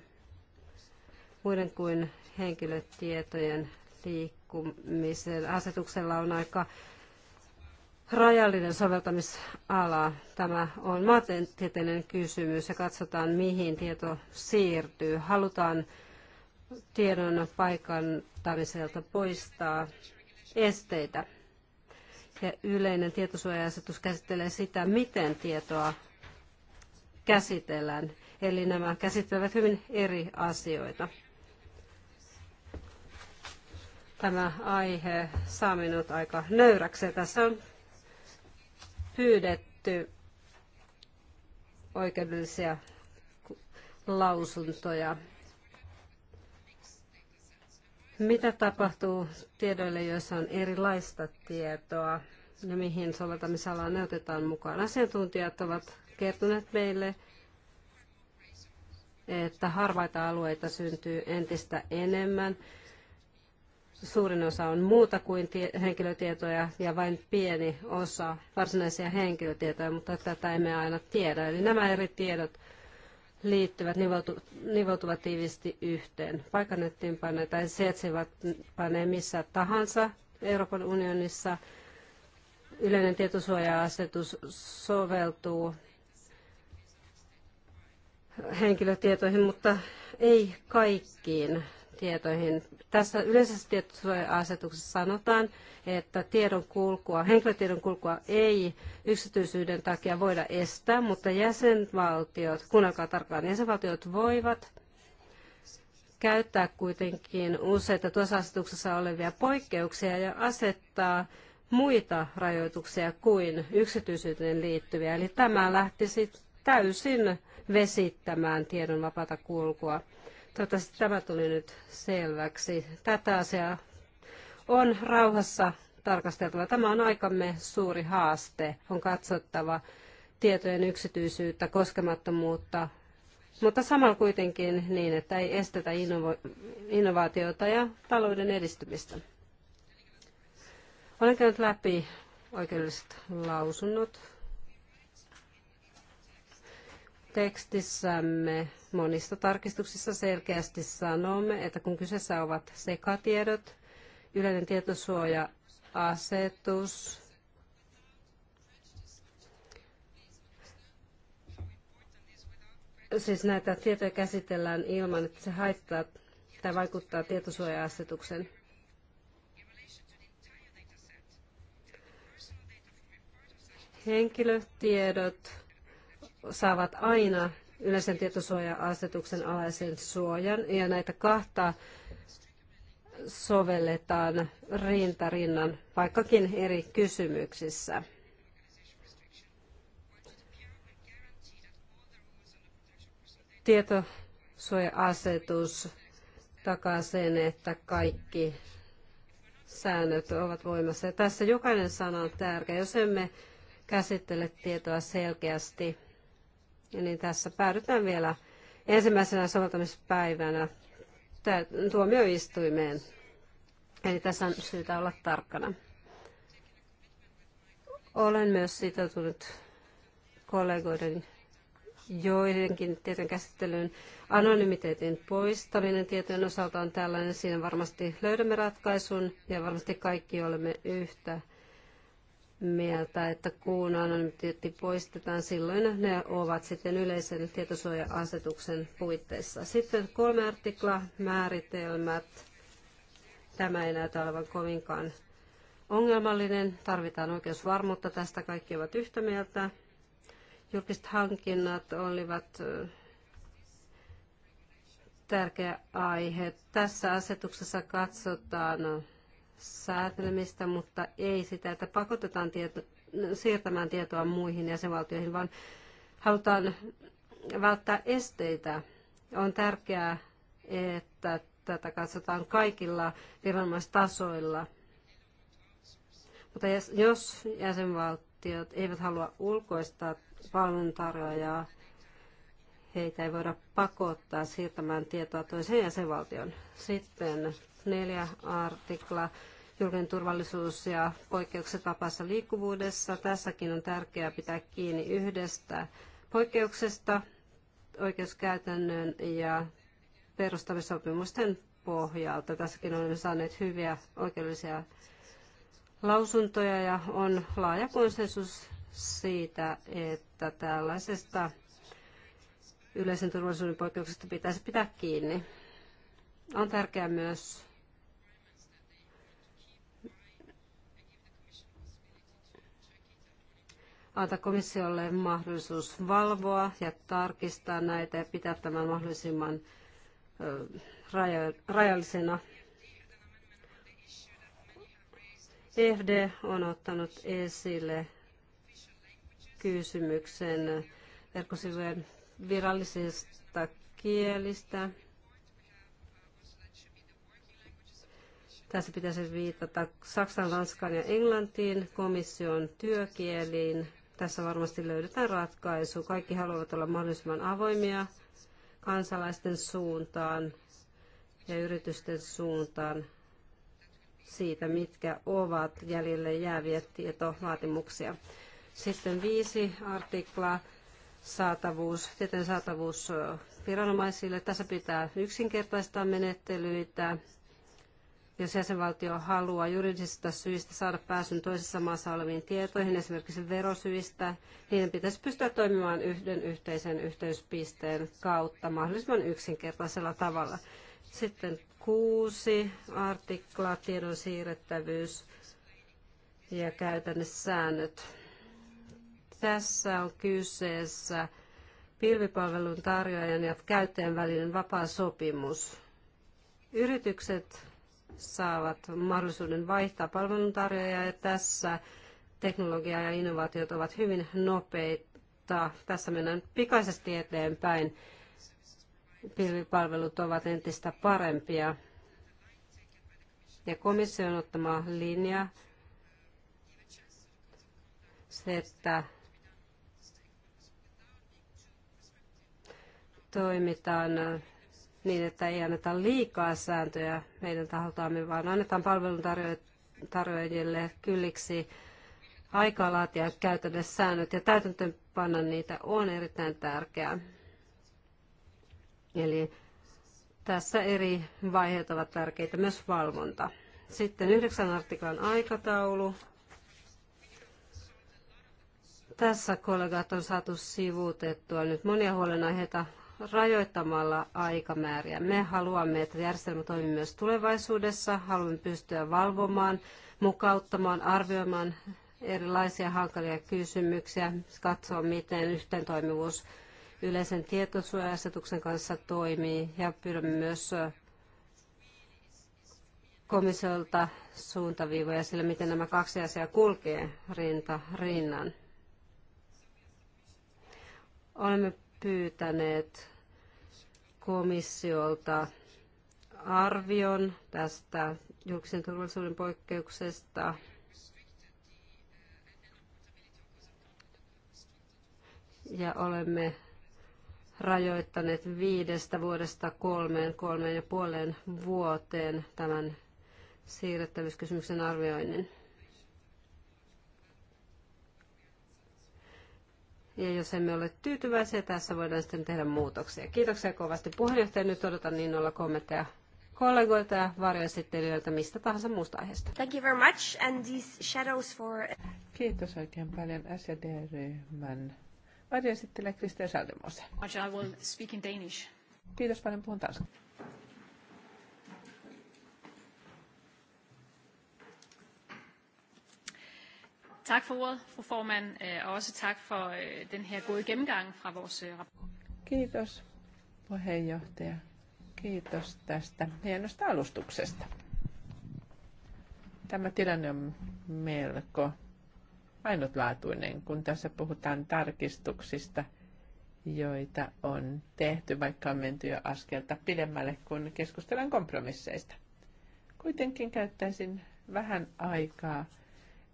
Muiden kuin henkilötietojen liikkeelle liikkumisen asetuksella on aika rajallinen soveltamisala. Tämä on maantieteellinen kysymys ja katsotaan, mihin tieto siirtyy. Halutaan tiedon paikantamiselta poistaa esteitä. Ja yleinen tietosuoja-asetus käsittelee sitä, miten tietoa käsitellään. Eli nämä käsittelevät hyvin eri asioita tämä aihe saa minut aika nöyräksi. Tässä on pyydetty oikeudellisia lausuntoja. Mitä tapahtuu tiedoille, joissa on erilaista tietoa ja mihin soveltamisalaan ne otetaan mukaan? Asiantuntijat ovat kertoneet meille, että harvaita alueita syntyy entistä enemmän suurin osa on muuta kuin henkilötietoja ja vain pieni osa varsinaisia henkilötietoja, mutta tätä emme aina tiedä. Eli nämä eri tiedot liittyvät, nivoutu, nivoutuvat tiivisti yhteen. Vaikka ne tai sietsivätpä ne missä tahansa Euroopan unionissa. Yleinen tietosuoja-asetus soveltuu henkilötietoihin, mutta ei kaikkiin tietoihin. Tässä yleisessä tietosuoja-asetuksessa sanotaan, että tiedon kulkua, henkilötiedon kulkua ei yksityisyyden takia voida estää, mutta jäsenvaltiot, kuunnelkaa tarkkaan, niin jäsenvaltiot voivat käyttää kuitenkin useita tuossa asetuksessa olevia poikkeuksia ja asettaa muita rajoituksia kuin yksityisyyteen liittyviä. Eli tämä lähtisi täysin vesittämään tiedon vapaata kulkua. Toivottavasti tämä tuli nyt selväksi. Tätä asiaa on rauhassa tarkasteltava. Tämä on aikamme suuri haaste. On katsottava tietojen yksityisyyttä, koskemattomuutta, mutta samalla kuitenkin niin, että ei estetä innova- innovaatiota ja talouden edistymistä. Olen käynyt läpi oikeudelliset lausunnot. Tekstissämme Monissa tarkistuksissa selkeästi sanomme, että kun kyseessä ovat sekatiedot, yleinen tietosuoja-asetus, siis näitä tietoja käsitellään ilman, että se haittaa tai vaikuttaa tietosuoja-asetuksen. Henkilötiedot saavat aina yleisen tietosuoja-asetuksen alaisen suojan, ja näitä kahta sovelletaan rintarinnan, vaikkakin eri kysymyksissä. Tietosuoja-asetus takaa sen, että kaikki säännöt ovat voimassa. Ja tässä jokainen sana on tärkeä. Jos emme käsittele tietoa selkeästi, niin tässä päädytään vielä ensimmäisenä soveltamispäivänä tuomioistuimeen. Eli tässä on syytä olla tarkkana. Olen myös sitoutunut kollegoiden joidenkin tietojen käsittelyyn. Anonymiteetin poistaminen tietojen osalta on tällainen. Siinä varmasti löydämme ratkaisun ja varmasti kaikki olemme yhtä mieltä, että kun anonymiteetti poistetaan, silloin ne ovat sitten yleisen tietosuoja-asetuksen puitteissa. Sitten kolme artikla määritelmät. Tämä ei näytä olevan kovinkaan ongelmallinen. Tarvitaan oikeusvarmuutta. Tästä kaikki ovat yhtä mieltä. Julkiset hankinnat olivat tärkeä aihe. Tässä asetuksessa katsotaan säätelemistä, mutta ei sitä, että pakotetaan tieto, siirtämään tietoa muihin jäsenvaltioihin, vaan halutaan välttää esteitä. On tärkeää, että tätä katsotaan kaikilla viranomaistasoilla. Mutta jos jäsenvaltiot eivät halua ulkoistaa palveluntarjoajaa, heitä ei voida pakottaa siirtämään tietoa toiseen jäsenvaltioon. Sitten 4 artikla, julkinen turvallisuus ja poikkeukset vapaassa liikkuvuudessa. Tässäkin on tärkeää pitää kiinni yhdestä poikkeuksesta oikeuskäytännön ja perustamissopimusten pohjalta. Tässäkin olemme saaneet hyviä oikeudellisia lausuntoja ja on laaja konsensus siitä, että tällaisesta yleisen turvallisuuden poikkeuksesta pitäisi pitää kiinni. On tärkeää myös antaa komissiolle mahdollisuus valvoa ja tarkistaa näitä ja pitää tämän mahdollisimman rajallisena. EFD on ottanut esille kysymyksen verkkosivujen virallisista kielistä. Tässä pitäisi viitata Saksan, Ranskan ja Englantiin komission työkieliin tässä varmasti löydetään ratkaisu. Kaikki haluavat olla mahdollisimman avoimia kansalaisten suuntaan ja yritysten suuntaan siitä, mitkä ovat jäljelle jääviä tietovaatimuksia. Sitten viisi artiklaa saatavuus, tieteen saatavuus viranomaisille. Tässä pitää yksinkertaistaa menettelyitä jos jäsenvaltio haluaa juridisista syistä saada pääsyn toisessa maassa oleviin tietoihin, esimerkiksi verosyistä, niiden pitäisi pystyä toimimaan yhden yhteisen yhteyspisteen kautta mahdollisimman yksinkertaisella tavalla. Sitten kuusi artikla, tiedon siirrettävyys ja käytännössäännöt. Tässä on kyseessä pilvipalvelun tarjoajan ja käyttäjän välinen vapaa sopimus. Yritykset saavat mahdollisuuden vaihtaa palveluntarjoajaa ja tässä teknologia ja innovaatiot ovat hyvin nopeita. Tässä mennään pikaisesti eteenpäin. Pilvipalvelut ovat entistä parempia. Ja komission ottama linja, se, että toimitaan niin, että ei anneta liikaa sääntöjä meidän taholtaamme, vaan annetaan palveluntarjoajille kylliksi aikaa laatia käytännössä säännöt ja täytäntöönpanna niitä on erittäin tärkeää. Eli tässä eri vaiheet ovat tärkeitä, myös valvonta. Sitten yhdeksän artiklan aikataulu. Tässä kollegat on saatu sivuutettua nyt monia huolenaiheita rajoittamalla aikamääriä. Me haluamme, että järjestelmä toimii myös tulevaisuudessa. Haluamme pystyä valvomaan, mukauttamaan, arvioimaan erilaisia hankalia kysymyksiä, katsoa miten toimivuus yleisen tietosuoja-asetuksen kanssa toimii ja pyydämme myös komissiolta suuntaviivoja sille, miten nämä kaksi asiaa kulkee rinta rinnan. Olemme pyytäneet komissiolta arvion tästä julkisen turvallisuuden poikkeuksesta. Ja olemme rajoittaneet viidestä vuodesta kolmeen, kolmeen ja puoleen vuoteen tämän siirrettävyyskysymyksen arvioinnin. Ja jos emme ole tyytyväisiä, tässä voidaan sitten tehdä muutoksia. Kiitoksia kovasti puheenjohtaja. Nyt odotan niin olla kommentteja kollegoilta ja varjoesittelijöiltä mistä tahansa muusta aiheesta. Thank you very
much and these shadows for... Kiitos oikein paljon SED-ryhmän varjoesittelijä Kristian Saldemose. I will speak in Danish. Kiitos paljon, puhun tanskaa. Tak
for ordet, fru formand, øh, og også tak for øh, den her gode gennemgang fra vores øh, rapport.
Kiitos puheenjohtaja. Kiitos tästä hienosta alustuksesta. Tämä tilanne on melko ainutlaatuinen, kun tässä puhutaan tarkistuksista, joita on tehty, vaikka on menty jo askelta pidemmälle, kun keskustellaan kompromisseista. Kuitenkin käyttäisin vähän aikaa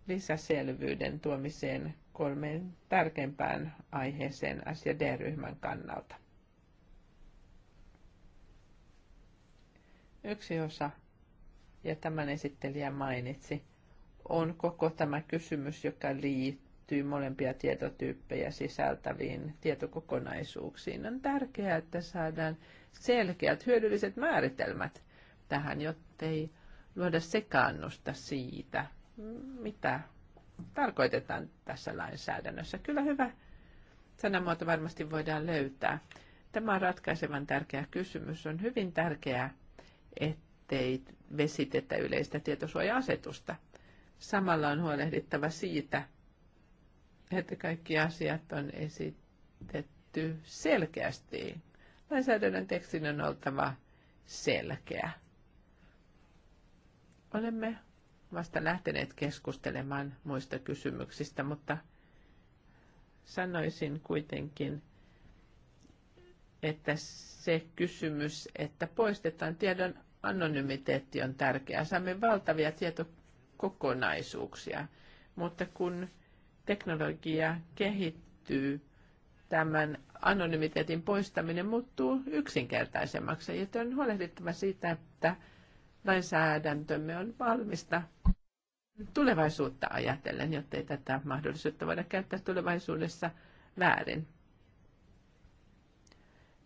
lisäselvyyden tuomiseen kolmeen tärkeimpään aiheeseen S- ja D-ryhmän kannalta. Yksi osa, ja tämän esittelijä mainitsi, on koko tämä kysymys, joka liittyy molempia tietotyyppejä sisältäviin tietokokonaisuuksiin. On tärkeää, että saadaan selkeät hyödylliset määritelmät tähän, jottei luoda sekaannusta siitä, mitä tarkoitetaan tässä lainsäädännössä. Kyllä hyvä sanamuoto varmasti voidaan löytää. Tämä on ratkaisevan tärkeä kysymys. On hyvin tärkeää, ettei vesitetä yleistä tietosuoja-asetusta. Samalla on huolehdittava siitä, että kaikki asiat on esitetty selkeästi. Lainsäädännön tekstin on oltava selkeä. Olemme vasta lähteneet keskustelemaan muista kysymyksistä, mutta sanoisin kuitenkin, että se kysymys, että poistetaan tiedon anonymiteetti on tärkeää. Saamme valtavia tietokokonaisuuksia, mutta kun teknologia kehittyy, tämän anonymiteetin poistaminen muuttuu yksinkertaisemmaksi, joten on huolehdittava siitä, että lainsäädäntömme on valmista tulevaisuutta ajatellen, jotta ei tätä mahdollisuutta voida käyttää tulevaisuudessa väärin.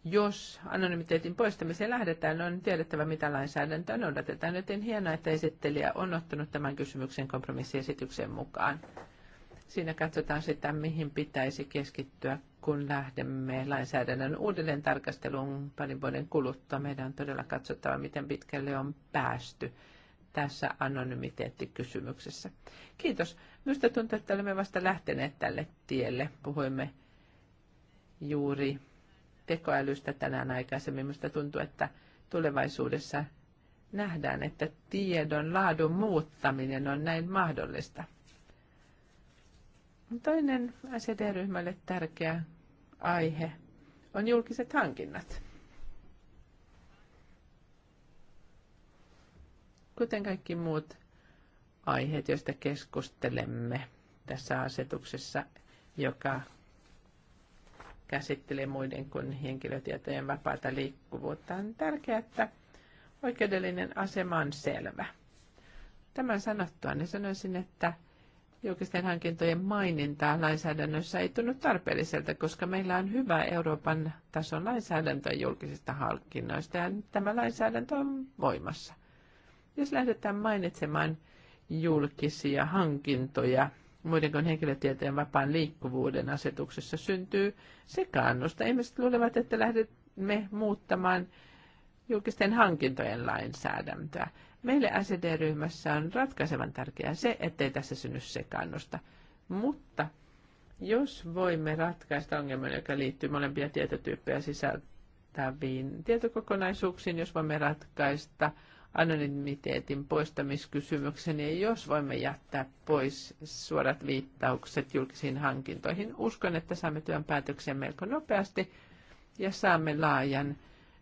Jos anonymiteetin poistamiseen lähdetään, on tiedettävä, mitä lainsäädäntöä noudatetaan, joten hienoa, että esittelijä on ottanut tämän kysymyksen kompromissiesityksen mukaan. Siinä katsotaan sitä, mihin pitäisi keskittyä, kun lähdemme lainsäädännön uudelleen tarkasteluun parin vuoden kuluttua. Meidän on todella katsottava, miten pitkälle on päästy tässä anonymiteettikysymyksessä. Kiitos. Minusta tuntuu, että olemme vasta lähteneet tälle tielle. Puhuimme juuri tekoälystä tänään aikaisemmin. Minusta tuntuu, että tulevaisuudessa nähdään, että tiedon laadun muuttaminen on näin mahdollista. Toinen SED-ryhmälle tärkeä aihe on julkiset hankinnat. kuten kaikki muut aiheet, joista keskustelemme tässä asetuksessa, joka käsittelee muiden kuin henkilötietojen vapaata liikkuvuutta, on tärkeää, että oikeudellinen asema on selvä. Tämän sanottua niin sanoisin, että julkisten hankintojen mainintaa lainsäädännössä ei tunnu tarpeelliselta, koska meillä on hyvä Euroopan tason lainsäädäntö julkisista hankinnoista ja tämä lainsäädäntö on voimassa. Jos lähdetään mainitsemaan julkisia hankintoja muiden kuin henkilötietojen vapaan liikkuvuuden asetuksessa, syntyy sekaannusta. Ihmiset luulevat, että lähdemme muuttamaan julkisten hankintojen lainsäädäntöä. Meille SED-ryhmässä on ratkaisevan tärkeää se, ettei tässä synny sekaannusta. Mutta jos voimme ratkaista ongelman, joka liittyy molempia tietotyyppejä sisältäviin tietokokonaisuuksiin, jos voimme ratkaista – anonymiteetin poistamiskysymyksen, ja jos voimme jättää pois suorat viittaukset julkisiin hankintoihin, uskon, että saamme työn päätöksen melko nopeasti ja saamme laajan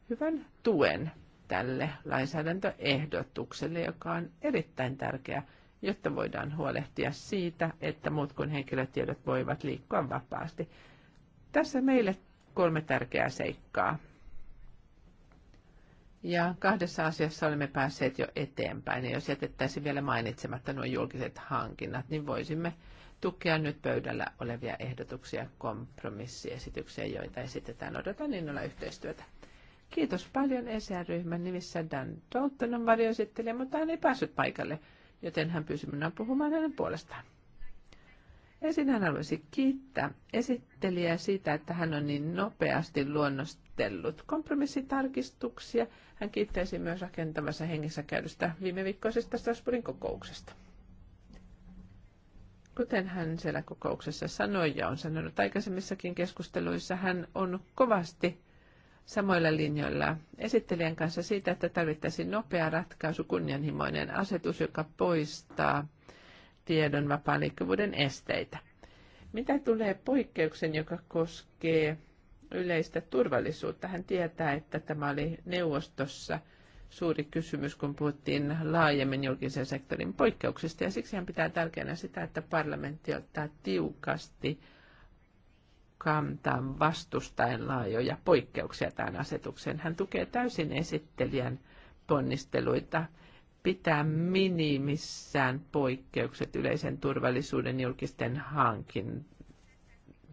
hyvän tuen tälle lainsäädäntöehdotukselle, joka on erittäin tärkeä, jotta voidaan huolehtia siitä, että muut kuin henkilötiedot voivat liikkua vapaasti. Tässä meille kolme tärkeää seikkaa ja kahdessa asiassa olemme päässeet jo eteenpäin. Ja jos jätettäisiin vielä mainitsematta nuo julkiset hankinnat, niin voisimme tukea nyt pöydällä olevia ehdotuksia, kompromissiesityksiä, joita esitetään. Odotan innolla yhteistyötä. Kiitos paljon ESR-ryhmän nimissä Dan Dalton on varjoesittelijä, mutta hän ei päässyt paikalle, joten hän pyysi minua puhumaan hänen puolestaan. Ensin hän haluaisi kiittää esittelijää siitä, että hän on niin nopeasti luonnosta pahoitellut kompromissitarkistuksia. Hän kiittäisi myös rakentavassa hengessä käydystä viime viikkoisesta Strasbourgin kokouksesta. Kuten hän siellä kokouksessa sanoi ja on sanonut aikaisemmissakin keskusteluissa, hän on kovasti samoilla linjoilla esittelijän kanssa siitä, että tarvittaisiin nopea ratkaisu, kunnianhimoinen asetus, joka poistaa tiedon vapaan liikkuvuuden esteitä. Mitä tulee poikkeuksen, joka koskee yleistä turvallisuutta. Hän tietää, että tämä oli neuvostossa suuri kysymys, kun puhuttiin laajemmin julkisen sektorin poikkeuksista, ja siksi hän pitää tärkeänä sitä, että parlamentti ottaa tiukasti kantaa vastustaen laajoja poikkeuksia tämän asetukseen. Hän tukee täysin esittelijän ponnisteluita pitää minimissään poikkeukset yleisen turvallisuuden julkisten hankin,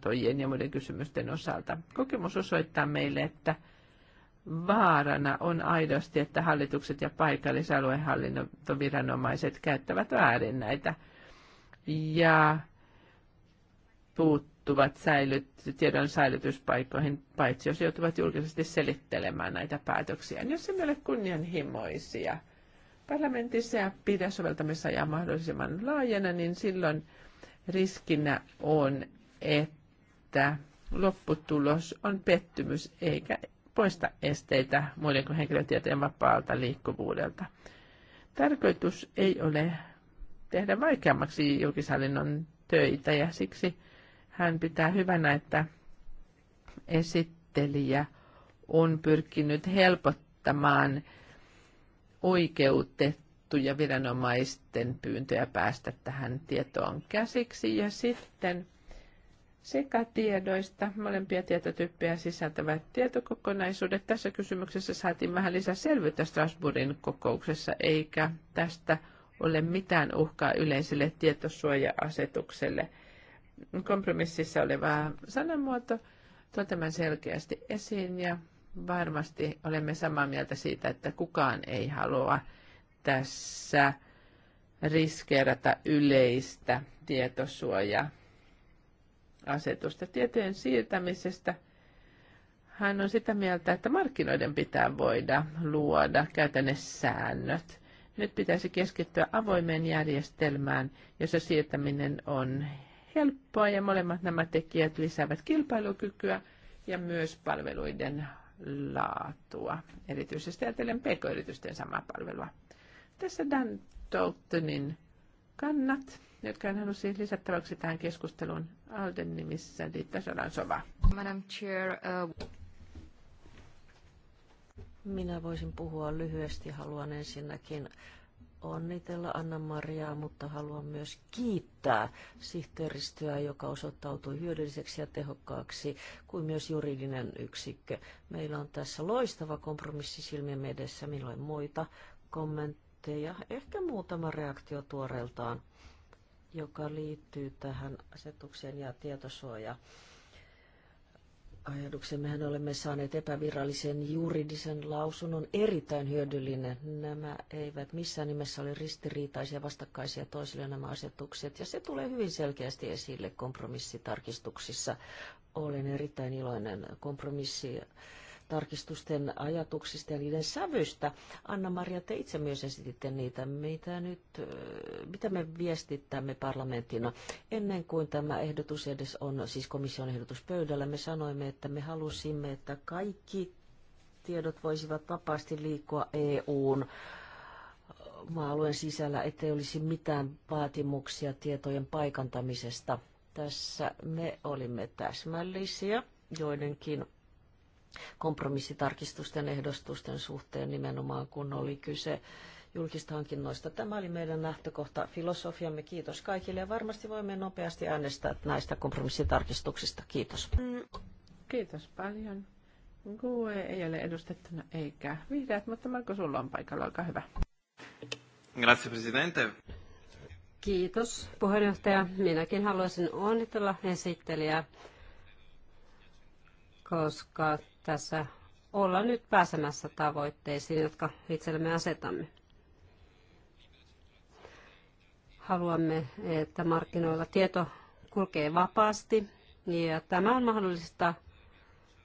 kattojen ja muiden kysymysten osalta. Kokemus osoittaa meille, että vaarana on aidosti, että hallitukset ja paikallisaluehallintoviranomaiset käyttävät väärin näitä ja puuttuvat säilyt, tiedon säilytyspaikkoihin, paitsi jos joutuvat julkisesti selittelemään näitä päätöksiä. Jos emme ole kunnianhimoisia parlamentissa ja pidä soveltamisajaa mahdollisimman laajana, niin silloin riskinä on, että että lopputulos on pettymys eikä poista esteitä muiden kuin henkilötietojen vapaalta liikkuvuudelta. Tarkoitus ei ole tehdä vaikeammaksi julkishallinnon töitä ja siksi hän pitää hyvänä, että esittelijä on pyrkinyt helpottamaan oikeutettuja viranomaisten pyyntöjä päästä tähän tietoon käsiksi ja sitten – sekä tiedoista, molempia tietotyyppejä sisältävät tietokokonaisuudet. Tässä kysymyksessä saatiin vähän lisää selvyyttä Strasbourgin kokouksessa, eikä tästä ole mitään uhkaa yleiselle tietosuoja-asetukselle. Kompromississa oleva sanamuoto tuo tämän selkeästi esiin ja varmasti olemme samaa mieltä siitä, että kukaan ei halua tässä riskeerata yleistä tietosuojaa asetusta tietojen siirtämisestä. Hän on sitä mieltä, että markkinoiden pitää voida luoda käytännössä säännöt. Nyt pitäisi keskittyä avoimeen järjestelmään, jossa siirtäminen on helppoa ja molemmat nämä tekijät lisäävät kilpailukykyä ja myös palveluiden laatua, erityisesti ajatellen pk-yritysten samaa palvelua. Tässä Dan Daltonin kannat jotka hän halusi siis lisättäväksi tähän keskusteluun Alden nimissä Ditta Soransova.
Madam Chair, uh... Minä voisin puhua lyhyesti. Haluan ensinnäkin onnitella Anna-Mariaa, mutta haluan myös kiittää sihteeristöä, joka osoittautui hyödylliseksi ja tehokkaaksi, kuin myös juridinen yksikkö. Meillä on tässä loistava kompromissi silmien edessä, milloin muita kommentteja, ehkä muutama reaktio tuoreeltaan joka liittyy tähän asetukseen ja tietosuoja ajatuksen. Mehän olemme saaneet epävirallisen juridisen lausunnon erittäin hyödyllinen. Nämä eivät missään nimessä ole ristiriitaisia vastakkaisia toisille nämä asetukset. Ja se tulee hyvin selkeästi esille kompromissitarkistuksissa. Olen erittäin iloinen kompromissi tarkistusten ajatuksista ja niiden sävystä. Anna-Maria, te itse myös esititte niitä, mitä, nyt, mitä me viestittämme parlamenttina. Ennen kuin tämä ehdotus edes on, siis komission ehdotus pöydällä, me sanoimme, että me halusimme, että kaikki tiedot voisivat vapaasti liikkua EUn maa-alueen sisällä, ettei olisi mitään vaatimuksia tietojen paikantamisesta. Tässä me olimme täsmällisiä joidenkin kompromissitarkistusten ehdostusten suhteen nimenomaan, kun oli kyse julkista hankinnoista. Tämä oli meidän lähtökohta filosofiamme. Kiitos kaikille ja varmasti voimme nopeasti äänestää näistä kompromissitarkistuksista. Kiitos.
Kiitos paljon. GUE ei ole edustettuna eikä vihreät, mutta Marko, sulla on paikalla. Olkaa hyvä.
Grazie, presidente.
Kiitos puheenjohtaja. Minäkin haluaisin onnitella esittelijää, koska tässä olla nyt pääsemässä tavoitteisiin, jotka itsellemme asetamme. Haluamme, että markkinoilla tieto kulkee vapaasti ja tämä on mahdollista,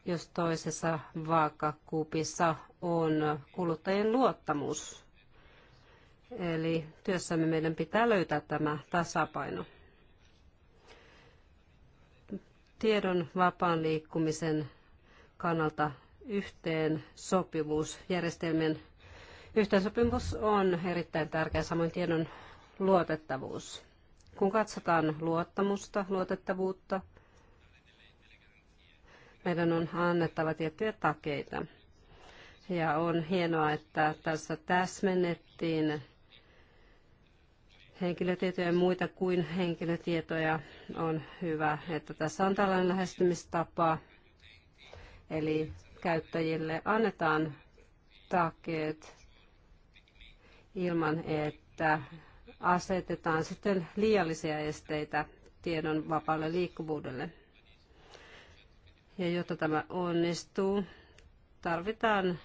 jos toisessa vaakakupissa on kuluttajien luottamus. Eli työssämme meidän pitää löytää tämä tasapaino. Tiedon vapaan liikkumisen kannalta yhteen sopivuus, järjestelmien yhteensopimus on erittäin tärkeä, samoin tiedon luotettavuus. Kun katsotaan luottamusta, luotettavuutta, meidän on annettava tiettyjä takeita. Ja on hienoa, että tässä täsmennettiin henkilötietoja ja muita kuin henkilötietoja. On hyvä, että tässä on tällainen lähestymistapa, Eli käyttäjille annetaan takeet ilman, että asetetaan sitten liiallisia esteitä tiedon vapaalle liikkuvuudelle. Ja jotta tämä onnistuu, tarvitaan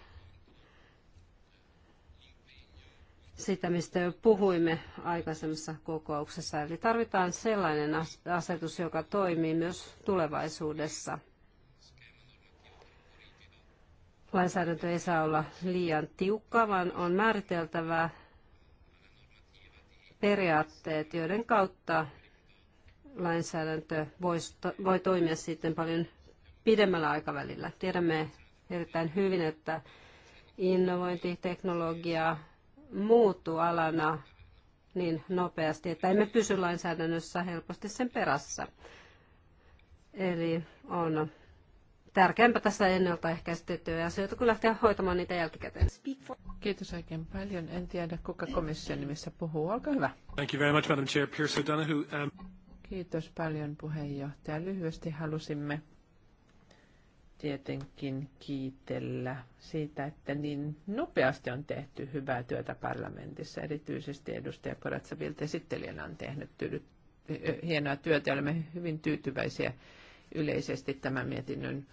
sitä, mistä jo puhuimme aikaisemmassa kokouksessa. Eli tarvitaan sellainen asetus, joka toimii myös tulevaisuudessa – Lainsäädäntö ei saa olla liian tiukka, vaan on määriteltävä periaatteet, joiden kautta lainsäädäntö voi toimia sitten paljon pidemmällä aikavälillä. Tiedämme erittäin hyvin, että innovointiteknologia muuttuu alana niin nopeasti, että emme pysy lainsäädännössä helposti sen perässä. Eli on tärkeämpää tässä ennaltaehkäistyttyjä asioita, kun lähtee hoitamaan niitä jälkikäteen.
Kiitos oikein paljon. En tiedä, kuka komission nimissä puhuu. Olkaa hyvä. Thank you very much, Madam Chair. Pierce O'Donoghue. Um... Kiitos paljon puheenjohtaja. Lyhyesti halusimme tietenkin kiitellä siitä, että niin nopeasti on tehty hyvää työtä parlamentissa. Erityisesti edustaja Koratsavilt esittelijänä on tehnyt tyydyt, eh, eh, hienoa työtä. Olemme hyvin tyytyväisiä yleisesti tämän mietinnön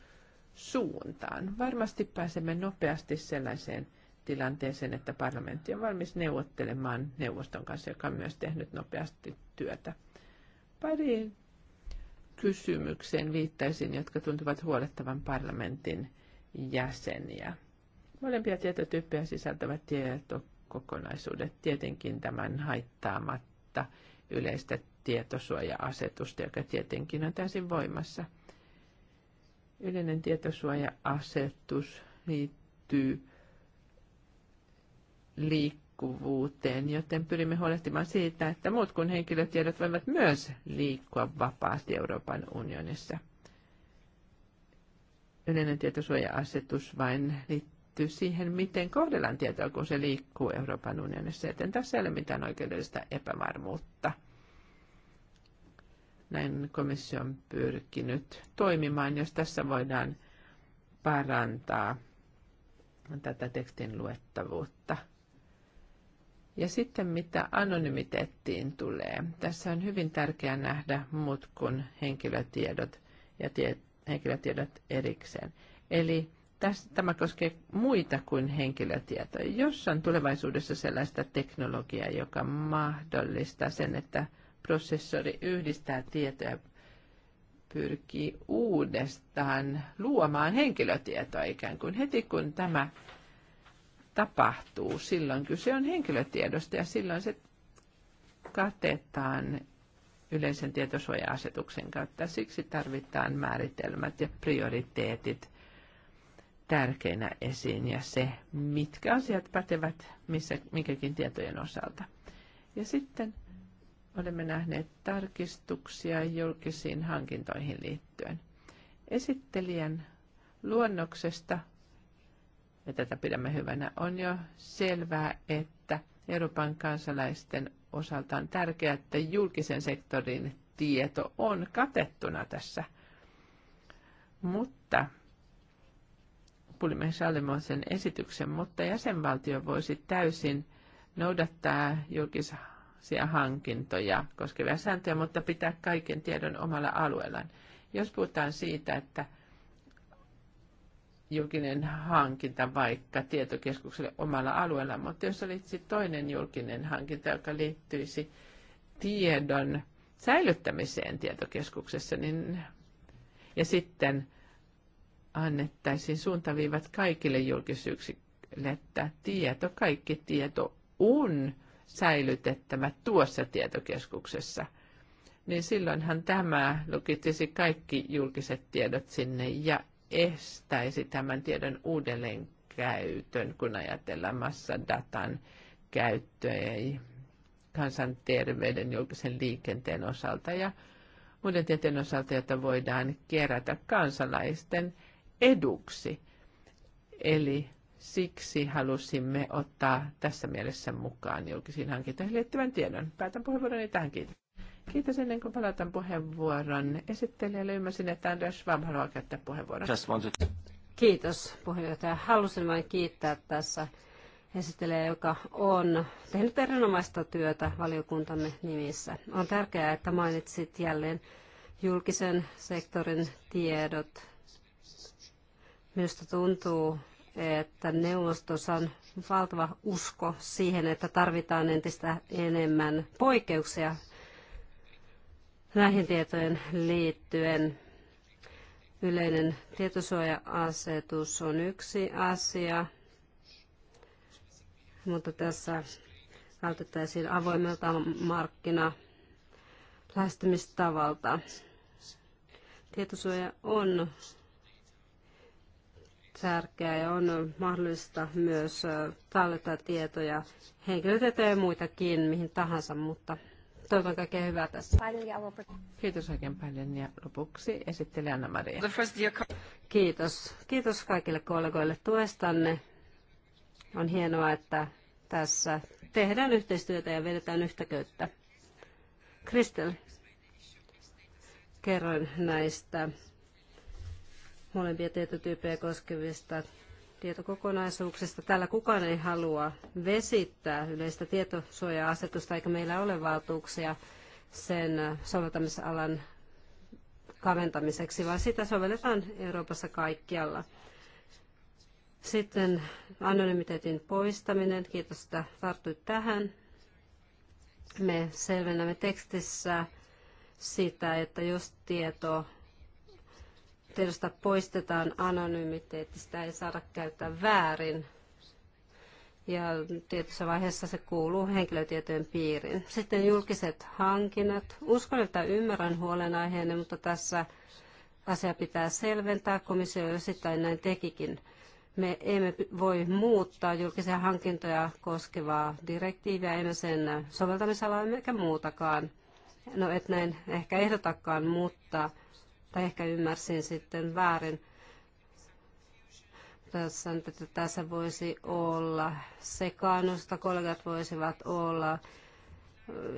suuntaan. Varmasti pääsemme nopeasti sellaiseen tilanteeseen, että parlamentti on valmis neuvottelemaan neuvoston kanssa, joka on myös tehnyt nopeasti työtä. Pari kysymykseen viittaisin, jotka tuntuvat huolettavan parlamentin jäseniä. Molempia tietotyyppejä sisältävät tietokokonaisuudet tietenkin tämän haittaamatta yleistä tietosuoja-asetusta, joka tietenkin on täysin voimassa – Yleinen tietosuoja-asetus liittyy liikkuvuuteen, joten pyrimme huolehtimaan siitä, että muut kuin henkilötiedot voivat myös liikkua vapaasti Euroopan unionissa. Yleinen tietosuoja-asetus vain liittyy siihen, miten kohdellaan tietoa, kun se liikkuu Euroopan unionissa, joten tässä ei ole mitään oikeudellista epävarmuutta – näin komissio on pyrkinyt toimimaan, jos tässä voidaan parantaa tätä tekstin luettavuutta. Ja sitten mitä anonymiteettiin tulee. Tässä on hyvin tärkeää nähdä muut kuin henkilötiedot ja tie, henkilötiedot erikseen. Eli tässä, tämä koskee muita kuin henkilötietoja. Jos on tulevaisuudessa sellaista teknologiaa, joka mahdollistaa sen, että prosessori yhdistää tietoja, pyrkii uudestaan luomaan henkilötietoa ikään kuin heti kun tämä tapahtuu. Silloin kyse on henkilötiedosta ja silloin se katetaan yleisen tietosuoja-asetuksen kautta. Siksi tarvitaan määritelmät ja prioriteetit tärkeinä esiin ja se, mitkä asiat pätevät missä, minkäkin tietojen osalta. Ja sitten olemme nähneet tarkistuksia julkisiin hankintoihin liittyen. Esittelijän luonnoksesta, ja tätä pidämme hyvänä, on jo selvää, että Euroopan kansalaisten osalta on tärkeää, että julkisen sektorin tieto on katettuna tässä. Mutta Pulimen sen esityksen, mutta jäsenvaltio voisi täysin noudattaa julkisen hankintoja koskevia sääntöjä, mutta pitää kaiken tiedon omalla alueellaan. Jos puhutaan siitä, että julkinen hankinta vaikka tietokeskukselle omalla alueella, mutta jos olisi toinen julkinen hankinta, joka liittyisi tiedon säilyttämiseen tietokeskuksessa, niin ja sitten annettaisiin suuntaviivat kaikille julkisyyksille, että tieto, kaikki tieto on säilytettävä tuossa tietokeskuksessa, niin silloinhan tämä lukitsisi kaikki julkiset tiedot sinne ja estäisi tämän tiedon uudelleen käytön, kun ajatellaan massadatan käyttöä ja kansanterveyden julkisen liikenteen osalta ja muiden tieteen osalta, jota voidaan kerätä kansalaisten eduksi. Eli Siksi halusimme ottaa tässä mielessä mukaan julkisiin hankintoihin liittyvän tiedon. Päätän puheenvuoroni tähän kiitos. Kiitos ennen kuin palautan puheenvuoron esittelijälle. Ymmärsin, että Anders Schwab haluaa käyttää puheenvuoron. Kiitos puheenjohtaja. Halusin vain kiittää tässä
esittelee, joka on tehnyt erinomaista työtä valiokuntamme nimissä. On tärkeää, että mainitsit jälleen julkisen sektorin tiedot. Minusta tuntuu, että neuvostossa on valtava usko siihen, että tarvitaan entistä enemmän poikkeuksia näihin tietojen liittyen. Yleinen tietosuoja-asetus on yksi asia, mutta tässä vältettäisiin avoimelta markkina lähestymistavalta. Tietosuoja on tärkeää ja on mahdollista myös tallentaa tietoja, henkilötietoja ja muitakin mihin tahansa, mutta toivon kaikkea hyvää tässä. Kiitos oikein paljon ja lopuksi esittelee Anna-Maria. Kiitos. Kiitos kaikille kollegoille tuestanne. On hienoa, että tässä tehdään yhteistyötä ja vedetään yhtä köyttä. Kristel, kerroin näistä molempia tietotyyppejä koskevista tietokokonaisuuksista. Täällä kukaan ei halua vesittää yleistä tietosuoja-asetusta, eikä meillä ole valtuuksia sen soveltamisalan kaventamiseksi, vaan sitä sovelletaan Euroopassa kaikkialla. Sitten anonymiteetin poistaminen. Kiitos, että tarttuit tähän. Me selvennämme tekstissä sitä, että jos tieto tiedosta poistetaan anonymiteetti, sitä ei saada käyttää väärin. Ja tietyssä vaiheessa se kuuluu henkilötietojen piiriin. Sitten julkiset hankinnat. Uskon, että ymmärrän huolenaiheenne, mutta tässä asia pitää selventää. Komissio osittain näin tekikin. Me emme voi muuttaa julkisia hankintoja koskevaa direktiiviä, emme sen soveltamisalaa emmekä muutakaan. No et näin ehkä ehdotakaan, mutta tai ehkä ymmärsin sitten väärin. Tässä, että tässä voisi olla sekaannusta, kollegat voisivat olla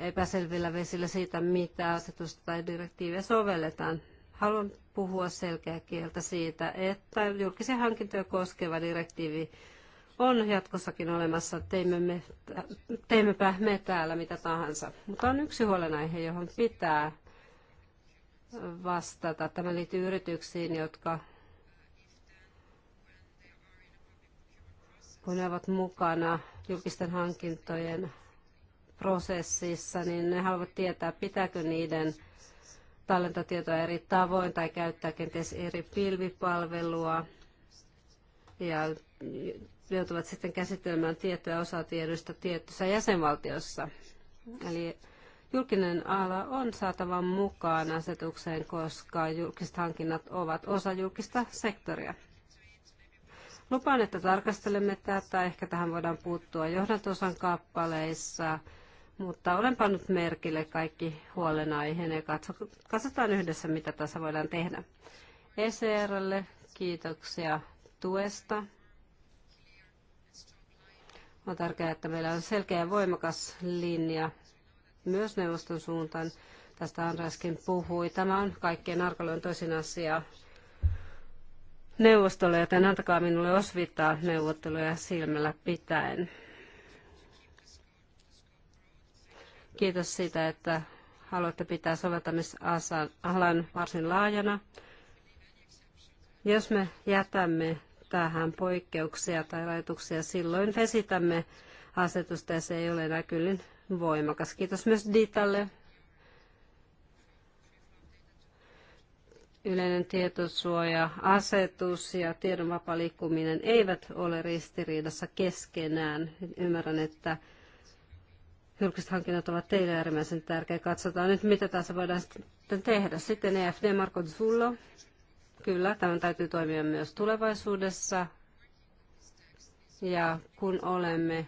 epäselvillä vesillä siitä, mitä asetusta tai direktiiviä sovelletaan. Haluan puhua selkeä kieltä siitä, että julkisia hankintoja koskeva direktiivi on jatkossakin olemassa, teimme me, teimmepä me täällä mitä tahansa. Mutta on yksi huolenaihe, johon pitää vastata. Tämä liittyy yrityksiin, jotka kun ne ovat mukana julkisten hankintojen prosessissa, niin ne haluavat tietää, pitääkö niiden tallentatietoa eri tavoin tai käyttää kenties eri pilvipalvelua ja joutuvat sitten käsittelemään tiettyä osatiedoista tietyssä jäsenvaltiossa. Eli julkinen ala on saatava mukaan asetukseen, koska julkiset hankinnat ovat osa julkista sektoria. Lupaan, että tarkastelemme tätä. Ehkä tähän voidaan puuttua johdantosan kappaleissa, mutta olen pannut merkille kaikki huolenaiheen ja katsotaan yhdessä, mitä tässä voidaan tehdä. ECRlle kiitoksia tuesta. On tärkeää, että meillä on selkeä ja voimakas linja myös neuvoston suuntaan. Tästä Andreaskin puhui. Tämä on kaikkien tosin asia neuvostolle, joten antakaa minulle osvittaa neuvotteluja silmällä pitäen. Kiitos siitä, että haluatte pitää soveltamisalan varsin laajana. Jos me jätämme tähän poikkeuksia tai rajoituksia, silloin vesitämme asetusta ja se ei ole enää kyllin voimakas. Kiitos myös Ditalle. Yleinen tietosuoja-asetus ja tiedonvapaa liikkuminen eivät ole ristiriidassa keskenään. Ymmärrän, että julkiset hankinnat ovat teille äärimmäisen tärkeä. Katsotaan nyt, mitä tässä voidaan sitten tehdä. Sitten EFD Marko Zullo. Kyllä, tämän täytyy toimia myös tulevaisuudessa. Ja kun olemme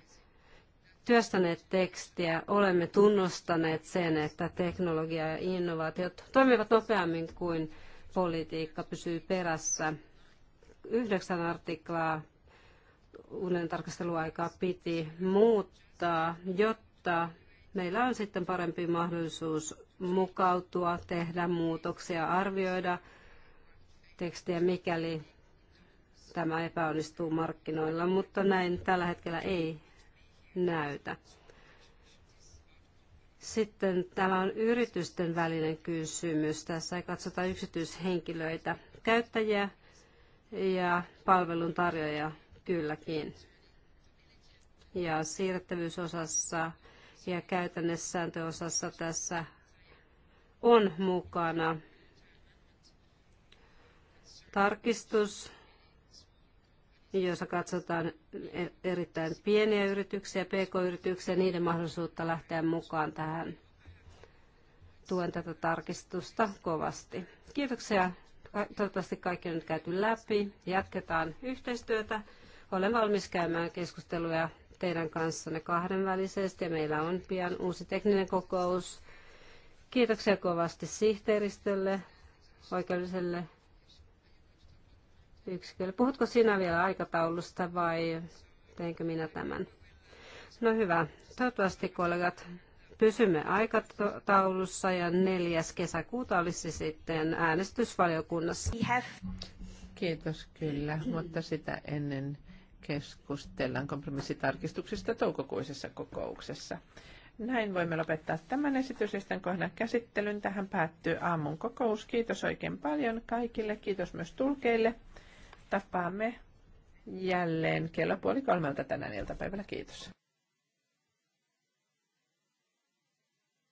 työstäneet tekstiä, olemme tunnustaneet sen, että teknologia ja innovaatiot toimivat nopeammin kuin politiikka pysyy perässä. Yhdeksän artiklaa uuden tarkasteluaikaa piti muuttaa, jotta meillä on sitten parempi mahdollisuus mukautua, tehdä muutoksia, arvioida tekstiä, mikäli tämä epäonnistuu markkinoilla, mutta näin tällä hetkellä ei näytä. Sitten tämä on yritysten välinen kysymys. Tässä ei katsota yksityishenkilöitä, käyttäjiä ja palveluntarjoajia kylläkin. Ja siirrettävyysosassa ja käytännössääntöosassa tässä on mukana tarkistus joissa katsotaan e- erittäin pieniä yrityksiä, pk-yrityksiä, niiden mahdollisuutta lähteä mukaan tähän. Tuen tätä tarkistusta kovasti. Kiitoksia. Toivottavasti kaikki on nyt käyty läpi. Jatketaan yhteistyötä. Olen valmis käymään keskusteluja teidän kanssanne kahdenvälisesti meillä on pian uusi tekninen kokous. Kiitoksia kovasti sihteeristölle, oikeudelliselle yksiköllä. Puhutko sinä vielä aikataulusta vai teenkö minä tämän? No hyvä. Toivottavasti kollegat pysymme aikataulussa ja 4. kesäkuuta olisi sitten äänestysvaliokunnassa.
Kiitos kyllä, mutta sitä ennen keskustellaan kompromissitarkistuksista toukokuisessa kokouksessa. Näin voimme lopettaa tämän esityslistan kohdan käsittelyn. Tähän päättyy aamun kokous. Kiitos oikein paljon kaikille. Kiitos myös tulkeille tapaamme jälleen kello puoli kolmelta tänään iltapäivällä. Kiitos.